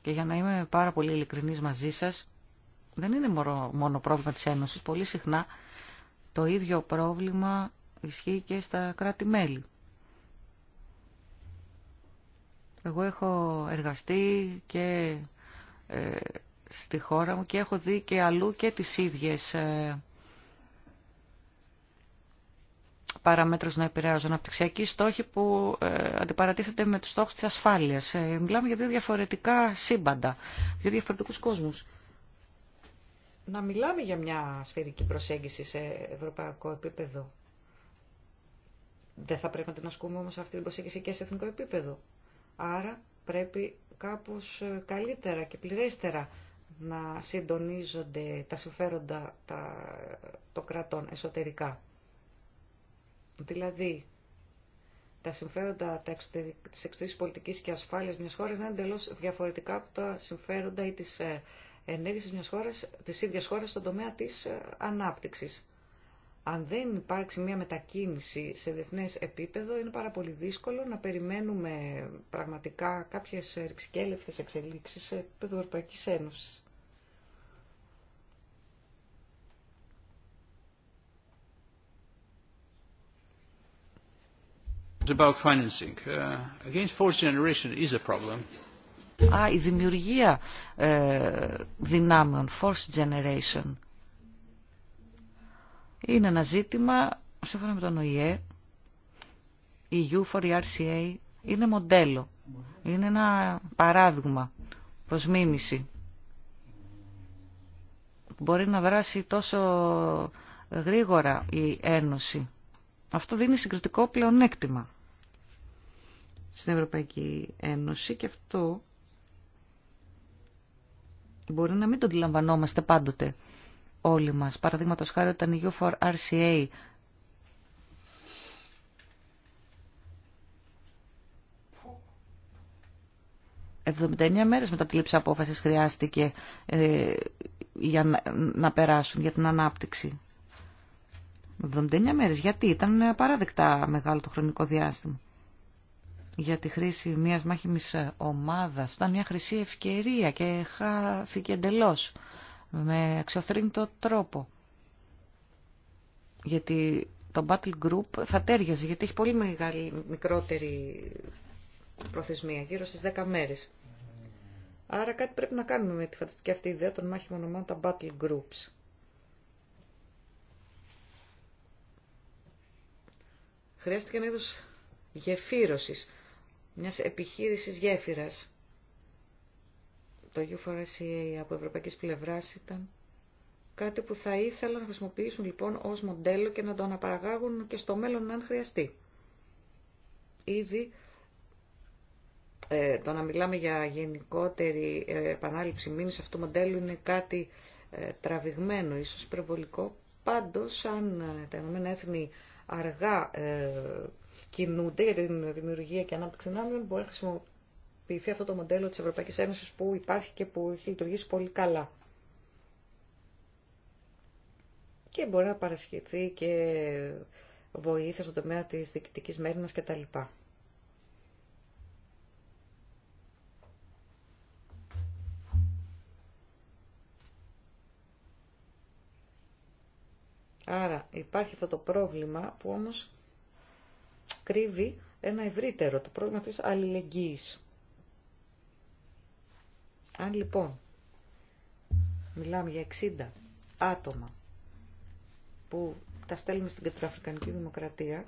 Και για να είμαι πάρα πολύ ειλικρινής μαζί σας, δεν είναι μόνο πρόβλημα της Ένωσης. Πολύ συχνά το ίδιο πρόβλημα ισχύει και στα κράτη-μέλη. Εγώ έχω εργαστεί και ε, στη χώρα μου και έχω δει και αλλού και τις ίδιες ε, παραμέτρους να επηρεάζουν. Αναπτυξιακοί στόχοι που ε, με τους στόχους της ασφάλειας. Ε, μιλάμε για δύο διαφορετικά σύμπαντα, δύο διαφορετικούς κόσμους να μιλάμε για μια σφαιρική προσέγγιση σε ευρωπαϊκό επίπεδο. Δεν θα πρέπει να την ασκούμε όμως αυτή την προσέγγιση και σε εθνικό επίπεδο. Άρα πρέπει κάπως ε, καλύτερα και πληρέστερα να συντονίζονται τα συμφέροντα τα, των κρατών εσωτερικά. Δηλαδή, τα συμφέροντα τα εξωτερικ... της εξωτερικής πολιτικής και ασφάλειας μιας χώρας είναι εντελώς διαφορετικά από τα συμφέροντα ή τις ε, ενέργειας μιας χώρας, της ίδιας χώρας στον τομέα της ε, ανάπτυξης. Αν δεν υπάρξει μια μετακίνηση σε διεθνές επίπεδο, είναι πάρα πολύ δύσκολο να περιμένουμε πραγματικά κάποιες ρηξικέλευτες εξελίξεις σε επίπεδο Ευρωπαϊκής Ένωσης. About financing. Uh, against fourth generation is a problem. Α, η δημιουργία ε, δυνάμεων, force generation. Είναι ένα ζήτημα, σύμφωνα με τον ΟΗΕ, U for RCA, είναι μοντέλο. Είναι ένα παράδειγμα προς μίμηση. Μπορεί να δράσει τόσο γρήγορα η Ένωση. Αυτό δίνει συγκριτικό πλεονέκτημα στην Ευρωπαϊκή Ένωση και αυτό Μπορεί να μην το αντιλαμβανόμαστε πάντοτε όλοι μας. Παραδείγματος χάρη όταν η U4 RCA ...79 μέρες μετά τη λήψη απόφασης χρειάστηκε ε, για να, περάσουν για την ανάπτυξη. 79 μέρες. Γιατί ήταν παράδεκτα μεγάλο το χρονικό διάστημα για τη χρήση μιας μάχημης ομάδας ήταν μια χρυσή ευκαιρία και χάθηκε εντελώ με εξωθρύντο τρόπο. Γιατί το battle group θα τέριαζε, γιατί έχει πολύ μεγάλη, μικρότερη προθεσμία, γύρω στις 10 μέρες. Άρα κάτι πρέπει να κάνουμε με τη φανταστική αυτή ιδέα των μάχημων ομάδων, τα battle groups. Χρειάστηκε ένα είδος γεφύρωσης μιας επιχείρησης γέφυρας. Το U4SEA ευρωπαϊκής πλευράς ήταν κάτι που θα ήθελα να χρησιμοποιήσουν λοιπόν ως μοντέλο και να το αναπαραγάγουν και στο μέλλον αν χρειαστεί. Ήδη ε, το να μιλάμε για γενικότερη ε, επανάληψη μήνυση αυτού του μοντέλου είναι κάτι ε, τραβηγμένο, ίσως υπερβολικό. Πάντως, αν ε, τα Ηνωμένα αργά κινούνται για την δημιουργία και ανάπτυξη δυνάμεων, μπορεί να χρησιμοποιηθεί αυτό το μοντέλο της Ευρωπαϊκής Ένωσης που υπάρχει και που έχει λειτουργήσει πολύ καλά. Και μπορεί να παρασχεθεί και βοήθεια στον τομέα της διοικητικής μέρημνας κτλ. Άρα υπάρχει αυτό το πρόβλημα που όμως κρύβει ένα ευρύτερο, το πρόβλημα της αλληλεγγύης. Αν λοιπόν μιλάμε για 60 άτομα που τα στέλνουμε στην Κεντροαφρικανική Δημοκρατία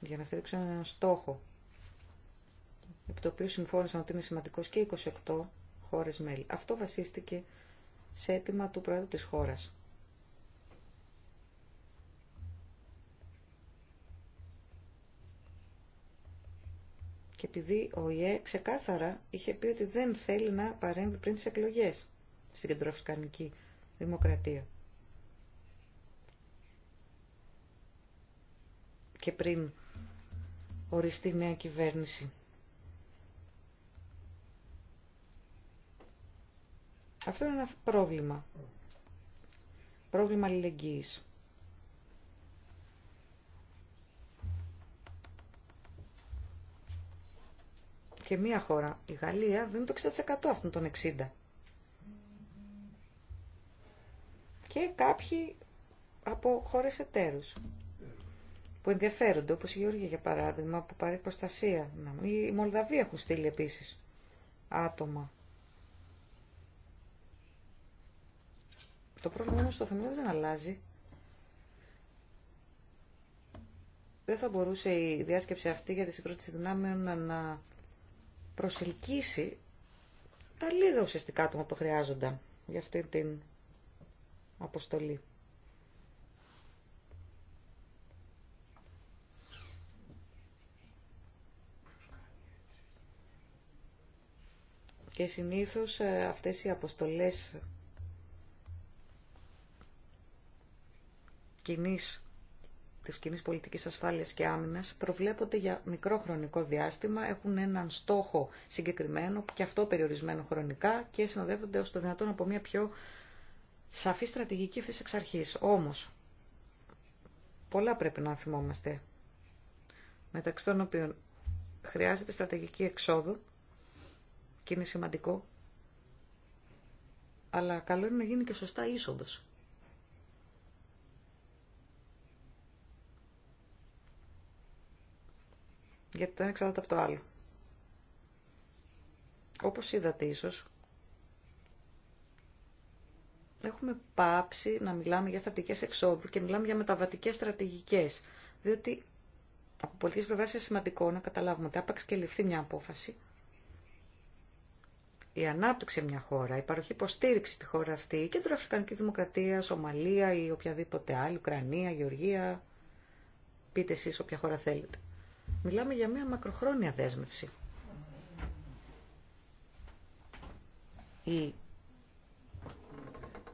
για να στηρίξουν έναν στόχο επί το οποίο συμφώνησαν ότι είναι σημαντικός και 28 χώρες μέλη. Αυτό βασίστηκε σε αίτημα του Πρόεδρου της χώρας. Και επειδή ο ΙΕ ξεκάθαρα είχε πει ότι δεν θέλει να παρέμβει πριν τις εκλογές στην κεντροαφρικανική δημοκρατία. Και πριν οριστεί νέα κυβέρνηση. Αυτό είναι ένα πρόβλημα. Πρόβλημα αλληλεγγύης. και μία χώρα, η Γαλλία, δίνει το 60% αυτών των 60. Και κάποιοι από χώρες εταίρους που ενδιαφέρονται, όπως η Γεωργία για παράδειγμα, που πάρει προστασία. Η Μολδαβία έχουν στείλει επίσης άτομα. Το πρόβλημα όμως στο θεμείο δεν αλλάζει. Δεν θα μπορούσε η διάσκεψη αυτή για τη συγκρότηση δυνάμεων να προσελκύσει τα λίγα ουσιαστικά άτομα που χρειάζονταν για αυτή την αποστολή. Και συνήθως ε, αυτές οι αποστολές κοινής της κοινή πολιτικής ασφάλειας και άμυνας προβλέπονται για μικρό χρονικό διάστημα, έχουν έναν στόχο συγκεκριμένο και αυτό περιορισμένο χρονικά και συνοδεύονται ως το δυνατόν από μια πιο σαφή στρατηγική αυτής εξ αρχής. Όμως, πολλά πρέπει να θυμόμαστε, μεταξύ των οποίων χρειάζεται στρατηγική εξόδου και είναι σημαντικό, αλλά καλό είναι να γίνει και σωστά είσοδος. γιατί το ένα εξαρτάται από το άλλο. Όπως είδατε ίσως, έχουμε πάψει να μιλάμε για στρατηγικές εξόδου και μιλάμε για μεταβατικές στρατηγικές, διότι από πολιτική πλευρά είναι σημαντικό να καταλάβουμε ότι άπαξ και ληφθεί μια απόφαση. Η ανάπτυξη μια χώρα, η παροχή υποστήριξη στη χώρα αυτή, η Κέντρο Αφρικανική Δημοκρατία, Σομαλία ή οποιαδήποτε άλλη, Ουκρανία, Γεωργία, πείτε εσείς όποια χώρα θέλετε. Μιλάμε για μια μακροχρόνια δέσμευση. Η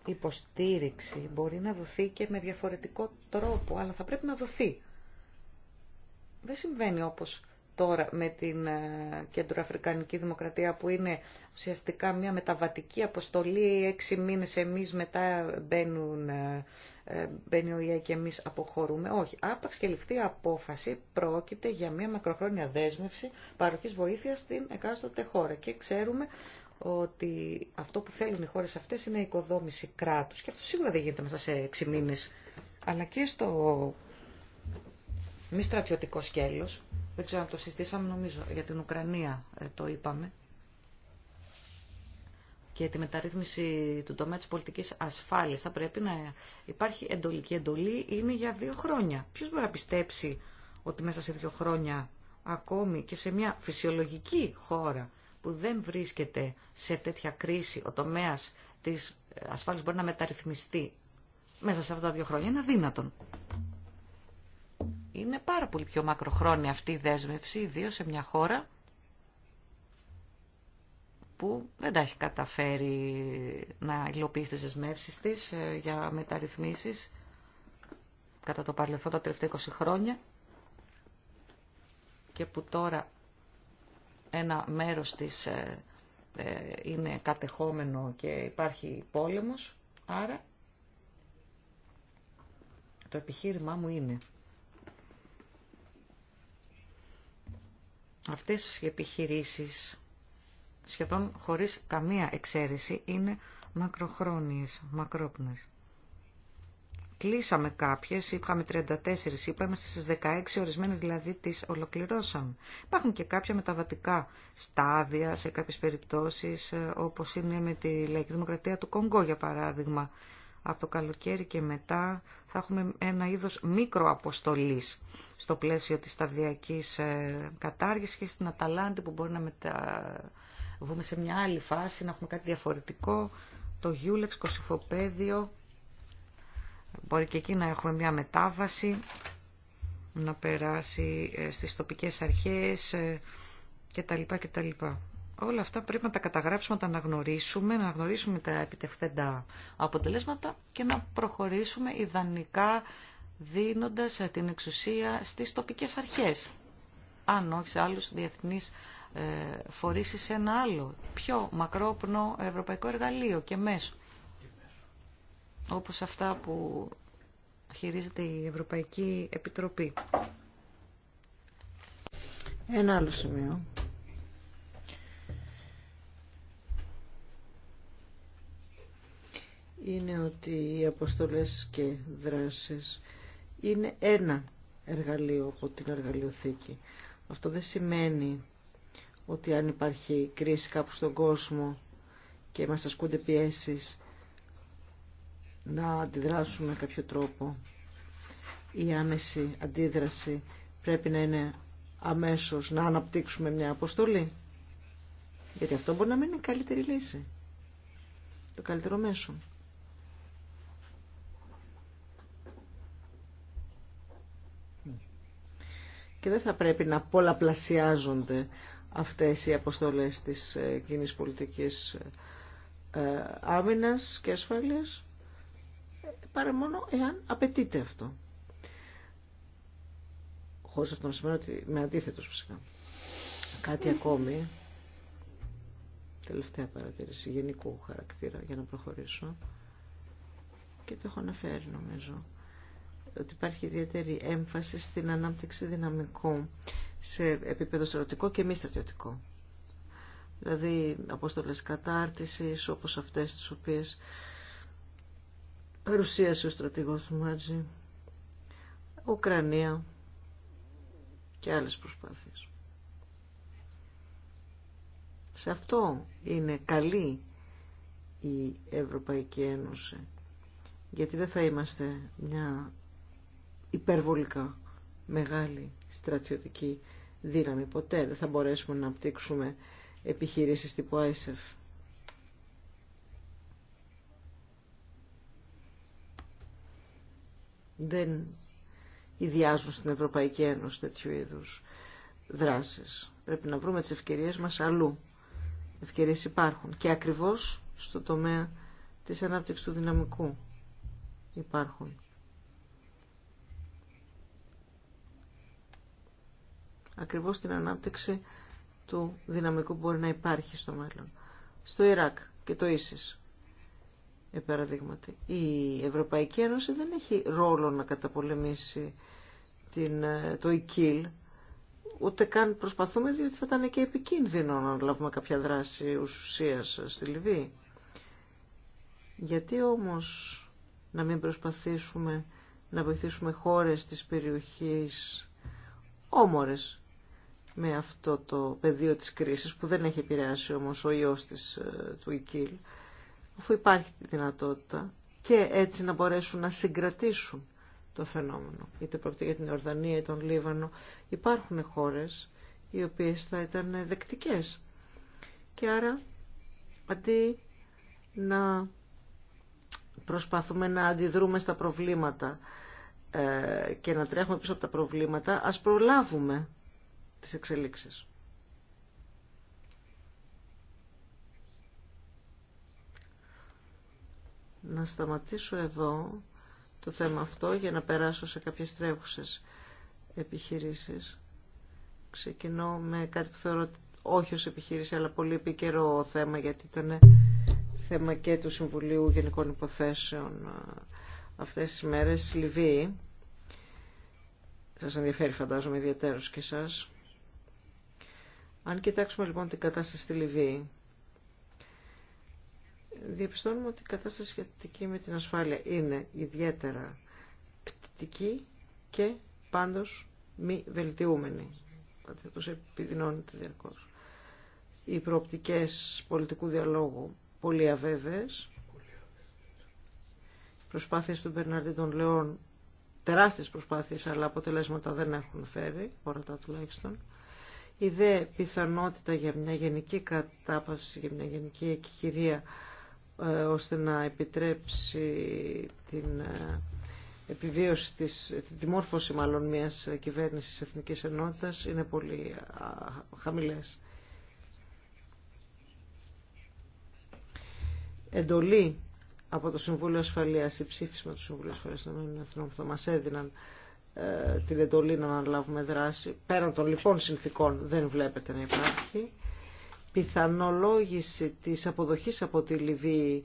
υποστήριξη μπορεί να δοθεί και με διαφορετικό τρόπο, αλλά θα πρέπει να δοθεί. Δεν συμβαίνει όπως τώρα με την ε, Κεντροαφρικανική Δημοκρατία που είναι ουσιαστικά μια μεταβατική αποστολή. Έξι μήνες εμείς μετά μπαίνουν, ε, ε, μπαίνει ο ΙΑ και εμείς αποχωρούμε. Όχι, άπαξ και ληφθεί απόφαση πρόκειται για μια μακροχρόνια δέσμευση παροχής βοήθειας στην εκάστοτε χώρα. Και ξέρουμε ότι αυτό που θέλουν οι χώρες αυτές είναι η οικοδόμηση κράτους. Και αυτό σίγουρα δεν γίνεται μέσα σε έξι μήνες. Αλλά και στο μη στρατιωτικό σκέλος, δεν ξέρω αν το συστήσαμε, νομίζω, για την Ουκρανία ε, το είπαμε. Και τη μεταρρύθμιση του τομέα της πολιτικής ασφάλειας θα πρέπει να υπάρχει εντολική εντολή είναι για δύο χρόνια. Ποιος μπορεί να πιστέψει ότι μέσα σε δύο χρόνια ακόμη και σε μια φυσιολογική χώρα που δεν βρίσκεται σε τέτοια κρίση ο τομέας της ε, ασφάλειας μπορεί να μεταρρυθμιστεί μέσα σε αυτά τα δύο χρόνια είναι αδύνατον. Είναι πάρα πολύ πιο μακροχρόνια αυτή η δέσμευση, ιδίω σε μια χώρα που δεν τα έχει καταφέρει να υλοποιήσει τις δεσμεύσεις της ε, για μεταρρυθμίσεις κατά το παρελθόν τα τελευταία 20 χρόνια και που τώρα ένα μέρος της ε, ε, είναι κατεχόμενο και υπάρχει πόλεμος, άρα το επιχείρημά μου είναι Αυτές οι επιχειρήσεις σχεδόν χωρίς καμία εξαίρεση είναι μακροχρόνιες, μακρόπνες. Κλείσαμε κάποιες, είχαμε 34, είπαμε στις 16 ορισμένες δηλαδή τις ολοκληρώσαμε. Υπάρχουν και κάποια μεταβατικά στάδια σε κάποιες περιπτώσεις ε, όπως είναι με τη Λαϊκή Δημοκρατία του Κονγκό για παράδειγμα από το καλοκαίρι και μετά θα έχουμε ένα είδος μικροαποστολής στο πλαίσιο της σταδιακής ε, κατάργησης και στην Αταλάντη που μπορεί να μεταβούμε σε μια άλλη φάση, να έχουμε κάτι διαφορετικό. Το Γιούλεξ, κοσυφοπεδιο μπορεί και εκεί να έχουμε μια μετάβαση, να περάσει ε, στις τοπικές αρχές κτλ. Ε, κτλ όλα αυτά πρέπει να τα καταγράψουμε, να τα αναγνωρίσουμε, να αναγνωρίσουμε τα επιτευχθέντα αποτελέσματα και να προχωρήσουμε ιδανικά δίνοντας την εξουσία στις τοπικές αρχές. Αν όχι σε άλλους διεθνείς ε, φορείς, σε ένα άλλο, πιο μακρόπνο ευρωπαϊκό εργαλείο και μέσο. Όπως αυτά που χειρίζεται η Ευρωπαϊκή Επιτροπή. Ένα άλλο σημείο είναι ότι οι αποστολές και δράσεις είναι ένα εργαλείο από την εργαλειοθήκη. Αυτό δεν σημαίνει ότι αν υπάρχει κρίση κάπου στον κόσμο και μας ασκούνται πιέσεις να αντιδράσουμε κάποιο τρόπο. Η άμεση αντίδραση πρέπει να είναι αμέσως να αναπτύξουμε μια αποστολή. Γιατί αυτό μπορεί να μην είναι η καλύτερη λύση. Το καλύτερο μέσο. και δεν θα πρέπει να πολλαπλασιάζονται αυτές οι αποστολές της ε, κοινή πολιτικής ε, άμυνας και ασφάλειας παρά μόνο εάν απαιτείται αυτό. Χωρίς αυτό να σημαίνει ότι με αντίθετος φυσικά. Κάτι ακόμη, τελευταία παρατήρηση γενικού χαρακτήρα για να προχωρήσω και το έχω αναφέρει νομίζω ότι υπάρχει ιδιαίτερη έμφαση στην ανάπτυξη δυναμικού σε επίπεδο στρατιωτικό και μη στρατιωτικό. Δηλαδή αποστολές κατάρτισης όπως αυτές τις οποίες παρουσίασε ο στρατηγός Μάτζη, Ουκρανία και άλλες προσπάθειες. Σε αυτό είναι καλή η Ευρωπαϊκή Ένωση, γιατί δεν θα είμαστε μια υπερβολικά μεγάλη στρατιωτική δύναμη. Ποτέ δεν θα μπορέσουμε να απτύξουμε επιχειρήσεις τύπου ΑΕΣΕΦ. Δεν ιδιάζουν στην Ευρωπαϊκή Ένωση τέτοιου είδους δράσεις. Πρέπει να βρούμε τις ευκαιρίες μας αλλού. Ευκαιρίες υπάρχουν και ακριβώς στο τομέα της ανάπτυξης του δυναμικού υπάρχουν. ακριβώς την ανάπτυξη του δυναμικού που μπορεί να υπάρχει στο μέλλον. Στο Ιράκ και το ίσις, επαραδείγματι. Η Ευρωπαϊκή Ένωση δεν έχει ρόλο να καταπολεμήσει την, ε, το ΙΚΙΛ, ούτε καν προσπαθούμε διότι θα ήταν και επικίνδυνο να λάβουμε κάποια δράση ουσίας στη Λιβύη. Γιατί όμως να μην προσπαθήσουμε να βοηθήσουμε χώρες της περιοχής όμορες με αυτό το πεδίο της κρίσης που δεν έχει επηρεάσει όμως ο ιός της, ε, του ΙΚΙΛ αφού υπάρχει τη δυνατότητα και έτσι να μπορέσουν να συγκρατήσουν το φαινόμενο. Είτε πρόκειται για την Ορδανία ή τον Λίβανο. Υπάρχουν χώρες οι οποίες θα ήταν δεκτικές. Και άρα αντί να προσπαθούμε να αντιδρούμε στα προβλήματα ε, και να τρέχουμε πίσω από τα προβλήματα, ας προλάβουμε τις εξελίξεις. Να σταματήσω εδώ το θέμα αυτό για να περάσω σε κάποιες τρέχουσες επιχειρήσεις. Ξεκινώ με κάτι που θεωρώ όχι ως επιχείρηση αλλά πολύ επίκαιρο θέμα γιατί ήταν θέμα και του Συμβουλίου Γενικών Υποθέσεων ε, αυτές τις μέρες Λιβύη. Σας ενδιαφέρει φαντάζομαι ιδιαίτερως και σας. Αν κοιτάξουμε λοιπόν την κατάσταση στη Λιβύη, διαπιστώνουμε ότι η κατάσταση σχετική με την ασφάλεια είναι ιδιαίτερα πτυτική και πάντως μη βελτιούμενη. τους επιδεινώνεται διαρκώς. Οι προοπτικές πολιτικού διαλόγου πολύ αβέβαιες. Προσπάθειες του Μπερνάρντι των Λεών, τεράστιες προσπάθειες, αλλά αποτελέσματα δεν έχουν φέρει, ορατά τουλάχιστον. Η δε πιθανότητα για μια γενική κατάπαυση, για μια γενική εκχειρία, ε, ώστε να επιτρέψει την ε, επιβίωση της, τη δημόρφωση μάλλον μιας κυβέρνησης εθνικής ενότητας είναι πολύ χαμηλές. Εντολή από το Συμβούλιο Ασφαλείας, η ψήφισμα του Συμβουλίου Ασφαλείας των Εθνών που θα μας έδιναν ε, την εντολή να αναλάβουμε δράση. Πέραν των λοιπόν συνθήκων δεν βλέπετε να υπάρχει. Πιθανολόγηση της αποδοχής από τη Λιβύη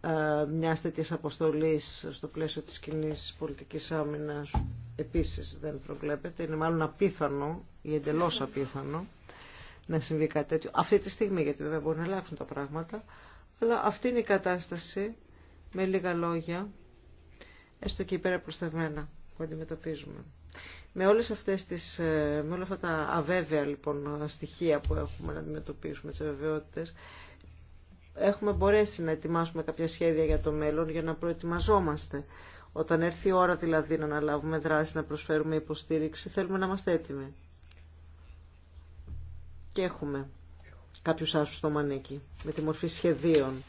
ε, μιας τέτοιας αποστολής στο πλαίσιο της κοινή πολιτικής άμυνας επίσης δεν προβλέπεται. Είναι μάλλον απίθανο ή εντελώς απίθανο να συμβεί κάτι τέτοιο. Αυτή τη στιγμή γιατί βέβαια μπορεί να αλλάξουν τα πράγματα. Αλλά αυτή είναι η κατάσταση με λίγα λόγια έστω και υπεραπροστευμένα που αντιμετωπίζουμε. Με, όλες αυτές τις, ε, με όλα αυτά τα αβέβαια λοιπόν στοιχεία που έχουμε να αντιμετωπίσουμε, τις αβεβαιότητες, έχουμε μπορέσει να ετοιμάσουμε κάποια σχέδια για το μέλλον για να προετοιμαζόμαστε. Όταν έρθει η ώρα δηλαδή να αναλάβουμε δράση, να προσφέρουμε υποστήριξη, θέλουμε να είμαστε έτοιμοι. Και έχουμε κάποιους άρθρους στο μανίκι, με τη μορφή σχεδίων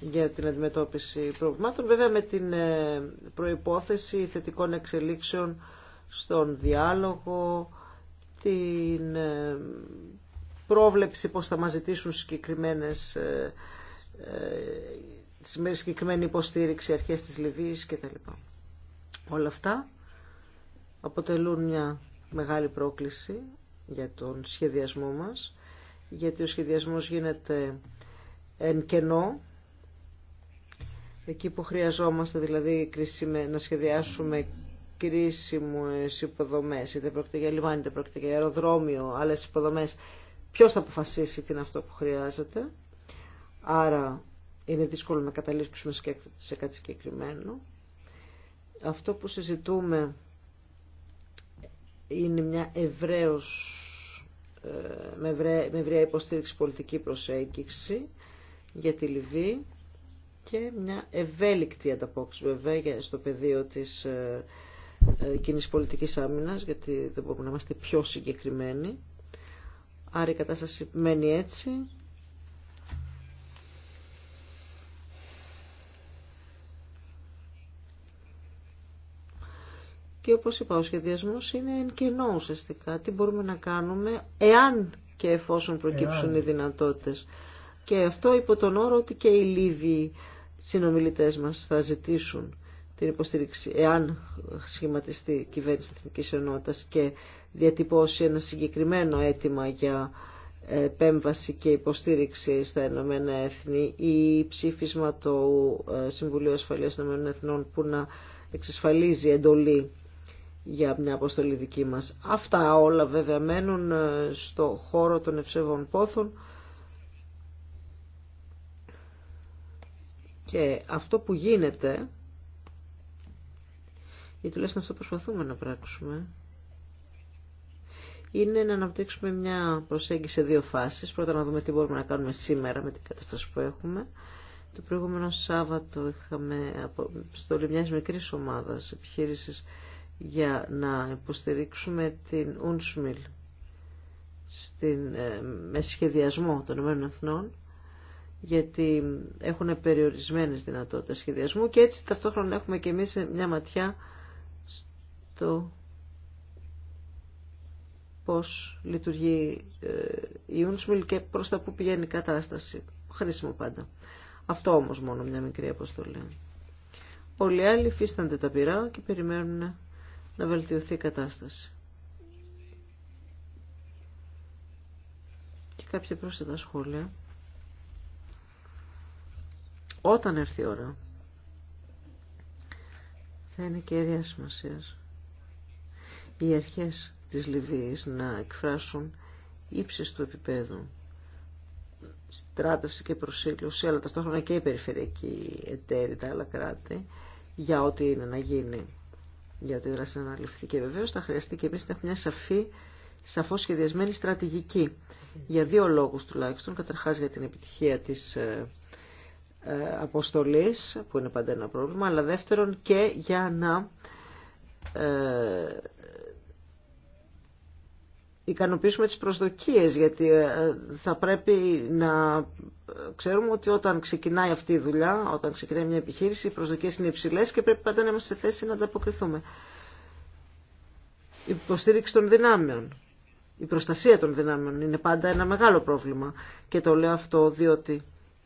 για την αντιμετώπιση προβλημάτων, βέβαια με την ε, προϋπόθεση θετικών εξελίξεων στον διάλογο, την ε, πρόβλεψη πώς θα μας ζητήσουν συγκεκριμένες ε, συγκεκριμένη υποστήριξη αρχές της Λιβύης λοιπά. Όλα αυτά αποτελούν μια μεγάλη πρόκληση για τον σχεδιασμό μας, γιατί ο σχεδιασμός γίνεται εν κενό εκεί που χρειαζόμαστε δηλαδή να σχεδιάσουμε κρίσιμες υποδομές, είτε πρόκειται για λιμάνι, είτε πρόκειται για αεροδρόμιο, άλλες υποδομές, ποιος θα αποφασίσει τι είναι αυτό που χρειάζεται. Άρα είναι δύσκολο να καταλήξουμε σε κάτι συγκεκριμένο. Αυτό που συζητούμε είναι μια ευρέως, ε, με ευραία υποστήριξη πολιτική προσέγγιση για τη Λιβύη και μια ευέλικτη ανταπόκριση βέβαια στο πεδίο της ε, ε κοινή πολιτικής άμυνας γιατί δεν μπορούμε να είμαστε πιο συγκεκριμένοι. Άρα η κατάσταση μένει έτσι. Και όπως είπα, ο σχεδιασμός είναι εν κενό ουσιαστικά. Τι μπορούμε να κάνουμε εάν και εφόσον προκύψουν οι δυνατότητες. Και αυτό υπό τον όρο ότι και οι Λίβοι συνομιλητές μας θα ζητήσουν την υποστήριξη, εάν σχηματιστεί η κυβέρνηση Εθνικής Ενότητας και διατυπώσει ένα συγκεκριμένο αίτημα για επέμβαση και υποστήριξη στα Ηνωμένα Έθνη ή ψήφισμα του ε, Συμβουλίου Ασφαλείας των Ηνωμένων Εθνών που να εξασφαλίζει εντολή για μια αποστολή δική μας. Αυτά όλα βέβαια μένουν ε, στο χώρο των ευσεβών πόθων Και αυτό που γίνεται, ή τουλάχιστον αυτό προσπαθούμε να πράξουμε, είναι να αναπτύξουμε μια προσέγγιση σε δύο φάσεις. Πρώτα να δούμε τι μπορούμε να κάνουμε σήμερα με την κατάσταση που έχουμε. Το προηγούμενο Σάββατο είχαμε στο μια μικρή ομάδα επιχείρηση για να υποστηρίξουμε την UNSMIL στην, ε, με σχεδιασμό των ΗΠΑ γιατί έχουν περιορισμένες δυνατότητες σχεδιασμού και έτσι ταυτόχρονα έχουμε και εμείς μια ματιά στο πώς λειτουργεί ε, η UNSMIL και προς τα που πηγαίνει η κατάσταση. Χρήσιμο πάντα. Αυτό όμως μόνο μια μικρή αποστολή. Όλοι οι άλλοι φίστανται τα πειρά και περιμένουν να βελτιωθεί η κατάσταση. Και κάποια πρόσθετα σχόλια όταν έρθει η ώρα. Θα είναι κέρια σημασία οι αρχές της Λιβύης να εκφράσουν ύψες του επίπεδου στράτευση και προσήλωση, αλλά ταυτόχρονα και η περιφερειακή εταίρη, τα άλλα κράτη, για ό,τι είναι να γίνει, για ό,τι δράση να αναλυφθεί. Και βεβαίως θα χρειαστεί και εμείς να έχουμε μια σαφή, σαφώς σχεδιασμένη στρατηγική. Για δύο λόγους τουλάχιστον, καταρχάς για την επιτυχία της ε, ε, αποστολής, που είναι πάντα ένα πρόβλημα, αλλά δεύτερον και για να ε, ικανοποιήσουμε τις προσδοκίες, γιατί ε, θα πρέπει να ξέρουμε ότι όταν ξεκινάει αυτή η δουλειά, όταν ξεκινάει μια επιχείρηση, οι προσδοκίες είναι υψηλές και πρέπει πάντα να είμαστε σε θέση να ανταποκριθούμε. Η υποστήριξη των δυνάμεων. Η προστασία των δυνάμεων είναι πάντα ένα μεγάλο πρόβλημα. Και το λέω αυτό διότι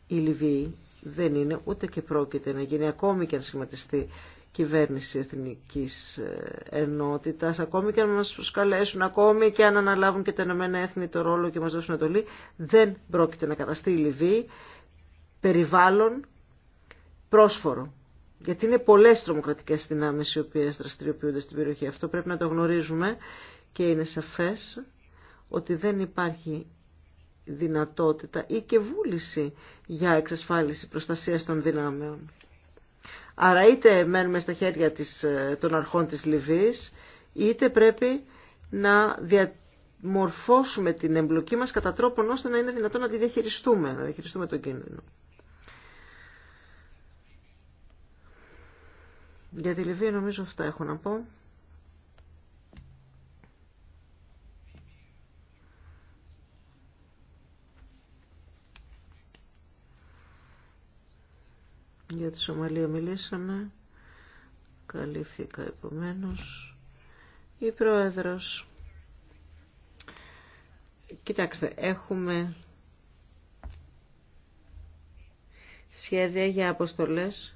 η Λιβύοι δεν είναι ούτε και πρόκειται να γίνει ακόμη και αν σχηματιστεί κυβέρνηση εθνικής ε, ενότητας, ακόμη και αν μας προσκαλέσουν, ακόμη και αν αναλάβουν και τα Ηνωμένα Έθνη το ρόλο και μας δώσουν εντολή, δεν πρόκειται να καταστεί η Λιβύη περιβάλλον πρόσφορο. Γιατί είναι πολλές τρομοκρατικές δυνάμεις οι οποίες δραστηριοποιούνται στην περιοχή. Αυτό πρέπει να το γνωρίζουμε και είναι σαφές ότι δεν υπάρχει δυνατότητα ή και βούληση για εξασφάλιση προστασίας των δυνάμεων. Άρα είτε μένουμε στα χέρια της, ε, των αρχών της Λιβύης, είτε πρέπει να διαμορφώσουμε την εμπλοκή μας κατά τρόπον ώστε να είναι δυνατόν να τη διαχειριστούμε, να διαχειριστούμε τον κίνδυνο. Για τη Λιβύη νομίζω αυτά έχω να πω. Για τη Σομαλία μιλήσαμε. Καλύφθηκα επομένως. Η Πρόεδρος. Κοιτάξτε, έχουμε σχέδια για αποστολές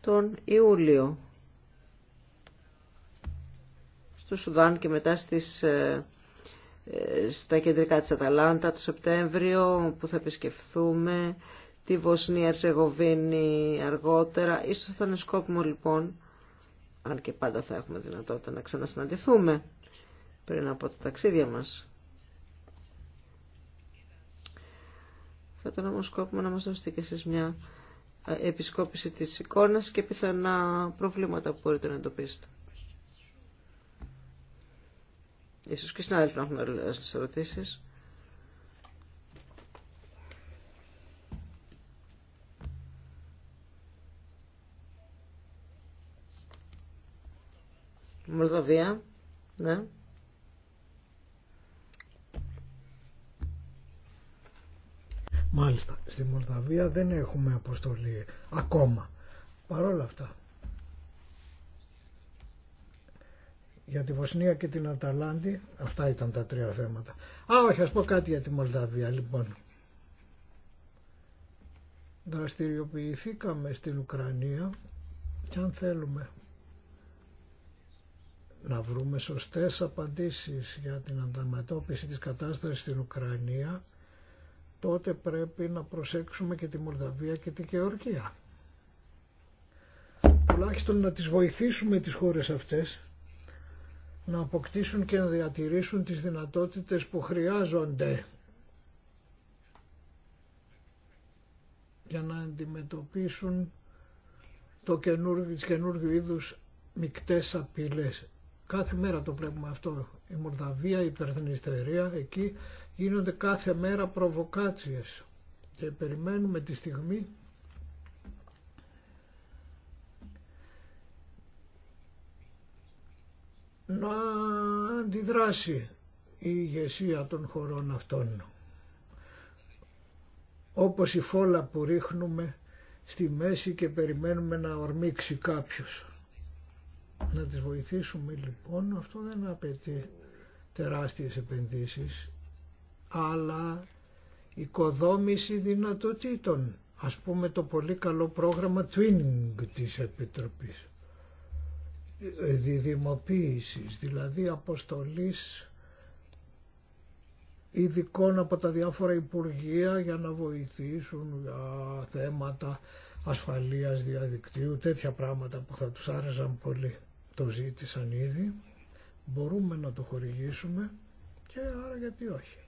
τον Ιούλιο στο Σουδάν και μετά στις, ε, ε, στα κεντρικά της Αταλάντα το Σεπτέμβριο που θα επισκεφθούμε τη Βοσνία Ερσεγοβίνη αργότερα. Ίσως θα είναι σκόπιμο λοιπόν, αν και πάντα θα έχουμε δυνατότητα να ξανασυναντηθούμε πριν από τα ταξίδια μας. Θα ήταν όμως σκόπιμο να μας δώσετε και εσείς μια ε, επισκόπηση της εικόνας και πιθανά προβλήματα που μπορείτε να εντοπίσετε. Ίσως και συνάδελφοι να έχουμε άλλες ερωτήσεις. Μολδαβία. Ναι. Μάλιστα, στη Μολδαβία δεν έχουμε αποστολή ακόμα. παρόλα αυτά. Για τη Βοσνία και την Αταλάντη, αυτά ήταν τα τρία θέματα. Α, όχι, ας πω κάτι για τη Μολδαβία, λοιπόν. Δραστηριοποιηθήκαμε στην Ουκρανία και αν θέλουμε να βρούμε σωστές απαντήσεις για την ανταμετώπιση της κατάστασης στην Ουκρανία, τότε πρέπει να προσέξουμε και τη Μολδαβία και τη Γεωργία. Τουλάχιστον να τις βοηθήσουμε τις χώρες αυτές να αποκτήσουν και να διατηρήσουν τις δυνατότητες που χρειάζονται για να αντιμετωπίσουν το καινούργιο, τις καινούργιου είδους μικτές απειλές. Κάθε μέρα το βλέπουμε αυτό. Η Μολδαβία, η Περθενιστερία, εκεί γίνονται κάθε μέρα προβοκάτσιες. Και περιμένουμε τη στιγμή να αντιδράσει η ηγεσία των χωρών αυτών. Όπως η φόλα που ρίχνουμε στη μέση και περιμένουμε να ορμήξει κάποιος. Να τις βοηθήσουμε λοιπόν, αυτό δεν απαιτεί τεράστιες επενδύσεις, αλλά οικοδόμηση δυνατοτήτων. Ας πούμε το πολύ καλό πρόγραμμα Twinning της Επιτροπής ε, διδημοποίησης, δηλαδή αποστολής ειδικών από τα διάφορα υπουργεία για να βοηθήσουν για θέματα ασφαλείας διαδικτύου, τέτοια πράγματα που θα τους άρεσαν πολύ το ζήτησαν ήδη, μπορούμε να το χορηγήσουμε και άρα γιατί όχι.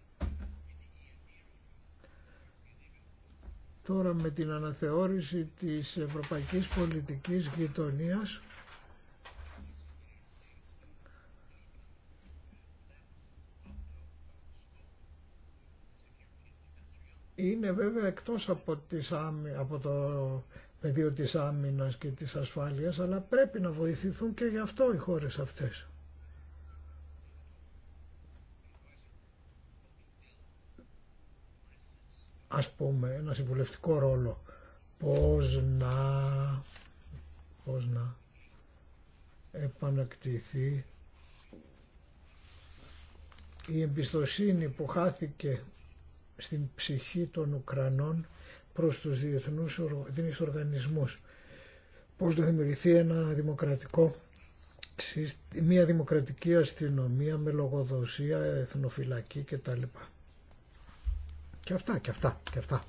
Τώρα με την αναθεώρηση της ευρωπαϊκής πολιτικής γειτονίας είναι βέβαια εκτός από, τις, από το πεδίο της άμυνας και της ασφάλειας, αλλά πρέπει να βοηθηθούν και γι' αυτό οι χώρες αυτές. Ας πούμε ένα συμβουλευτικό ρόλο. Πώς να, πώς να επανακτηθεί η εμπιστοσύνη που χάθηκε στην ψυχή των Ουκρανών προς τους διεθνούς οργανισμούς. Πώς να δημιουργηθεί ένα δημοκρατικό μια δημοκρατική αστυνομία με λογοδοσία, εθνοφυλακή κτλ. Και αυτά, και αυτά, και αυτά.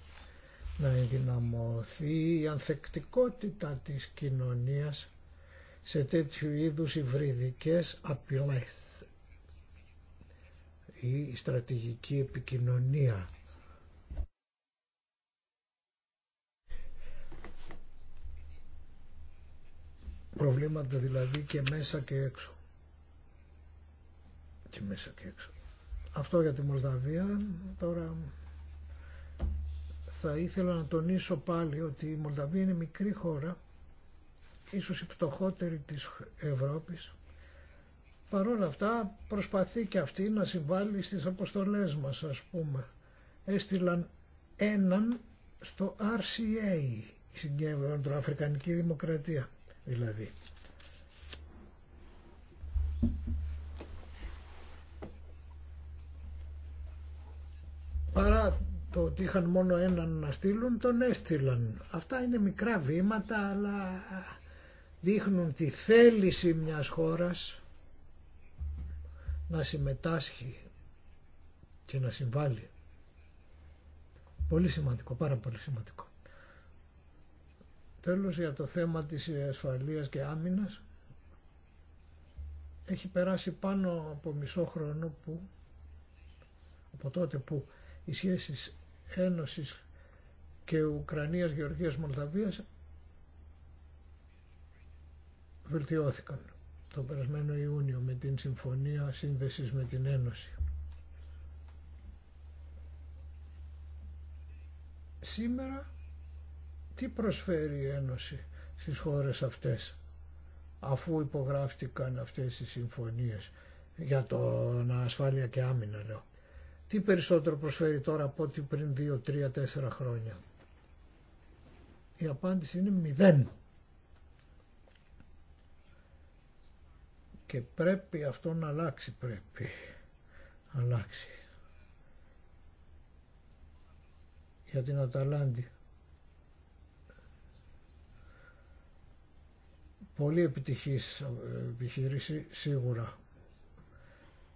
Να ενδυναμωθεί η ανθεκτικότητα της κοινωνίας σε τέτοιου είδους υβριδικές απειλές ή στρατηγική επικοινωνία προβλήματα δηλαδή και μέσα και έξω. Και μέσα και έξω. Αυτό για τη Μολδαβία. Τώρα θα ήθελα να τονίσω πάλι ότι η Μολδαβία είναι μικρή χώρα, ίσως η πτωχότερη της Ευρώπης. Παρ' όλα αυτά προσπαθεί και αυτή να συμβάλλει στις αποστολές μας ας πούμε. Έστειλαν έναν στο RCA, Συγκέντρωση Αφρικανική Δημοκρατία δηλαδή. Παρά το ότι είχαν μόνο έναν να στείλουν, τον έστειλαν. Αυτά είναι μικρά βήματα, αλλά δείχνουν τη θέληση μιας χώρας να συμμετάσχει και να συμβάλλει. Πολύ σημαντικό, πάρα πολύ σημαντικό. Τέλος για το θέμα της ασφαλείας και άμυνας έχει περάσει πάνω από μισό χρόνο που από τότε που οι σχέσεις Ένωσης και Ουκρανίας, Γεωργίας, Μολδαβίας βελτιώθηκαν τον περασμένο Ιούνιο με την Συμφωνία Σύνδεσης με την Ένωση. Σήμερα τι προσφέρει η Ένωση στις χώρες αυτές αφού υπογράφτηκαν αυτές οι συμφωνίες για να ασφάλεια και άμυνα λέω. Τι περισσότερο προσφέρει τώρα από ό,τι πριν 2, 3, 4 χρόνια. Η απάντηση είναι μηδέν. Και πρέπει αυτό να αλλάξει, πρέπει αλλάξει. Για την Αταλάντη. πολύ επιτυχής ε, επιχείρηση σίγουρα.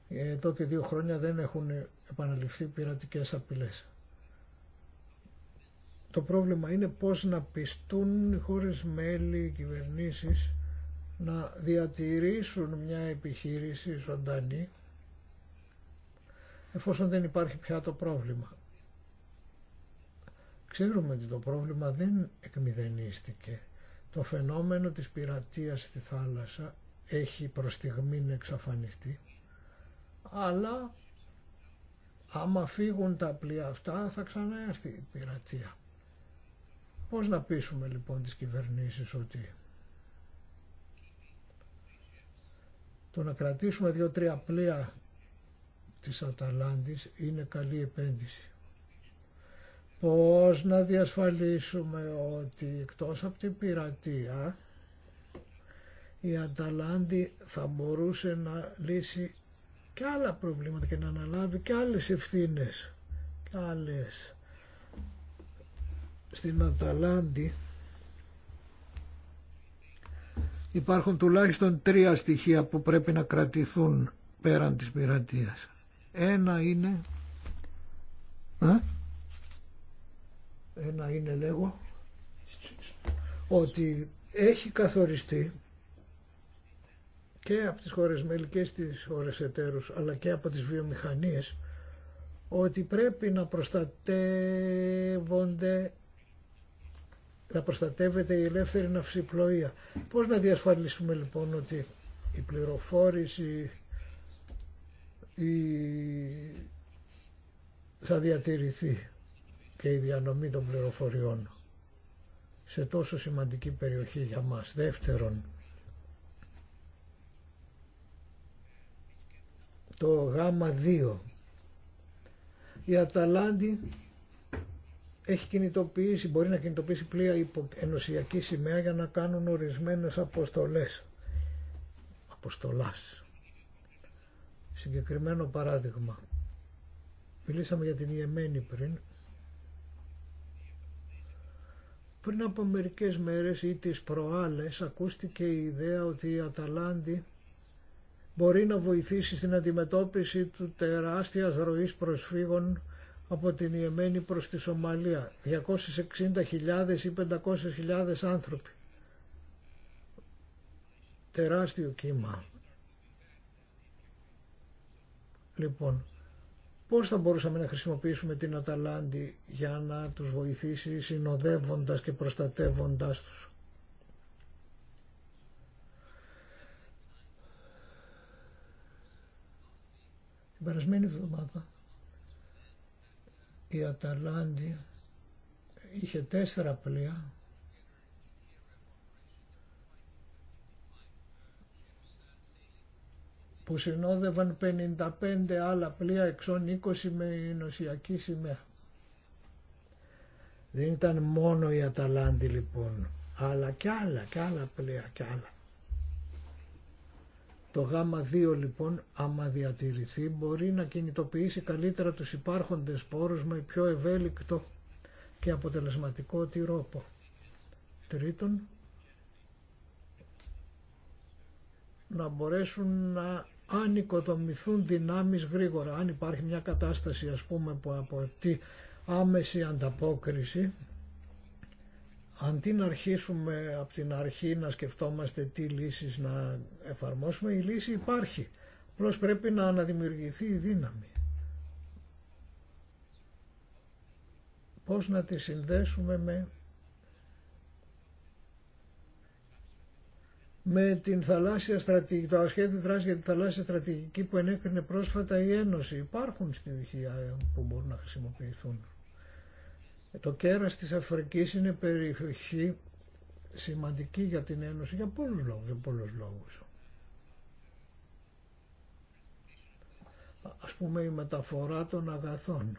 Ε, εδώ και δύο χρόνια δεν έχουν επαναληφθεί πειρατικές απειλές. Το πρόβλημα είναι πώς να πιστούν οι χώρες μέλη, οι κυβερνήσεις να διατηρήσουν μια επιχείρηση ζωντανή εφόσον δεν υπάρχει πια το πρόβλημα. Ξέρουμε ότι το πρόβλημα δεν εκμηδενίστηκε το φαινόμενο της πειρατείας στη θάλασσα έχει προς στιγμήν εξαφανιστεί, αλλά άμα φύγουν τα πλοία αυτά θα ξαναέρθει η πειρατεία. Πώς να πείσουμε λοιπόν τις κυβερνήσεις ότι το να κρατήσουμε δύο-τρία πλοία της Αταλάντης είναι καλή επένδυση. Πώς να διασφαλίσουμε ότι εκτός από την πειρατεία η Ανταλάντη θα μπορούσε να λύσει και άλλα προβλήματα και να αναλάβει και άλλες ευθύνες και άλλες στην Ανταλάντη υπάρχουν τουλάχιστον τρία στοιχεία που πρέπει να κρατηθούν πέραν της πειρατείας. Ένα είναι... Α? Ε? ένα είναι λέγω ότι έχει καθοριστεί και από τις χώρες μέλη και στις χώρες εταίρους αλλά και από τις βιομηχανίες ότι πρέπει να προστατεύονται να προστατεύεται η ελεύθερη ναυσιπλοεία. Πώς να διασφαλίσουμε λοιπόν ότι η πληροφόρηση η... θα διατηρηθεί και η διανομή των πληροφοριών σε τόσο σημαντική περιοχή για μας. Δεύτερον, το γάμα 2. Η Αταλάντη έχει κινητοποιήσει, μπορεί να κινητοποιήσει πλοία υπό ενωσιακή σημαία για να κάνουν ορισμένες αποστολές. Αποστολάς. Συγκεκριμένο παράδειγμα. Μιλήσαμε για την Ιεμένη πριν, Πριν από μερικές μέρες ή τις προάλλες ακούστηκε η ιδέα ότι η Αταλάντη μπορεί να βοηθήσει στην αντιμετώπιση του τεράστιας ροής προσφύγων από την Ιεμένη προς τη Σομαλία. 260.000 ή 500.000 άνθρωποι. Τεράστιο κύμα. Λοιπόν, Πώς θα μπορούσαμε να χρησιμοποιήσουμε την Αταλάντη για να τους βοηθήσει συνοδεύοντας και προστατεύοντας τους. Την περασμένη εβδομάδα η Αταλάντη είχε τέσσερα πλοία που συνόδευαν 55 άλλα πλοία εξών 20 με νοσιακή σημαία. Δεν ήταν μόνο η Αταλάντη λοιπόν, αλλά κι άλλα, και άλλα πλοία, κι άλλα. Το γάμα 2 λοιπόν, άμα διατηρηθεί, μπορεί να κινητοποιήσει καλύτερα τους υπάρχοντες πόρους με πιο ευέλικτο και αποτελεσματικό τυρόπο. Τρίτον, να μπορέσουν να αν οικοδομηθούν δυνάμεις γρήγορα. Αν υπάρχει μια κατάσταση ας πούμε που αποτεί άμεση ανταπόκριση, αντί να αρχίσουμε από την αρχή να σκεφτόμαστε τι λύσεις να εφαρμόσουμε, η λύση υπάρχει. Απλώ πρέπει να αναδημιουργηθεί η δύναμη. Πώς να τη συνδέσουμε με με την θαλάσσια στρατηγική, το ασχέδιο δράση για τη θαλάσσια στρατηγική που ενέκρινε πρόσφατα η Ένωση. Υπάρχουν στοιχεία που μπορούν να χρησιμοποιηθούν. Το κέρας της Αφρικής είναι περιοχή σημαντική για την Ένωση για πολλούς λόγους. Για πολλούς λόγους. Ας πούμε η μεταφορά των αγαθών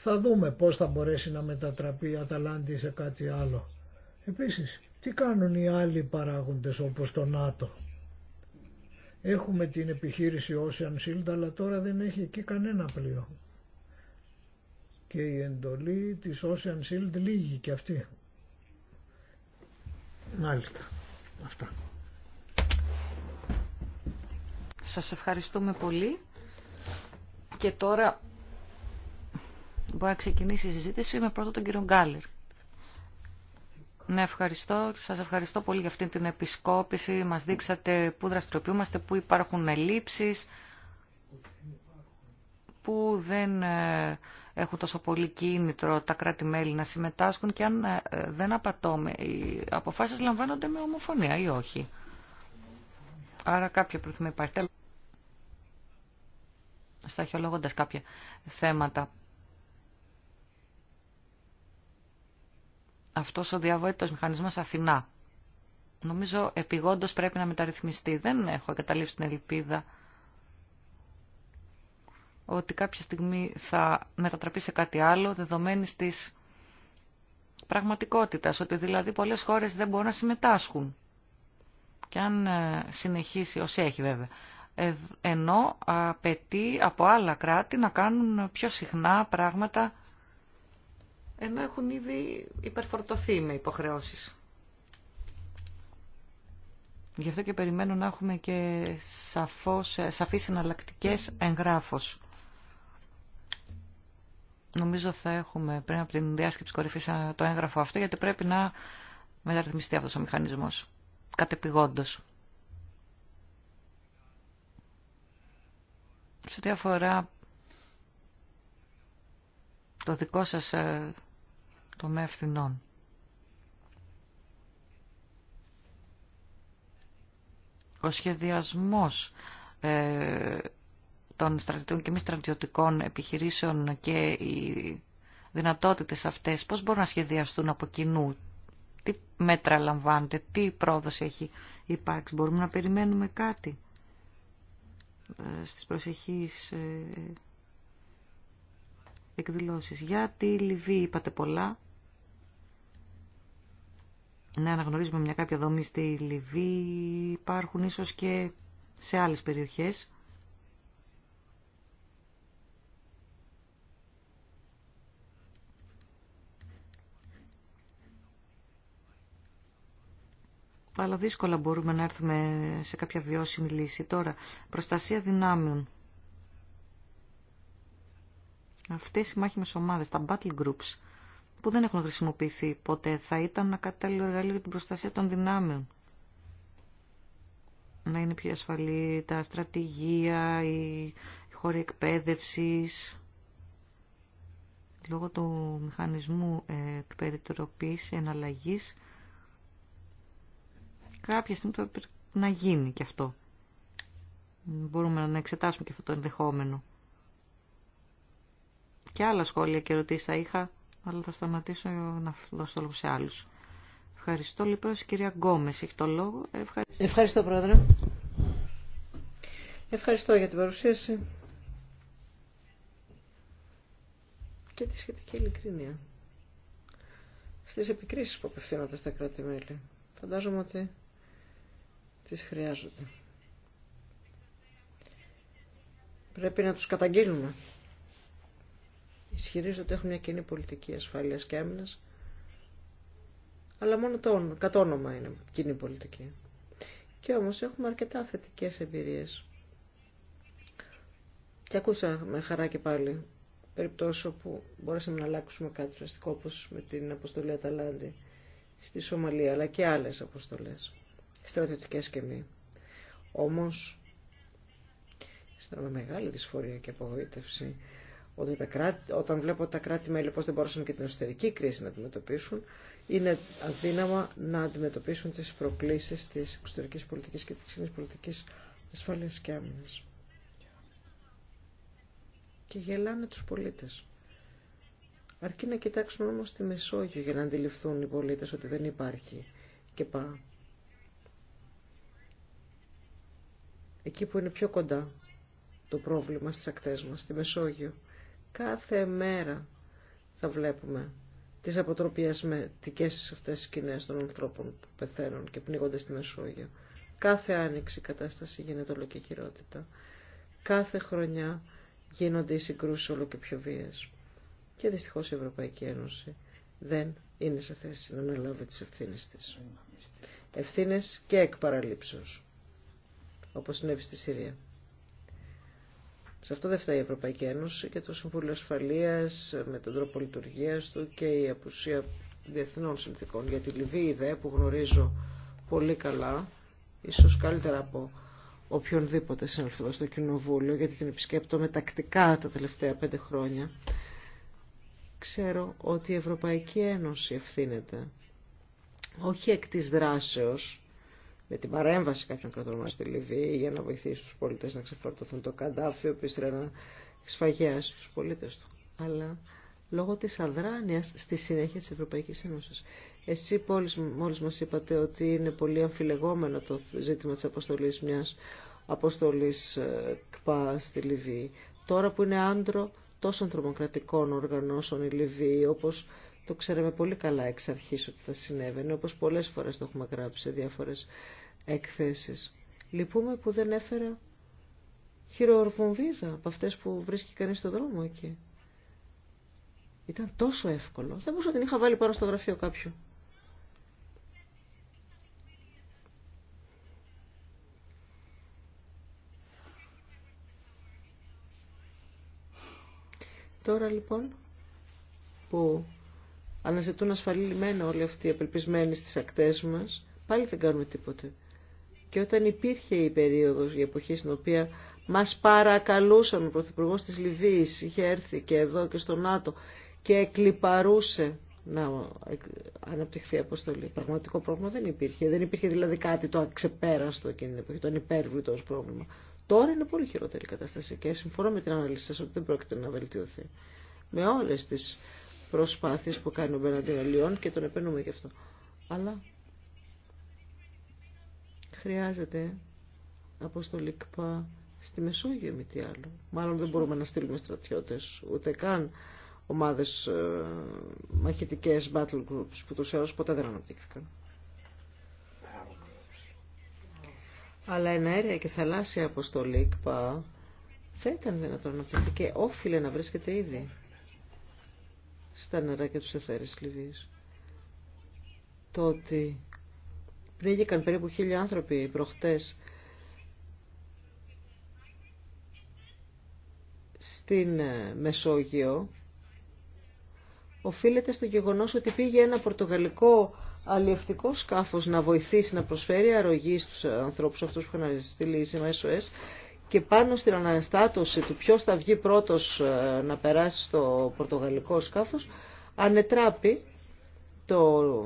Θα δούμε πώς θα μπορέσει να μετατραπεί η Αταλάντη σε κάτι άλλο. Επίσης, τι κάνουν οι άλλοι παράγοντες όπως το ΝΑΤΟ. Έχουμε την επιχείρηση Ocean Shield αλλά τώρα δεν έχει εκεί κανένα πλοίο. Και η εντολή της Ocean Shield λύγει και αυτή. Μάλιστα. Αυτά. Σας ευχαριστούμε πολύ. Και τώρα Μπορεί να ξεκινήσει η συζήτηση με πρώτο τον κύριο Γκάλερ. Ναι, ευχαριστώ. Σας ευχαριστώ πολύ για αυτή την επισκόπηση. Μας δείξατε πού δραστηριοποιούμαστε, πού υπάρχουν ελλείψεις, πού δεν ε, έχουν τόσο πολύ κίνητρο τα κράτη-μέλη να συμμετάσχουν και αν ε, δεν απατώμε, οι αποφάσεις λαμβάνονται με ομοφωνία ή όχι. Άρα κάποια προθυμία υπάρχει. Σταχυολογώντας κάποια θέματα αυτό ο διαβόητος μηχανισμός Αθηνά. Νομίζω επιγόντως πρέπει να μεταρρυθμιστεί. Δεν έχω καταλήψει την ελπίδα ότι κάποια στιγμή θα μετατραπεί σε κάτι άλλο δεδομένης της πραγματικότητας, ότι δηλαδή πολλές χώρες δεν μπορούν να συμμετάσχουν. Και αν ε, συνεχίσει, όσοι έχει βέβαια, ε, ενώ απαιτεί από άλλα κράτη να κάνουν πιο συχνά πράγματα ενώ έχουν ήδη υπερφορτωθεί με υποχρεώσεις. Γι' αυτό και περιμένω να έχουμε και σαφώς, σαφείς εναλλακτικέ εγγράφους. Νομίζω θα έχουμε πριν από την διάσκεψη κορυφής το έγγραφο αυτό, γιατί πρέπει να μεταρρυθμιστεί αυτός ο μηχανισμός, κατεπηγόντως. Σε τι αφορά το δικό σας ε, το ευθυνών. Ο σχεδιασμός ε, των στρατιωτικών και μη στρατιωτικών επιχειρήσεων και οι δυνατότητες αυτές, πώς μπορούν να σχεδιαστούν από κοινού, τι μέτρα λαμβάνονται, τι πρόοδος έχει υπάρξει, μπορούμε να περιμένουμε κάτι ε, στις προσεχείς ε, εκδηλώσεις. Γιατί τη Λιβύη είπατε πολλά να αναγνωρίζουμε μια κάποια δομή στη Λιβύη, υπάρχουν ίσως και σε άλλες περιοχές. αλλά δύσκολα μπορούμε να έρθουμε σε κάποια βιώσιμη λύση. Τώρα, προστασία δυνάμεων. Αυτές οι μάχημες ομάδες, τα battle groups, που δεν έχουν χρησιμοποιηθεί ποτέ. Θα ήταν ένα κατάλληλο εργαλείο για την προστασία των δυνάμεων. Να είναι πιο ασφαλή τα στρατηγία, η χώροι εκπαίδευση. Λόγω του μηχανισμού ε, εκπαιδευτικής εναλλαγής, κάποια στιγμή το πρέπει να γίνει και αυτό. Μπορούμε να εξετάσουμε και αυτό το ενδεχόμενο. Και άλλα σχόλια και ερωτήσεις θα είχα αλλά θα σταματήσω να δώσω το λόγο σε άλλους. Ευχαριστώ λοιπόν, κυρία Γκόμες έχει το λόγο. Ευχαριστώ, Ευχαριστώ πρόεδρε. Ευχαριστώ για την παρουσίαση και τη σχετική ειλικρίνεια στι επικρίσεις που απευθύνονται στα κράτη-μέλη. Φαντάζομαι ότι τι χρειάζονται. Πρέπει να τους καταγγείλουμε ισχυρίζονται ότι έχουν μια κοινή πολιτική ασφάλειας και αλλά μόνο το, κατ' όνομα είναι κοινή πολιτική. Και όμως έχουμε αρκετά θετικές εμπειρίες. Και ακούσα με χαρά και πάλι περιπτώσει όπου μπορέσαμε να αλλάξουμε κάτι ουσιαστικό όπως με την αποστολή Αταλάντη στη Σομαλία, αλλά και άλλες αποστολές, στρατιωτικές και μη. Όμως, αισθάνομαι μεγάλη δυσφορία και απογοήτευση ότι τα όταν βλέπω ότι τα κράτη-μέλη πώς δεν μπορούσαν και την εσωτερική κρίση να αντιμετωπίσουν, είναι αδύναμα να αντιμετωπίσουν τις προκλήσεις της εξωτερικής πολιτικής και της ξένης πολιτικής ασφάλειας και άμυνας. Και γελάνε τους πολίτες. Αρκεί να κοιτάξουν όμως τη Μεσόγειο για να αντιληφθούν οι πολίτες ότι δεν υπάρχει και πά. Εκεί που είναι πιο κοντά το πρόβλημα στις ακτές μας, στη Μεσόγειο. Κάθε μέρα θα βλέπουμε τις τις αυτές σκηνές των ανθρώπων που πεθαίνουν και πνίγονται στη Μεσόγειο. Κάθε άνοιξη η κατάσταση γίνεται όλο και χειρότητα. Κάθε χρονιά γίνονται οι συγκρούσεις όλο και πιο βίες. Και δυστυχώς η Ευρωπαϊκή Ένωση δεν είναι σε θέση να αναλάβει τις ευθύνες της. Ευθύνες και εκπαραλήψεως, όπως συνέβη στη Συρία. Σε αυτό δεν φταίει η Ευρωπαϊκή Ένωση και το Συμβούλιο Ασφαλεία με τον τρόπο λειτουργία του και η απουσία διεθνών συνθήκων. Για τη Λιβύη ιδέα που γνωρίζω πολύ καλά, ίσως καλύτερα από οποιονδήποτε συνελθώ στο Κοινοβούλιο, γιατί την επισκέπτομαι τακτικά τα τελευταία πέντε χρόνια, ξέρω ότι η Ευρωπαϊκή Ένωση ευθύνεται όχι εκ της δράσεως, με την παρέμβαση κάποιων κρατών μας στη Λιβύη για να βοηθήσει τους πολίτες να ξεφορτωθούν το καντάφι, ο οποίος ήθελε να σφαγιάσει τους πολίτες του. Αλλά λόγω της αδράνειας στη συνέχεια της Ευρωπαϊκής Ένωσης. Εσύ μόλι μόλις μας είπατε ότι είναι πολύ αμφιλεγόμενο το ζήτημα της αποστολής μιας αποστολής ε, ΚΠΑ στη Λιβύη. Τώρα που είναι άντρο τόσων τρομοκρατικών οργανώσεων η Λιβύη, όπως το ξέραμε πολύ καλά εξ ότι θα συνέβαινε, όπως πολλές φορές το έχουμε γράψει σε διάφορες εκθέσεις. Λυπούμε που δεν έφερα χειροορβομβίδα από αυτές που βρίσκει κανείς στο δρόμο εκεί. Ήταν τόσο εύκολο. Δεν μπορούσα να την είχα βάλει πάνω στο γραφείο κάποιου. Τώρα λοιπόν που αναζητούν ασφαλή λιμένα όλοι αυτοί οι απελπισμένοι στις ακτές μας, πάλι δεν κάνουμε τίποτε και όταν υπήρχε η περίοδος, η εποχή στην οποία μας παρακαλούσαν ο Πρωθυπουργό της Λιβύης, είχε έρθει και εδώ και στο ΝΑΤΟ και εκλυπαρούσε να αναπτυχθεί αποστολή. Πραγματικό πρόβλημα δεν υπήρχε. Δεν υπήρχε δηλαδή κάτι το αξεπέραστο εκείνη την εποχή, το ανυπέρβλητο ως πρόβλημα. Τώρα είναι πολύ χειρότερη η κατάσταση και συμφωνώ με την ανάλυση σας ότι δεν πρόκειται να βελτιωθεί. Με όλες τις προσπάθειες που κάνει ο Μπέναντι και τον επενούμε γι' αυτό. Αλλά χρειάζεται αποστολή ΚΠΑ στη Μεσόγειο με τι άλλο. Μάλλον δεν μπορούμε να στείλουμε στρατιώτες, ούτε καν ομάδες ε, μαχητικές battle groups που τους έως ποτέ δεν αναπτύχθηκαν. Αλλά εν αέρια και θαλάσσια αποστολή ΚΠΑ θα ήταν δυνατόν να αναπτύχθηκε και όφιλε να βρίσκεται ήδη στα νερά και τους εθέρες Λιβύης. Το ότι πνίγηκαν περίπου χίλιοι άνθρωποι προχτές στην ε, Μεσόγειο οφείλεται στο γεγονός ότι πήγε ένα πορτογαλικό αλλιευτικό σκάφος να βοηθήσει να προσφέρει αρρωγή στους ανθρώπους αυτούς που είχαν στείλει και πάνω στην αναστάτωση του ποιος θα βγει πρώτος ε, να περάσει στο πορτογαλικό σκάφος ανετράπει το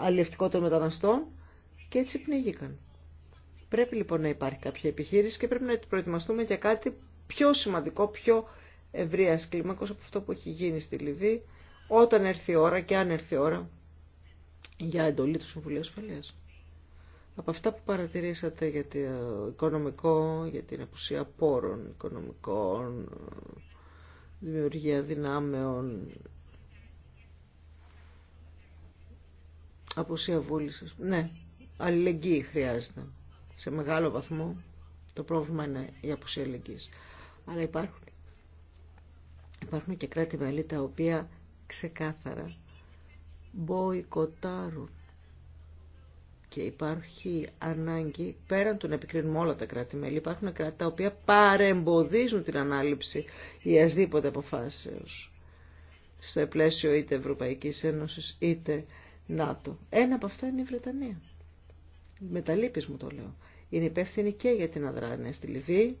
αλληλευτικό των μεταναστών και έτσι πνιγήκαν. Πρέπει λοιπόν να υπάρχει κάποια επιχείρηση και πρέπει να προετοιμαστούμε για κάτι πιο σημαντικό, πιο ευρεία κλίμακος από αυτό που έχει γίνει στη Λιβύη όταν έρθει η ώρα και αν έρθει η ώρα για εντολή του Συμβουλίου Ασφαλείας. Από αυτά που παρατηρήσατε για το οικονομικό, για την απουσία πόρων οικονομικών, δημιουργία δυνάμεων, Αποσία βούλησης. Ναι, αλληλεγγύη χρειάζεται. Σε μεγάλο βαθμό το πρόβλημα είναι η απουσία αλληλεγγύης. Αλλά υπάρχουν, υπάρχουν και κράτη-μέλη τα οποία ξεκάθαρα μποϊκοτάρουν και υπάρχει ανάγκη, πέραν να επικρίνουμε όλα τα κράτη-μέλη, υπάρχουν κράτη τα οποία παρεμποδίζουν την ανάληψη ιασδήποτε αποφάσεως στο πλαίσιο είτε Ευρωπαϊκής Ένωσης είτε ΝΑΤΟ. Ένα από αυτά είναι η Βρετανία. Με τα μου το λέω. Είναι υπεύθυνη και για την αδράνεια στη Λιβύη,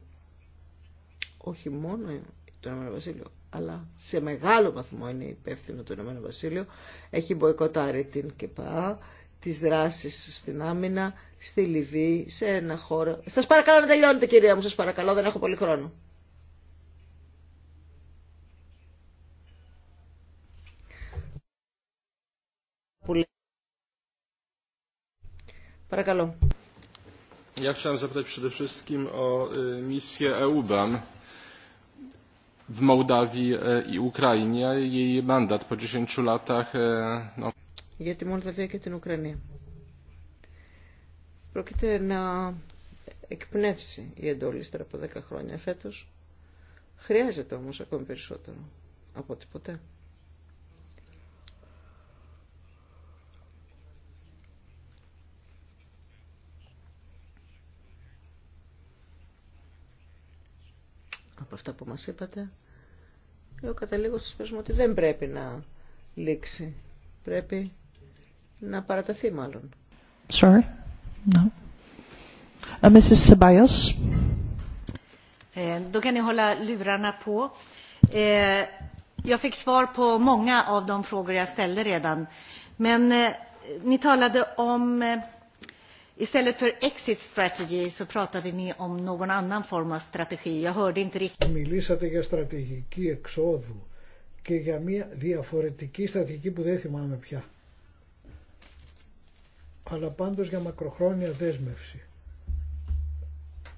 όχι μόνο το Ηνωμένο Βασίλειο, αλλά σε μεγάλο βαθμό είναι υπεύθυνο το Ηνωμένο Βασίλειο. Έχει μποϊκοτάρει την ΚΕΠΑ, τις δράσεις στην άμυνα, στη Λιβύη, σε ένα χώρο. Σας παρακαλώ να τελειώνετε κυρία μου, σας παρακαλώ, δεν έχω πολύ χρόνο. που λέει. Παρακαλώ. Ja chciałem zapytać przede wszystkim o misję EUBAN w Mołdawii i Ukrainie. Jej mandat po 10 latach... No... Για τη Μολδαβία και την Ουκρανία. Πρόκειται να εκπνεύσει η εντόλη στερα από 10 χρόνια φέτος. Χρειάζεται όμως ακόμη περισσότερο από ό,τι ποτέ. από αυτά που μας είπατε. Εγώ καταλήγω στις σπέσμα ότι δεν πρέπει να λήξει. Πρέπει να παραταθεί μάλλον. Sorry. No. Uh, Mrs. Ceballos. Eh, då kan ni hålla lurarna på. jag fick svar på många av de frågor jag ställde redan. Men eh, ni talade om eh, Μιλήσατε για στρατηγική εξόδου και για μια διαφορετική στρατηγική που δεν θυμάμαι πια. Αλλά πάντως για μακροχρόνια δέσμευση.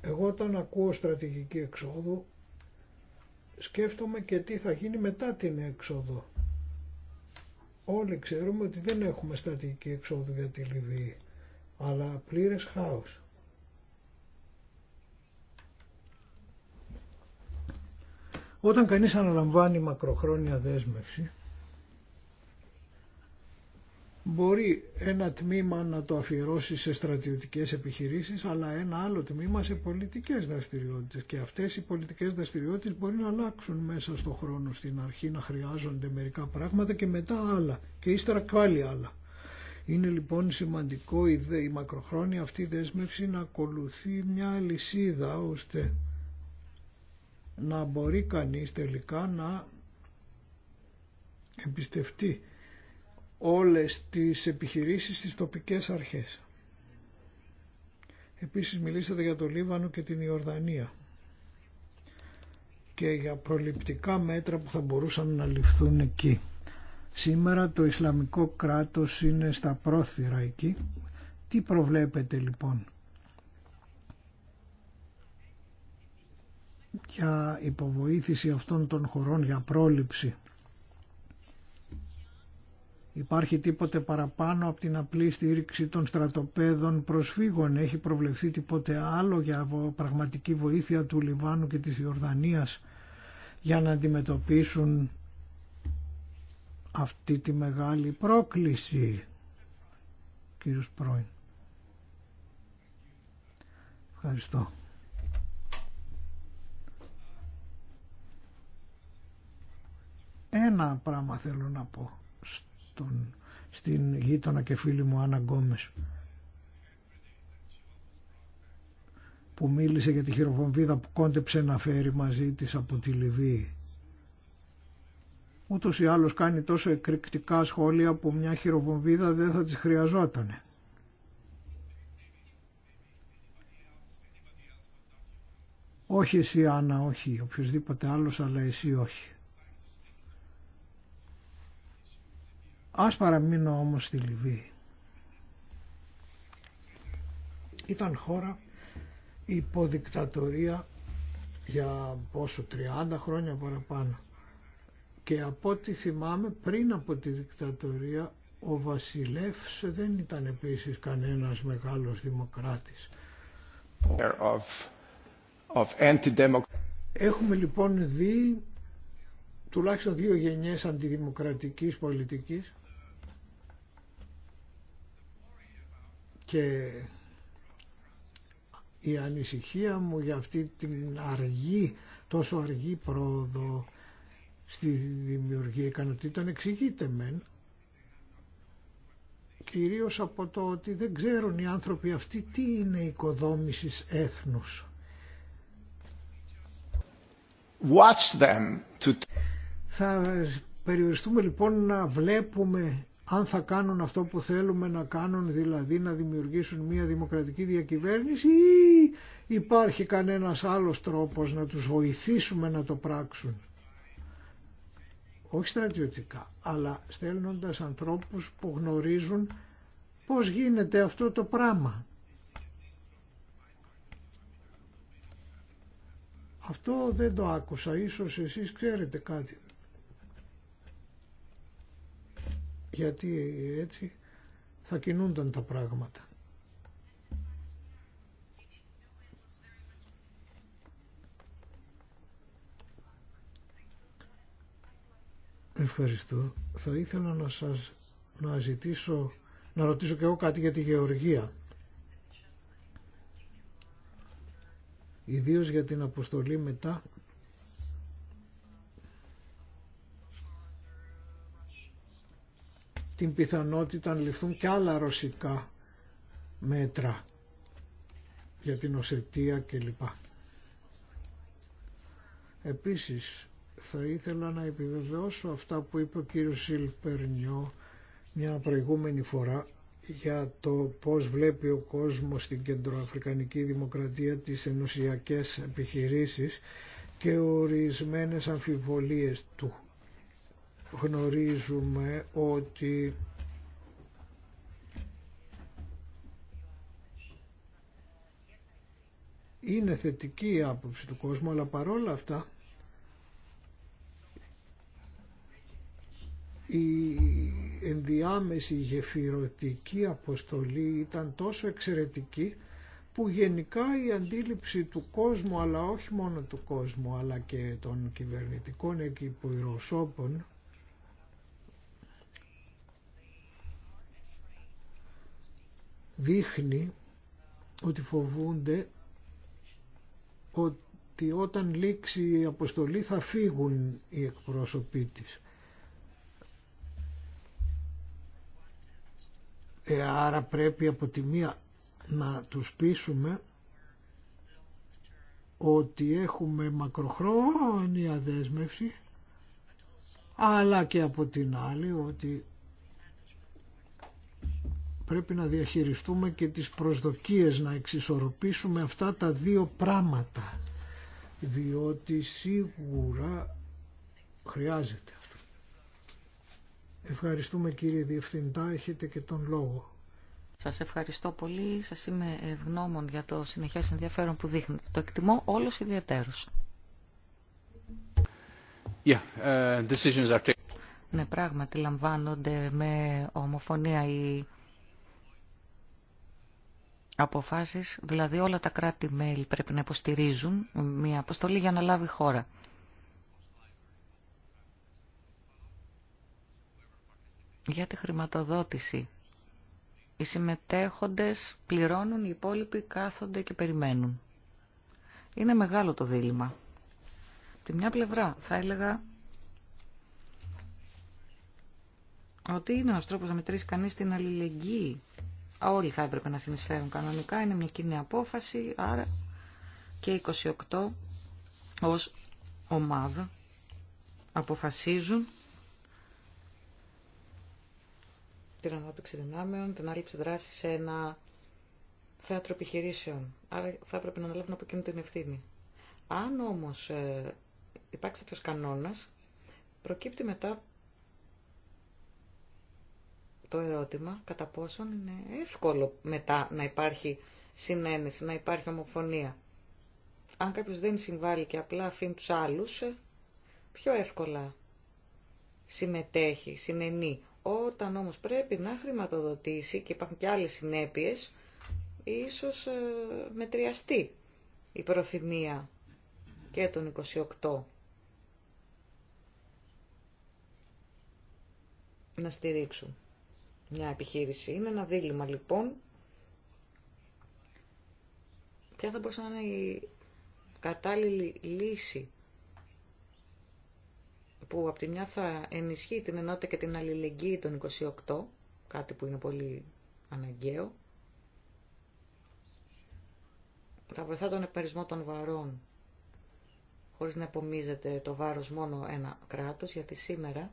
Εγώ όταν ακούω στρατηγική εξόδου σκέφτομαι και τι θα γίνει μετά την έξοδο. Όλοι ξέρουμε ότι δεν έχουμε στρατηγική εξόδου για τη Λιβύη αλλά πλήρες χάος. Όταν κανείς αναλαμβάνει μακροχρόνια δέσμευση, μπορεί ένα τμήμα να το αφιερώσει σε στρατιωτικές επιχειρήσεις, αλλά ένα άλλο τμήμα σε πολιτικές δραστηριότητες. Και αυτές οι πολιτικές δραστηριότητες μπορεί να αλλάξουν μέσα στο χρόνο, στην αρχή να χρειάζονται μερικά πράγματα και μετά άλλα και ύστερα πάλι άλλα. Είναι λοιπόν σημαντικό η, η μακροχρόνια αυτή δέσμευση να ακολουθεί μια λυσίδα ώστε να μπορεί κανείς τελικά να εμπιστευτεί όλες τις επιχειρήσεις στις τοπικές αρχές. Επίσης μιλήσατε για το Λίβανο και την Ιορδανία και για προληπτικά μέτρα που θα μπορούσαν να ληφθούν εκεί. Σήμερα το Ισλαμικό κράτος είναι στα πρόθυρα εκεί. Τι προβλέπετε λοιπόν για υποβοήθηση αυτών των χωρών για πρόληψη. Υπάρχει τίποτε παραπάνω από την απλή στήριξη των στρατοπέδων προσφύγων. Έχει προβλεφθεί τίποτε άλλο για πραγματική βοήθεια του Λιβάνου και της Ιορδανίας για να αντιμετωπίσουν αυτή τη μεγάλη πρόκληση, κύριος Πρώην. Ευχαριστώ. Ένα πράγμα θέλω να πω στον, στην γείτονα και φίλη μου Άννα Γκόμες που μίλησε για τη χειροβομβίδα που κόντεψε να φέρει μαζί της από τη Λιβύη ούτως ή άλλως κάνει τόσο εκρηκτικά σχόλια που μια χειροβομβίδα δεν θα τις χρειαζόταν. Όχι εσύ Άννα, όχι, οποιοδήποτε άλλος, αλλά εσύ όχι. Ας παραμείνω όμως στη Λιβύη. Ήταν χώρα υποδικτατορία για πόσο 30 χρόνια παραπάνω και από ό,τι θυμάμαι πριν από τη δικτατορία ο βασιλεύς δεν ήταν επίσης κανένας μεγάλος δημοκράτης. Έχουμε λοιπόν δει τουλάχιστον δύο γενιές αντιδημοκρατικής πολιτικής και η ανησυχία μου για αυτή την αργή, τόσο αργή πρόοδο στη δημιουργία ικανοτήτων εξηγείται μεν, κυρίως από το ότι δεν ξέρουν οι άνθρωποι αυτοί τι είναι οικοδόμησης έθνους. Watch them to... Θα περιοριστούμε λοιπόν να βλέπουμε αν θα κάνουν αυτό που θέλουμε να κάνουν, δηλαδή να δημιουργήσουν μια δημοκρατική διακυβέρνηση ή υπάρχει κανένας άλλος τρόπος να τους βοηθήσουμε να το πράξουν όχι στρατιωτικά, αλλά στέλνοντας ανθρώπους που γνωρίζουν πώς γίνεται αυτό το πράγμα. Αυτό δεν το άκουσα, ίσως εσείς ξέρετε κάτι. Γιατί έτσι θα κινούνταν τα πράγματα. Ευχαριστώ. Θα ήθελα να σας να ζητήσω, να ρωτήσω και εγώ κάτι για τη γεωργία. Ιδίως για την αποστολή μετά την πιθανότητα να ληφθούν και άλλα ρωσικά μέτρα για την Οσετία κλπ. Επίσης, θα ήθελα να επιβεβαιώσω αυτά που είπε ο κύριος Σιλπερνιό μια προηγούμενη φορά για το πώς βλέπει ο κόσμος στην κεντροαφρικανική δημοκρατία τις ενωσιακές επιχειρήσεις και ορισμένες αμφιβολίες του. Γνωρίζουμε ότι είναι θετική η άποψη του κόσμου, αλλά παρόλα αυτά η ενδιάμεση γεφυρωτική αποστολή ήταν τόσο εξαιρετική που γενικά η αντίληψη του κόσμου, αλλά όχι μόνο του κόσμου, αλλά και των κυβερνητικών εκεί που Ρωσόπων, δείχνει ότι φοβούνται ότι όταν λήξει η αποστολή θα φύγουν οι εκπρόσωποι της. Ε, άρα πρέπει από τη μία να τους πείσουμε ότι έχουμε μακροχρόνια δέσμευση αλλά και από την άλλη ότι πρέπει να διαχειριστούμε και τις προσδοκίες να εξισορροπήσουμε αυτά τα δύο πράγματα διότι σίγουρα χρειάζεται Ευχαριστούμε κύριε Διευθυντά, έχετε και τον λόγο. Σας ευχαριστώ πολύ, σας είμαι ευγνώμων για το συνεχές ενδιαφέρον που δείχνετε. Το εκτιμώ όλος ιδιαίτερος. Yeah, uh, decisions are taken. Ναι, πράγματι λαμβάνονται με ομοφωνία οι αποφάσεις, δηλαδή όλα τα κράτη-μέλη πρέπει να υποστηρίζουν μια αποστολή για να λάβει χώρα. για τη χρηματοδότηση. Οι συμμετέχοντες πληρώνουν, οι υπόλοιποι κάθονται και περιμένουν. Είναι μεγάλο το δίλημα. Τη μια πλευρά θα έλεγα ότι είναι ένας τρόπος να μετρήσει κανείς την αλληλεγγύη. Όλοι θα έπρεπε να συνεισφέρουν κανονικά, είναι μια κοινή απόφαση, άρα και 28 ως ομάδα αποφασίζουν την ανάπτυξη δυνάμεων, την άλυψη δράση σε ένα θέατρο επιχειρήσεων. Άρα θα έπρεπε να αναλάβουν από εκείνη την ευθύνη. Αν όμω ε, υπάρξει τέτοιο κανόνα προκύπτει μετά το ερώτημα κατά πόσον είναι εύκολο μετά να υπάρχει συνένεση, να υπάρχει ομοφωνία. Αν κάποιος δεν συμβάλλει και απλά αφήνει τους άλλους, ε, πιο εύκολα συμμετέχει, συνενεί όταν όμως πρέπει να χρηματοδοτήσει και υπάρχουν και άλλες συνέπειες, ίσως ε, μετριαστεί η προθυμία και των 28 να στηρίξουν μια επιχείρηση. Είναι ένα δίλημα λοιπόν. Ποια θα μπορούσε να είναι η κατάλληλη λύση που από τη μια θα ενισχύει την ενότητα και την αλληλεγγύη των 28, κάτι που είναι πολύ αναγκαίο, θα βοηθά τον επερισμό των βαρών, χωρίς να απομίζεται το βάρος μόνο ένα κράτος, γιατί σήμερα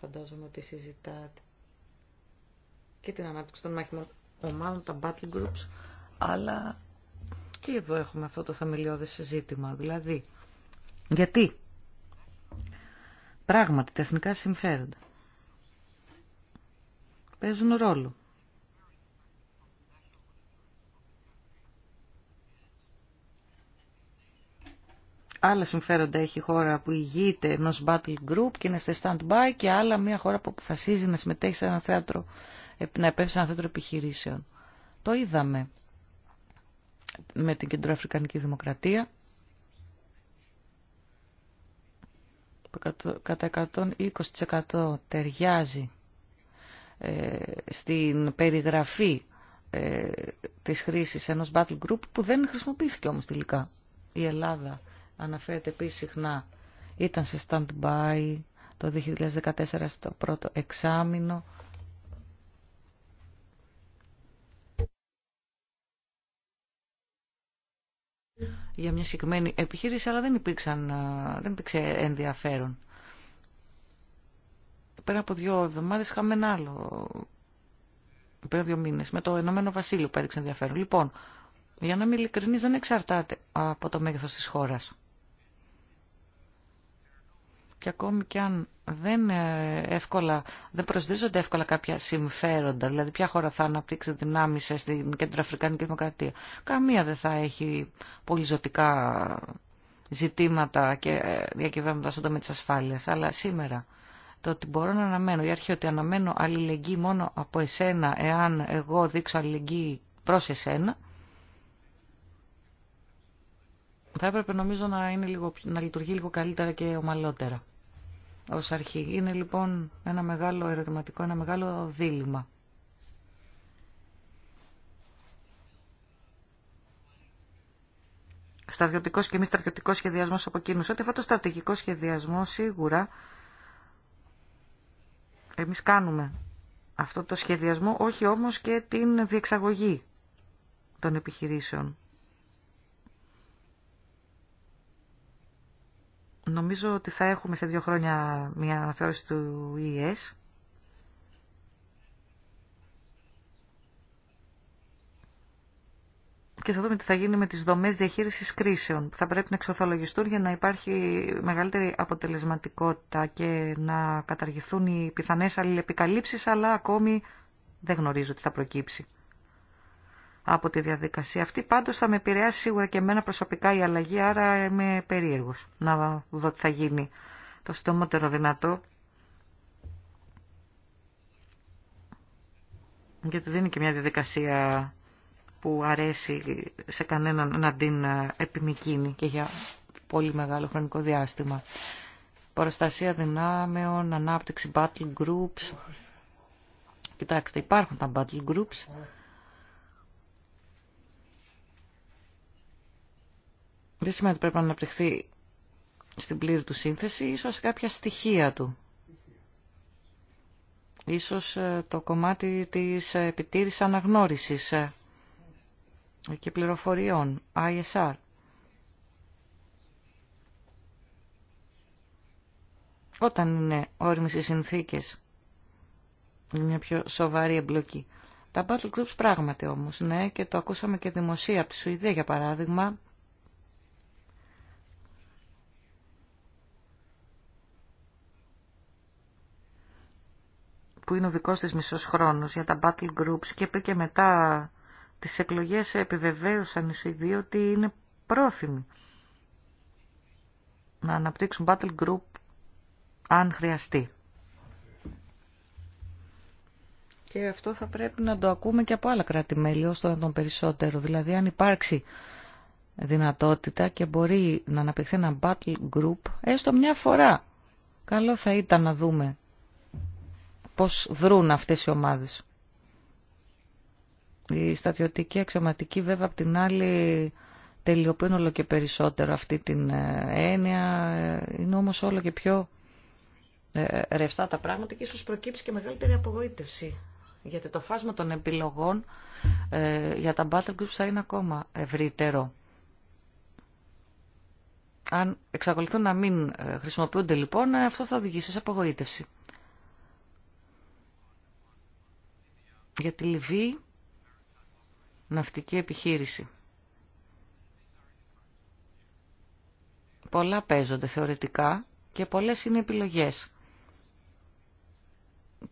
φαντάζομαι ότι συζητάτε και την ανάπτυξη των μάχημων ομάδων, τα battle groups, αλλά και εδώ έχουμε αυτό το θεμελιώδες συζήτημα. Δηλαδή, γιατί Πράγματι, τεχνικά συμφέροντα παίζουν ρόλο. Άλλα συμφέροντα έχει η χώρα που ηγείται ενό battle group και είναι σε stand-by και άλλα μια χώρα που αποφασίζει να συμμετέχει σε ένα θέατρο, να σε ένα θέατρο επιχειρήσεων. Το είδαμε με την Κεντροαφρικανική Δημοκρατία που κατά 120% ταιριάζει ε, στην περιγραφή ε, της χρήσης ενός battle group που δεν χρησιμοποιήθηκε όμως τελικά. Η Ελλάδα αναφέρεται επίσης συχνά ήταν σε stand-by το 2014 στο πρώτο εξάμεινο για μια συγκεκριμένη επιχείρηση, αλλά δεν, υπήρξαν, δεν υπήρξε ενδιαφέρον. Πέρα από δύο εβδομάδες είχαμε ένα άλλο, πέρα δύο μήνες, με το Ενωμένο Βασίλειο που έδειξε ενδιαφέρον. Λοιπόν, για να είμαι ειλικρινής, δεν εξαρτάται από το μέγεθος της χώρας και ακόμη και αν δεν, ε, εύκολα, δεν προσδίζονται εύκολα κάποια συμφέροντα, δηλαδή ποια χώρα θα αναπτύξει δυνάμεις στην Κεντροαφρικανική Δημοκρατία, καμία δεν θα έχει πολυζωτικά ζητήματα και ε, διακυβέρνοντα το με τη ασφάλεια. Αλλά σήμερα το ότι μπορώ να αναμένω, η αρχή ότι αναμένω αλληλεγγύη μόνο από εσένα, εάν εγώ δείξω αλληλεγγύη προ εσένα, θα έπρεπε νομίζω να, είναι λίγο, να λειτουργεί λίγο καλύτερα και ομαλότερα ως αρχή. Είναι λοιπόν ένα μεγάλο ερωτηματικό, ένα μεγάλο δίλημα. Στατιωτικό και μη στρατιωτικό σχεδιασμό από εκείνου. Ότι αυτό το στρατηγικό σχεδιασμό σίγουρα εμεί κάνουμε αυτό το σχεδιασμό, όχι όμω και την διεξαγωγή των επιχειρήσεων. Νομίζω ότι θα έχουμε σε δύο χρόνια μια αναφέρωση του ΙΕΣ. Και θα δούμε τι θα γίνει με τις δομές διαχείρισης κρίσεων που θα πρέπει να εξοθολογιστούν για να υπάρχει μεγαλύτερη αποτελεσματικότητα και να καταργηθούν οι πιθανές αλληλεπικαλύψεις, αλλά ακόμη δεν γνωρίζω τι θα προκύψει από τη διαδικασία αυτή. Πάντως θα με επηρεάσει σίγουρα και εμένα προσωπικά η αλλαγή, άρα είμαι περίεργος να δω τι θα γίνει το στομότερο δυνατό. Γιατί δεν είναι και μια διαδικασία που αρέσει σε κανέναν να την ε, επιμηκύνει και για πολύ μεγάλο χρονικό διάστημα. Προστασία δυνάμεων, ανάπτυξη battle groups. Κοιτάξτε, υπάρχουν τα battle groups δεν σημαίνει ότι πρέπει να αναπτυχθεί στην πλήρη του σύνθεση, ίσως κάποια στοιχεία του. Ίσως ε, το κομμάτι της επιτήρησης αναγνώρισης ε, και πληροφοριών, ISR. Όταν είναι όριμες οι συνθήκες, είναι μια πιο σοβαρή εμπλοκή. Τα battle groups πράγματι όμως, ναι, και το ακούσαμε και δημοσία από τη Σουηδία για παράδειγμα, που είναι ο δικός της μισός χρόνος για τα battle groups και πριν και μετά τις εκλογές επιβεβαίωσαν οι Σουηδοί ότι είναι πρόθυμοι να αναπτύξουν battle group αν χρειαστεί. Και αυτό θα πρέπει να το ακούμε και από άλλα κράτη-μέλη, ώστε να τον περισσότερο. Δηλαδή, αν υπάρξει δυνατότητα και μπορεί να αναπτυχθεί ένα battle group, έστω μια φορά. Καλό θα ήταν να δούμε πώς δρούν αυτές οι ομάδες. Οι στατιωτικοί αξιωματικοί βέβαια από την άλλη τελειοποιούν όλο και περισσότερο αυτή την ε, έννοια. Είναι όμως όλο και πιο ε, ρευστά τα πράγματα και ίσως προκύψει και μεγαλύτερη απογοήτευση. Γιατί το φάσμα των επιλογών ε, για τα battle groups θα είναι ακόμα ευρύτερο. Αν εξακολουθούν να μην χρησιμοποιούνται λοιπόν, αυτό θα οδηγήσει σε απογοήτευση. για τη Λιβύη ναυτική επιχείρηση. Πολλά παίζονται θεωρητικά και πολλές είναι επιλογές.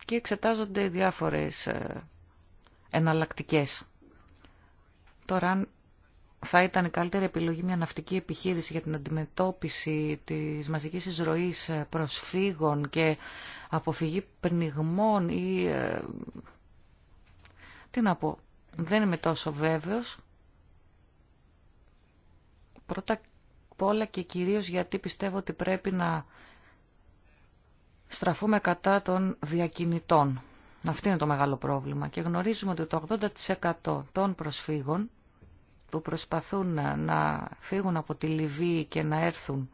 Και εξετάζονται διάφορες ε, εναλλακτικές. Τώρα αν θα ήταν η καλύτερη επιλογή μια ναυτική επιχείρηση για την αντιμετώπιση της μαζικής εισρωής ε, προσφύγων και αποφυγή πνιγμών ή ε, τι να πω, δεν είμαι τόσο βέβαιος. Πρώτα απ' όλα και κυρίως γιατί πιστεύω ότι πρέπει να στραφούμε κατά των διακινητών. Αυτό είναι το μεγάλο πρόβλημα και γνωρίζουμε ότι το 80% των προσφύγων που προσπαθούν να φύγουν από τη Λιβύη και να έρθουν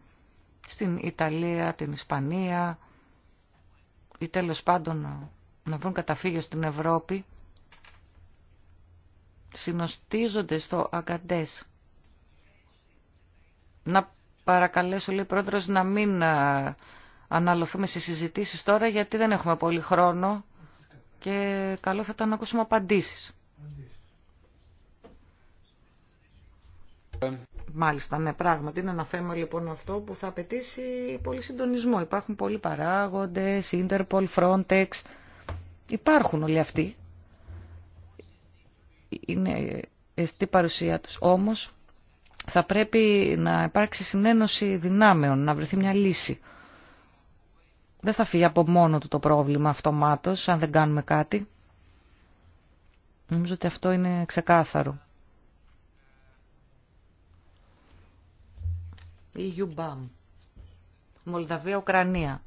στην Ιταλία, την Ισπανία ή τέλος πάντων να βρουν καταφύγιο στην Ευρώπη συνοστίζονται στο Αγκαντές. Να παρακαλέσω λέει πρόεδρος να μην αναλωθούμε σε συζητήσεις τώρα γιατί δεν έχουμε πολύ χρόνο και καλό θα ήταν να ακούσουμε απαντήσεις. Μάλιστα, ναι, πράγματι είναι ένα θέμα λοιπόν αυτό που θα απαιτήσει πολύ συντονισμό. Υπάρχουν πολλοί παράγοντες, Interpol, Frontex, υπάρχουν όλοι αυτοί είναι εστί παρουσία τους. Όμως θα πρέπει να υπάρξει συνένωση δυνάμεων, να βρεθεί μια λύση. Δεν θα φύγει από μόνο του το πρόβλημα αυτομάτως, αν δεν κάνουμε κάτι. Νομίζω ότι αυτό είναι ξεκάθαρο. Η Ιουμπάμ, Μολδαβία, Ουκρανία.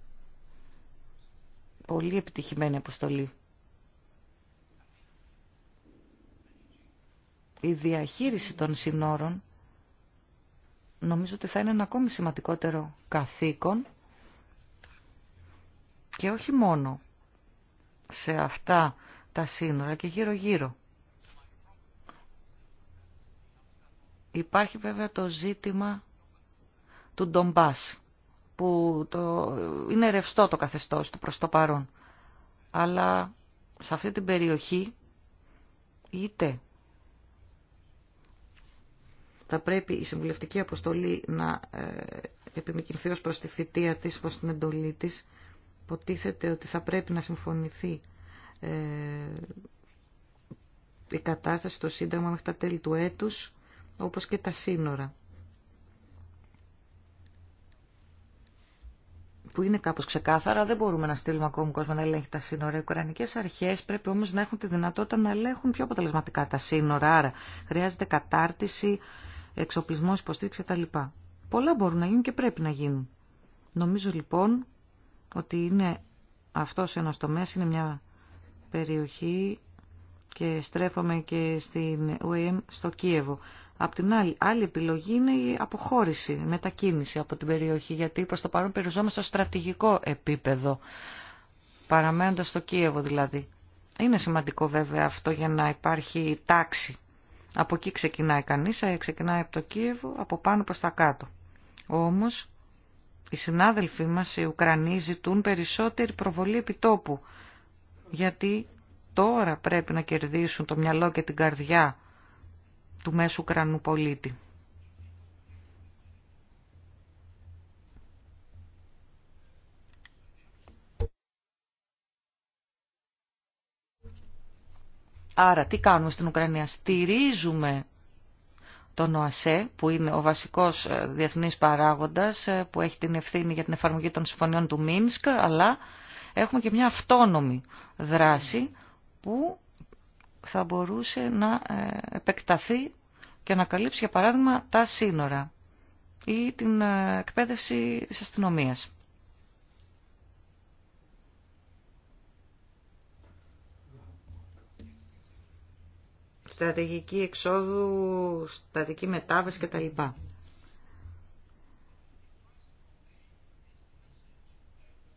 Πολύ επιτυχημένη αποστολή. η διαχείριση των συνόρων νομίζω ότι θα είναι ένα ακόμη σημαντικότερο καθήκον και όχι μόνο σε αυτά τα σύνορα και γύρω-γύρω. Υπάρχει βέβαια το ζήτημα του Ντομπάς, που είναι ρευστό το καθεστώς του προς το παρόν. Αλλά σε αυτή την περιοχή είτε θα πρέπει η συμβουλευτική αποστολή να ε, επιμηκυνθεί ως προς τη θητεία της, προ την εντολή της. Υποτίθεται ότι θα πρέπει να συμφωνηθεί ε, η κατάσταση το Σύνταγμα μέχρι τα τέλη του έτους, όπως και τα σύνορα. που είναι κάπως ξεκάθαρα, δεν μπορούμε να στείλουμε ακόμη κόσμο να ελέγχει τα σύνορα. Οι Ουκρανικές αρχές πρέπει όμως να έχουν τη δυνατότητα να ελέγχουν πιο αποτελεσματικά τα σύνορα. Άρα χρειάζεται κατάρτιση εξοπλισμό, υποστήριξη κτλ. Πολλά μπορούν να γίνουν και πρέπει να γίνουν. Νομίζω λοιπόν ότι είναι αυτός ένας τομέας, είναι μια περιοχή και στρέφομαι και στην ΟΕΜ στο Κίεβο. Απ' την άλλη, άλλη επιλογή είναι η αποχώρηση, η μετακίνηση από την περιοχή, γιατί προς το παρόν περιζόμαστε στο στρατηγικό επίπεδο, παραμένοντας στο Κίεβο δηλαδή. Είναι σημαντικό βέβαια αυτό για να υπάρχει τάξη από εκεί ξεκινάει κανείς, ε, ξεκινάει από το Κίεβο, από πάνω προς τα κάτω. Όμως, οι συνάδελφοί μας, οι Ουκρανοί, ζητούν περισσότερη προβολή επιτόπου, γιατί τώρα πρέπει να κερδίσουν το μυαλό και την καρδιά του μέσου Ουκρανού πολίτη. Άρα τι κάνουμε στην Ουκρανία. Στηρίζουμε τον ΟΑΣΕ που είναι ο βασικός ε, διεθνής παράγοντας ε, που έχει την ευθύνη για την εφαρμογή των συμφωνιών του Μίνσκ αλλά έχουμε και μια αυτόνομη δράση που θα μπορούσε να ε, επεκταθεί και να καλύψει για παράδειγμα τα σύνορα ή την εκπαίδευση της αστυνομίας. στρατηγική εξόδου, στρατηγική μετάβαση κτλ.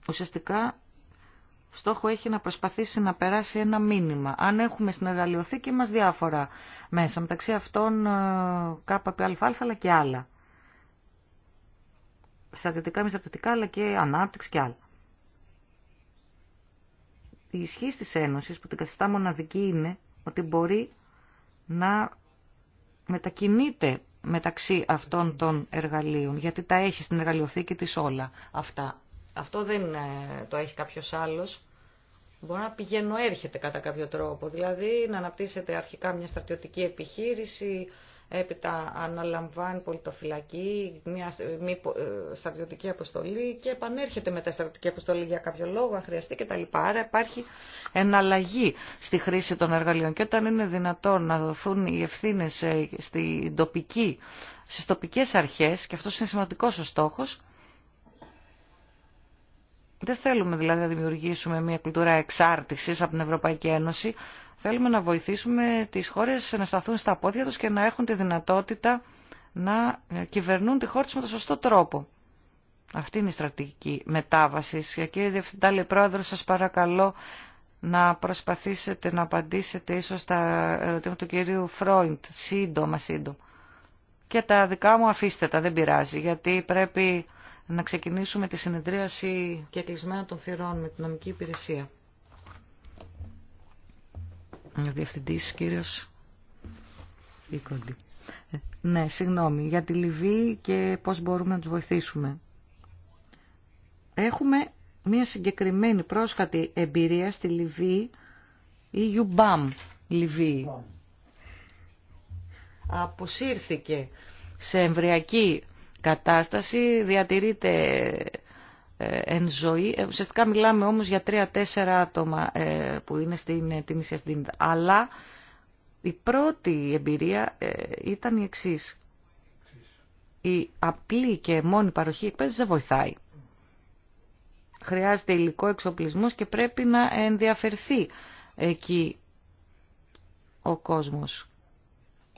Ουσιαστικά στόχο έχει να προσπαθήσει να περάσει ένα μήνυμα. Αν έχουμε στην εργαλειοθήκη μας διάφορα μέσα, μεταξύ αυτών ε, ΚΑΠΑ, αλλά και άλλα. Στρατηγικά, μη στρατηγικά, αλλά και ανάπτυξη και άλλα. Η ισχύ της Ένωσης που την καθιστά μοναδική είναι ότι μπορεί να μετακινείται μεταξύ αυτών των εργαλείων, γιατί τα έχει στην εργαλειοθήκη της όλα αυτά. Αυτό δεν ε, το έχει κάποιος άλλος. Μπορεί να πηγαίνω έρχεται κατά κάποιο τρόπο, δηλαδή να αναπτύσσεται αρχικά μια στρατιωτική επιχείρηση, έπειτα αναλαμβάνει πολιτοφυλακή, μια μη, ε, στρατιωτική αποστολή και επανέρχεται μετά στρατιωτική αποστολή για κάποιο λόγο, αν χρειαστεί κτλ. Άρα υπάρχει εναλλαγή στη χρήση των εργαλείων και όταν είναι δυνατόν να δοθούν οι ευθύνε ε, στι τοπική, στις τοπικές αρχές, και αυτός είναι σημαντικός ο στόχος, δεν θέλουμε δηλαδή να δημιουργήσουμε μια κουλτούρα εξάρτησης από την Ευρωπαϊκή Ένωση. Θέλουμε να βοηθήσουμε τις χώρες να σταθούν στα πόδια τους και να έχουν τη δυνατότητα να κυβερνούν τη χώρα τους με τον σωστό τρόπο. Αυτή είναι η στρατηγική μετάβαση. Κύριε Διευθυντάλη Πρόεδρο, σας παρακαλώ να προσπαθήσετε να απαντήσετε ίσως τα ερωτήματα του κυρίου Φρόιντ, σύντομα, σύντομα. Και τα δικά μου αφήστε τα, δεν πειράζει, γιατί πρέπει να ξεκινήσουμε τη συνεδρίαση και κλεισμένα των θυρών με την νομική υπηρεσία. Ο διευθυντής κύριος ε, Ναι, συγγνώμη, για τη Λιβύη και πώς μπορούμε να τους βοηθήσουμε. Έχουμε μια συγκεκριμένη πρόσφατη εμπειρία στη Λιβύη, η Ιουμπάμ Λιβύη. Αποσύρθηκε σε εμβριακή κατάσταση διατηρείται ε, εν ζωή. Ε, ουσιαστικά μιλάμε όμως για τρία-τέσσερα άτομα ε, που είναι στην την στην. Αλλά η πρώτη εμπειρία ήταν η εξή. Η απλή και μόνη παροχή εκπαίδευση δεν βοηθάει. Χρειάζεται υλικό εξοπλισμός και πρέπει να ενδιαφερθεί εκεί ο κόσμος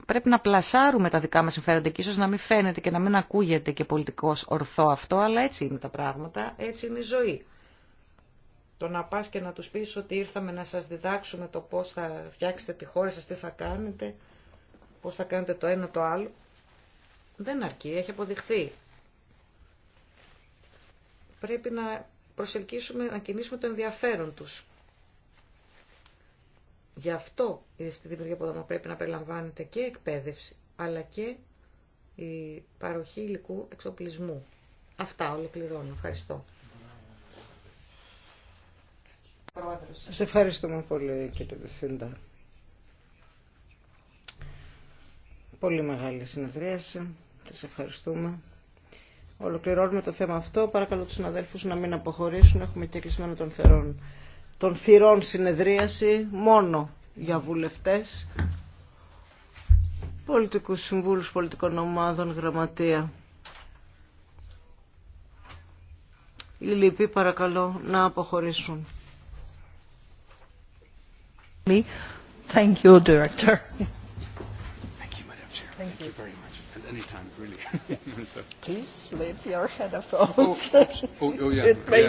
πρέπει να πλασάρουμε τα δικά μας συμφέροντα και ίσως να μην φαίνεται και να μην ακούγεται και πολιτικός ορθό αυτό, αλλά έτσι είναι τα πράγματα, έτσι είναι η ζωή. Το να πας και να τους πεις ότι ήρθαμε να σας διδάξουμε το πώς θα φτιάξετε τη χώρα σας, τι θα κάνετε, πώς θα κάνετε το ένα το άλλο, δεν αρκεί, έχει αποδειχθεί. Πρέπει να προσελκύσουμε, να κινήσουμε το ενδιαφέρον τους. Γι' αυτό στη δημιουργία υποδομών πρέπει να περιλαμβάνεται και εκπαίδευση, αλλά και η παροχή υλικού εξοπλισμού. Αυτά ολοκληρώνω. Ευχαριστώ. Σα ευχαριστούμε πολύ κύριε Δευθύντα. Πολύ μεγάλη συνεδρίαση. Σας ευχαριστούμε. Ολοκληρώνουμε το θέμα αυτό. Παρακαλώ τους συναδέλφους να μην αποχωρήσουν. Έχουμε και κλεισμένο των θερών των θυρών συνεδρίαση μόνο για βουλευτές, πολιτικούς συμβούλους, πολιτικών ομάδων, γραμματεία. Οι λοιποί παρακαλώ να αποχωρήσουν. Thank you, Director. Thank you, Madam Chair. Thank, you. very much. At any time, really. (laughs) Please leave your headphones. Oh, oh, oh, yeah. (laughs) It may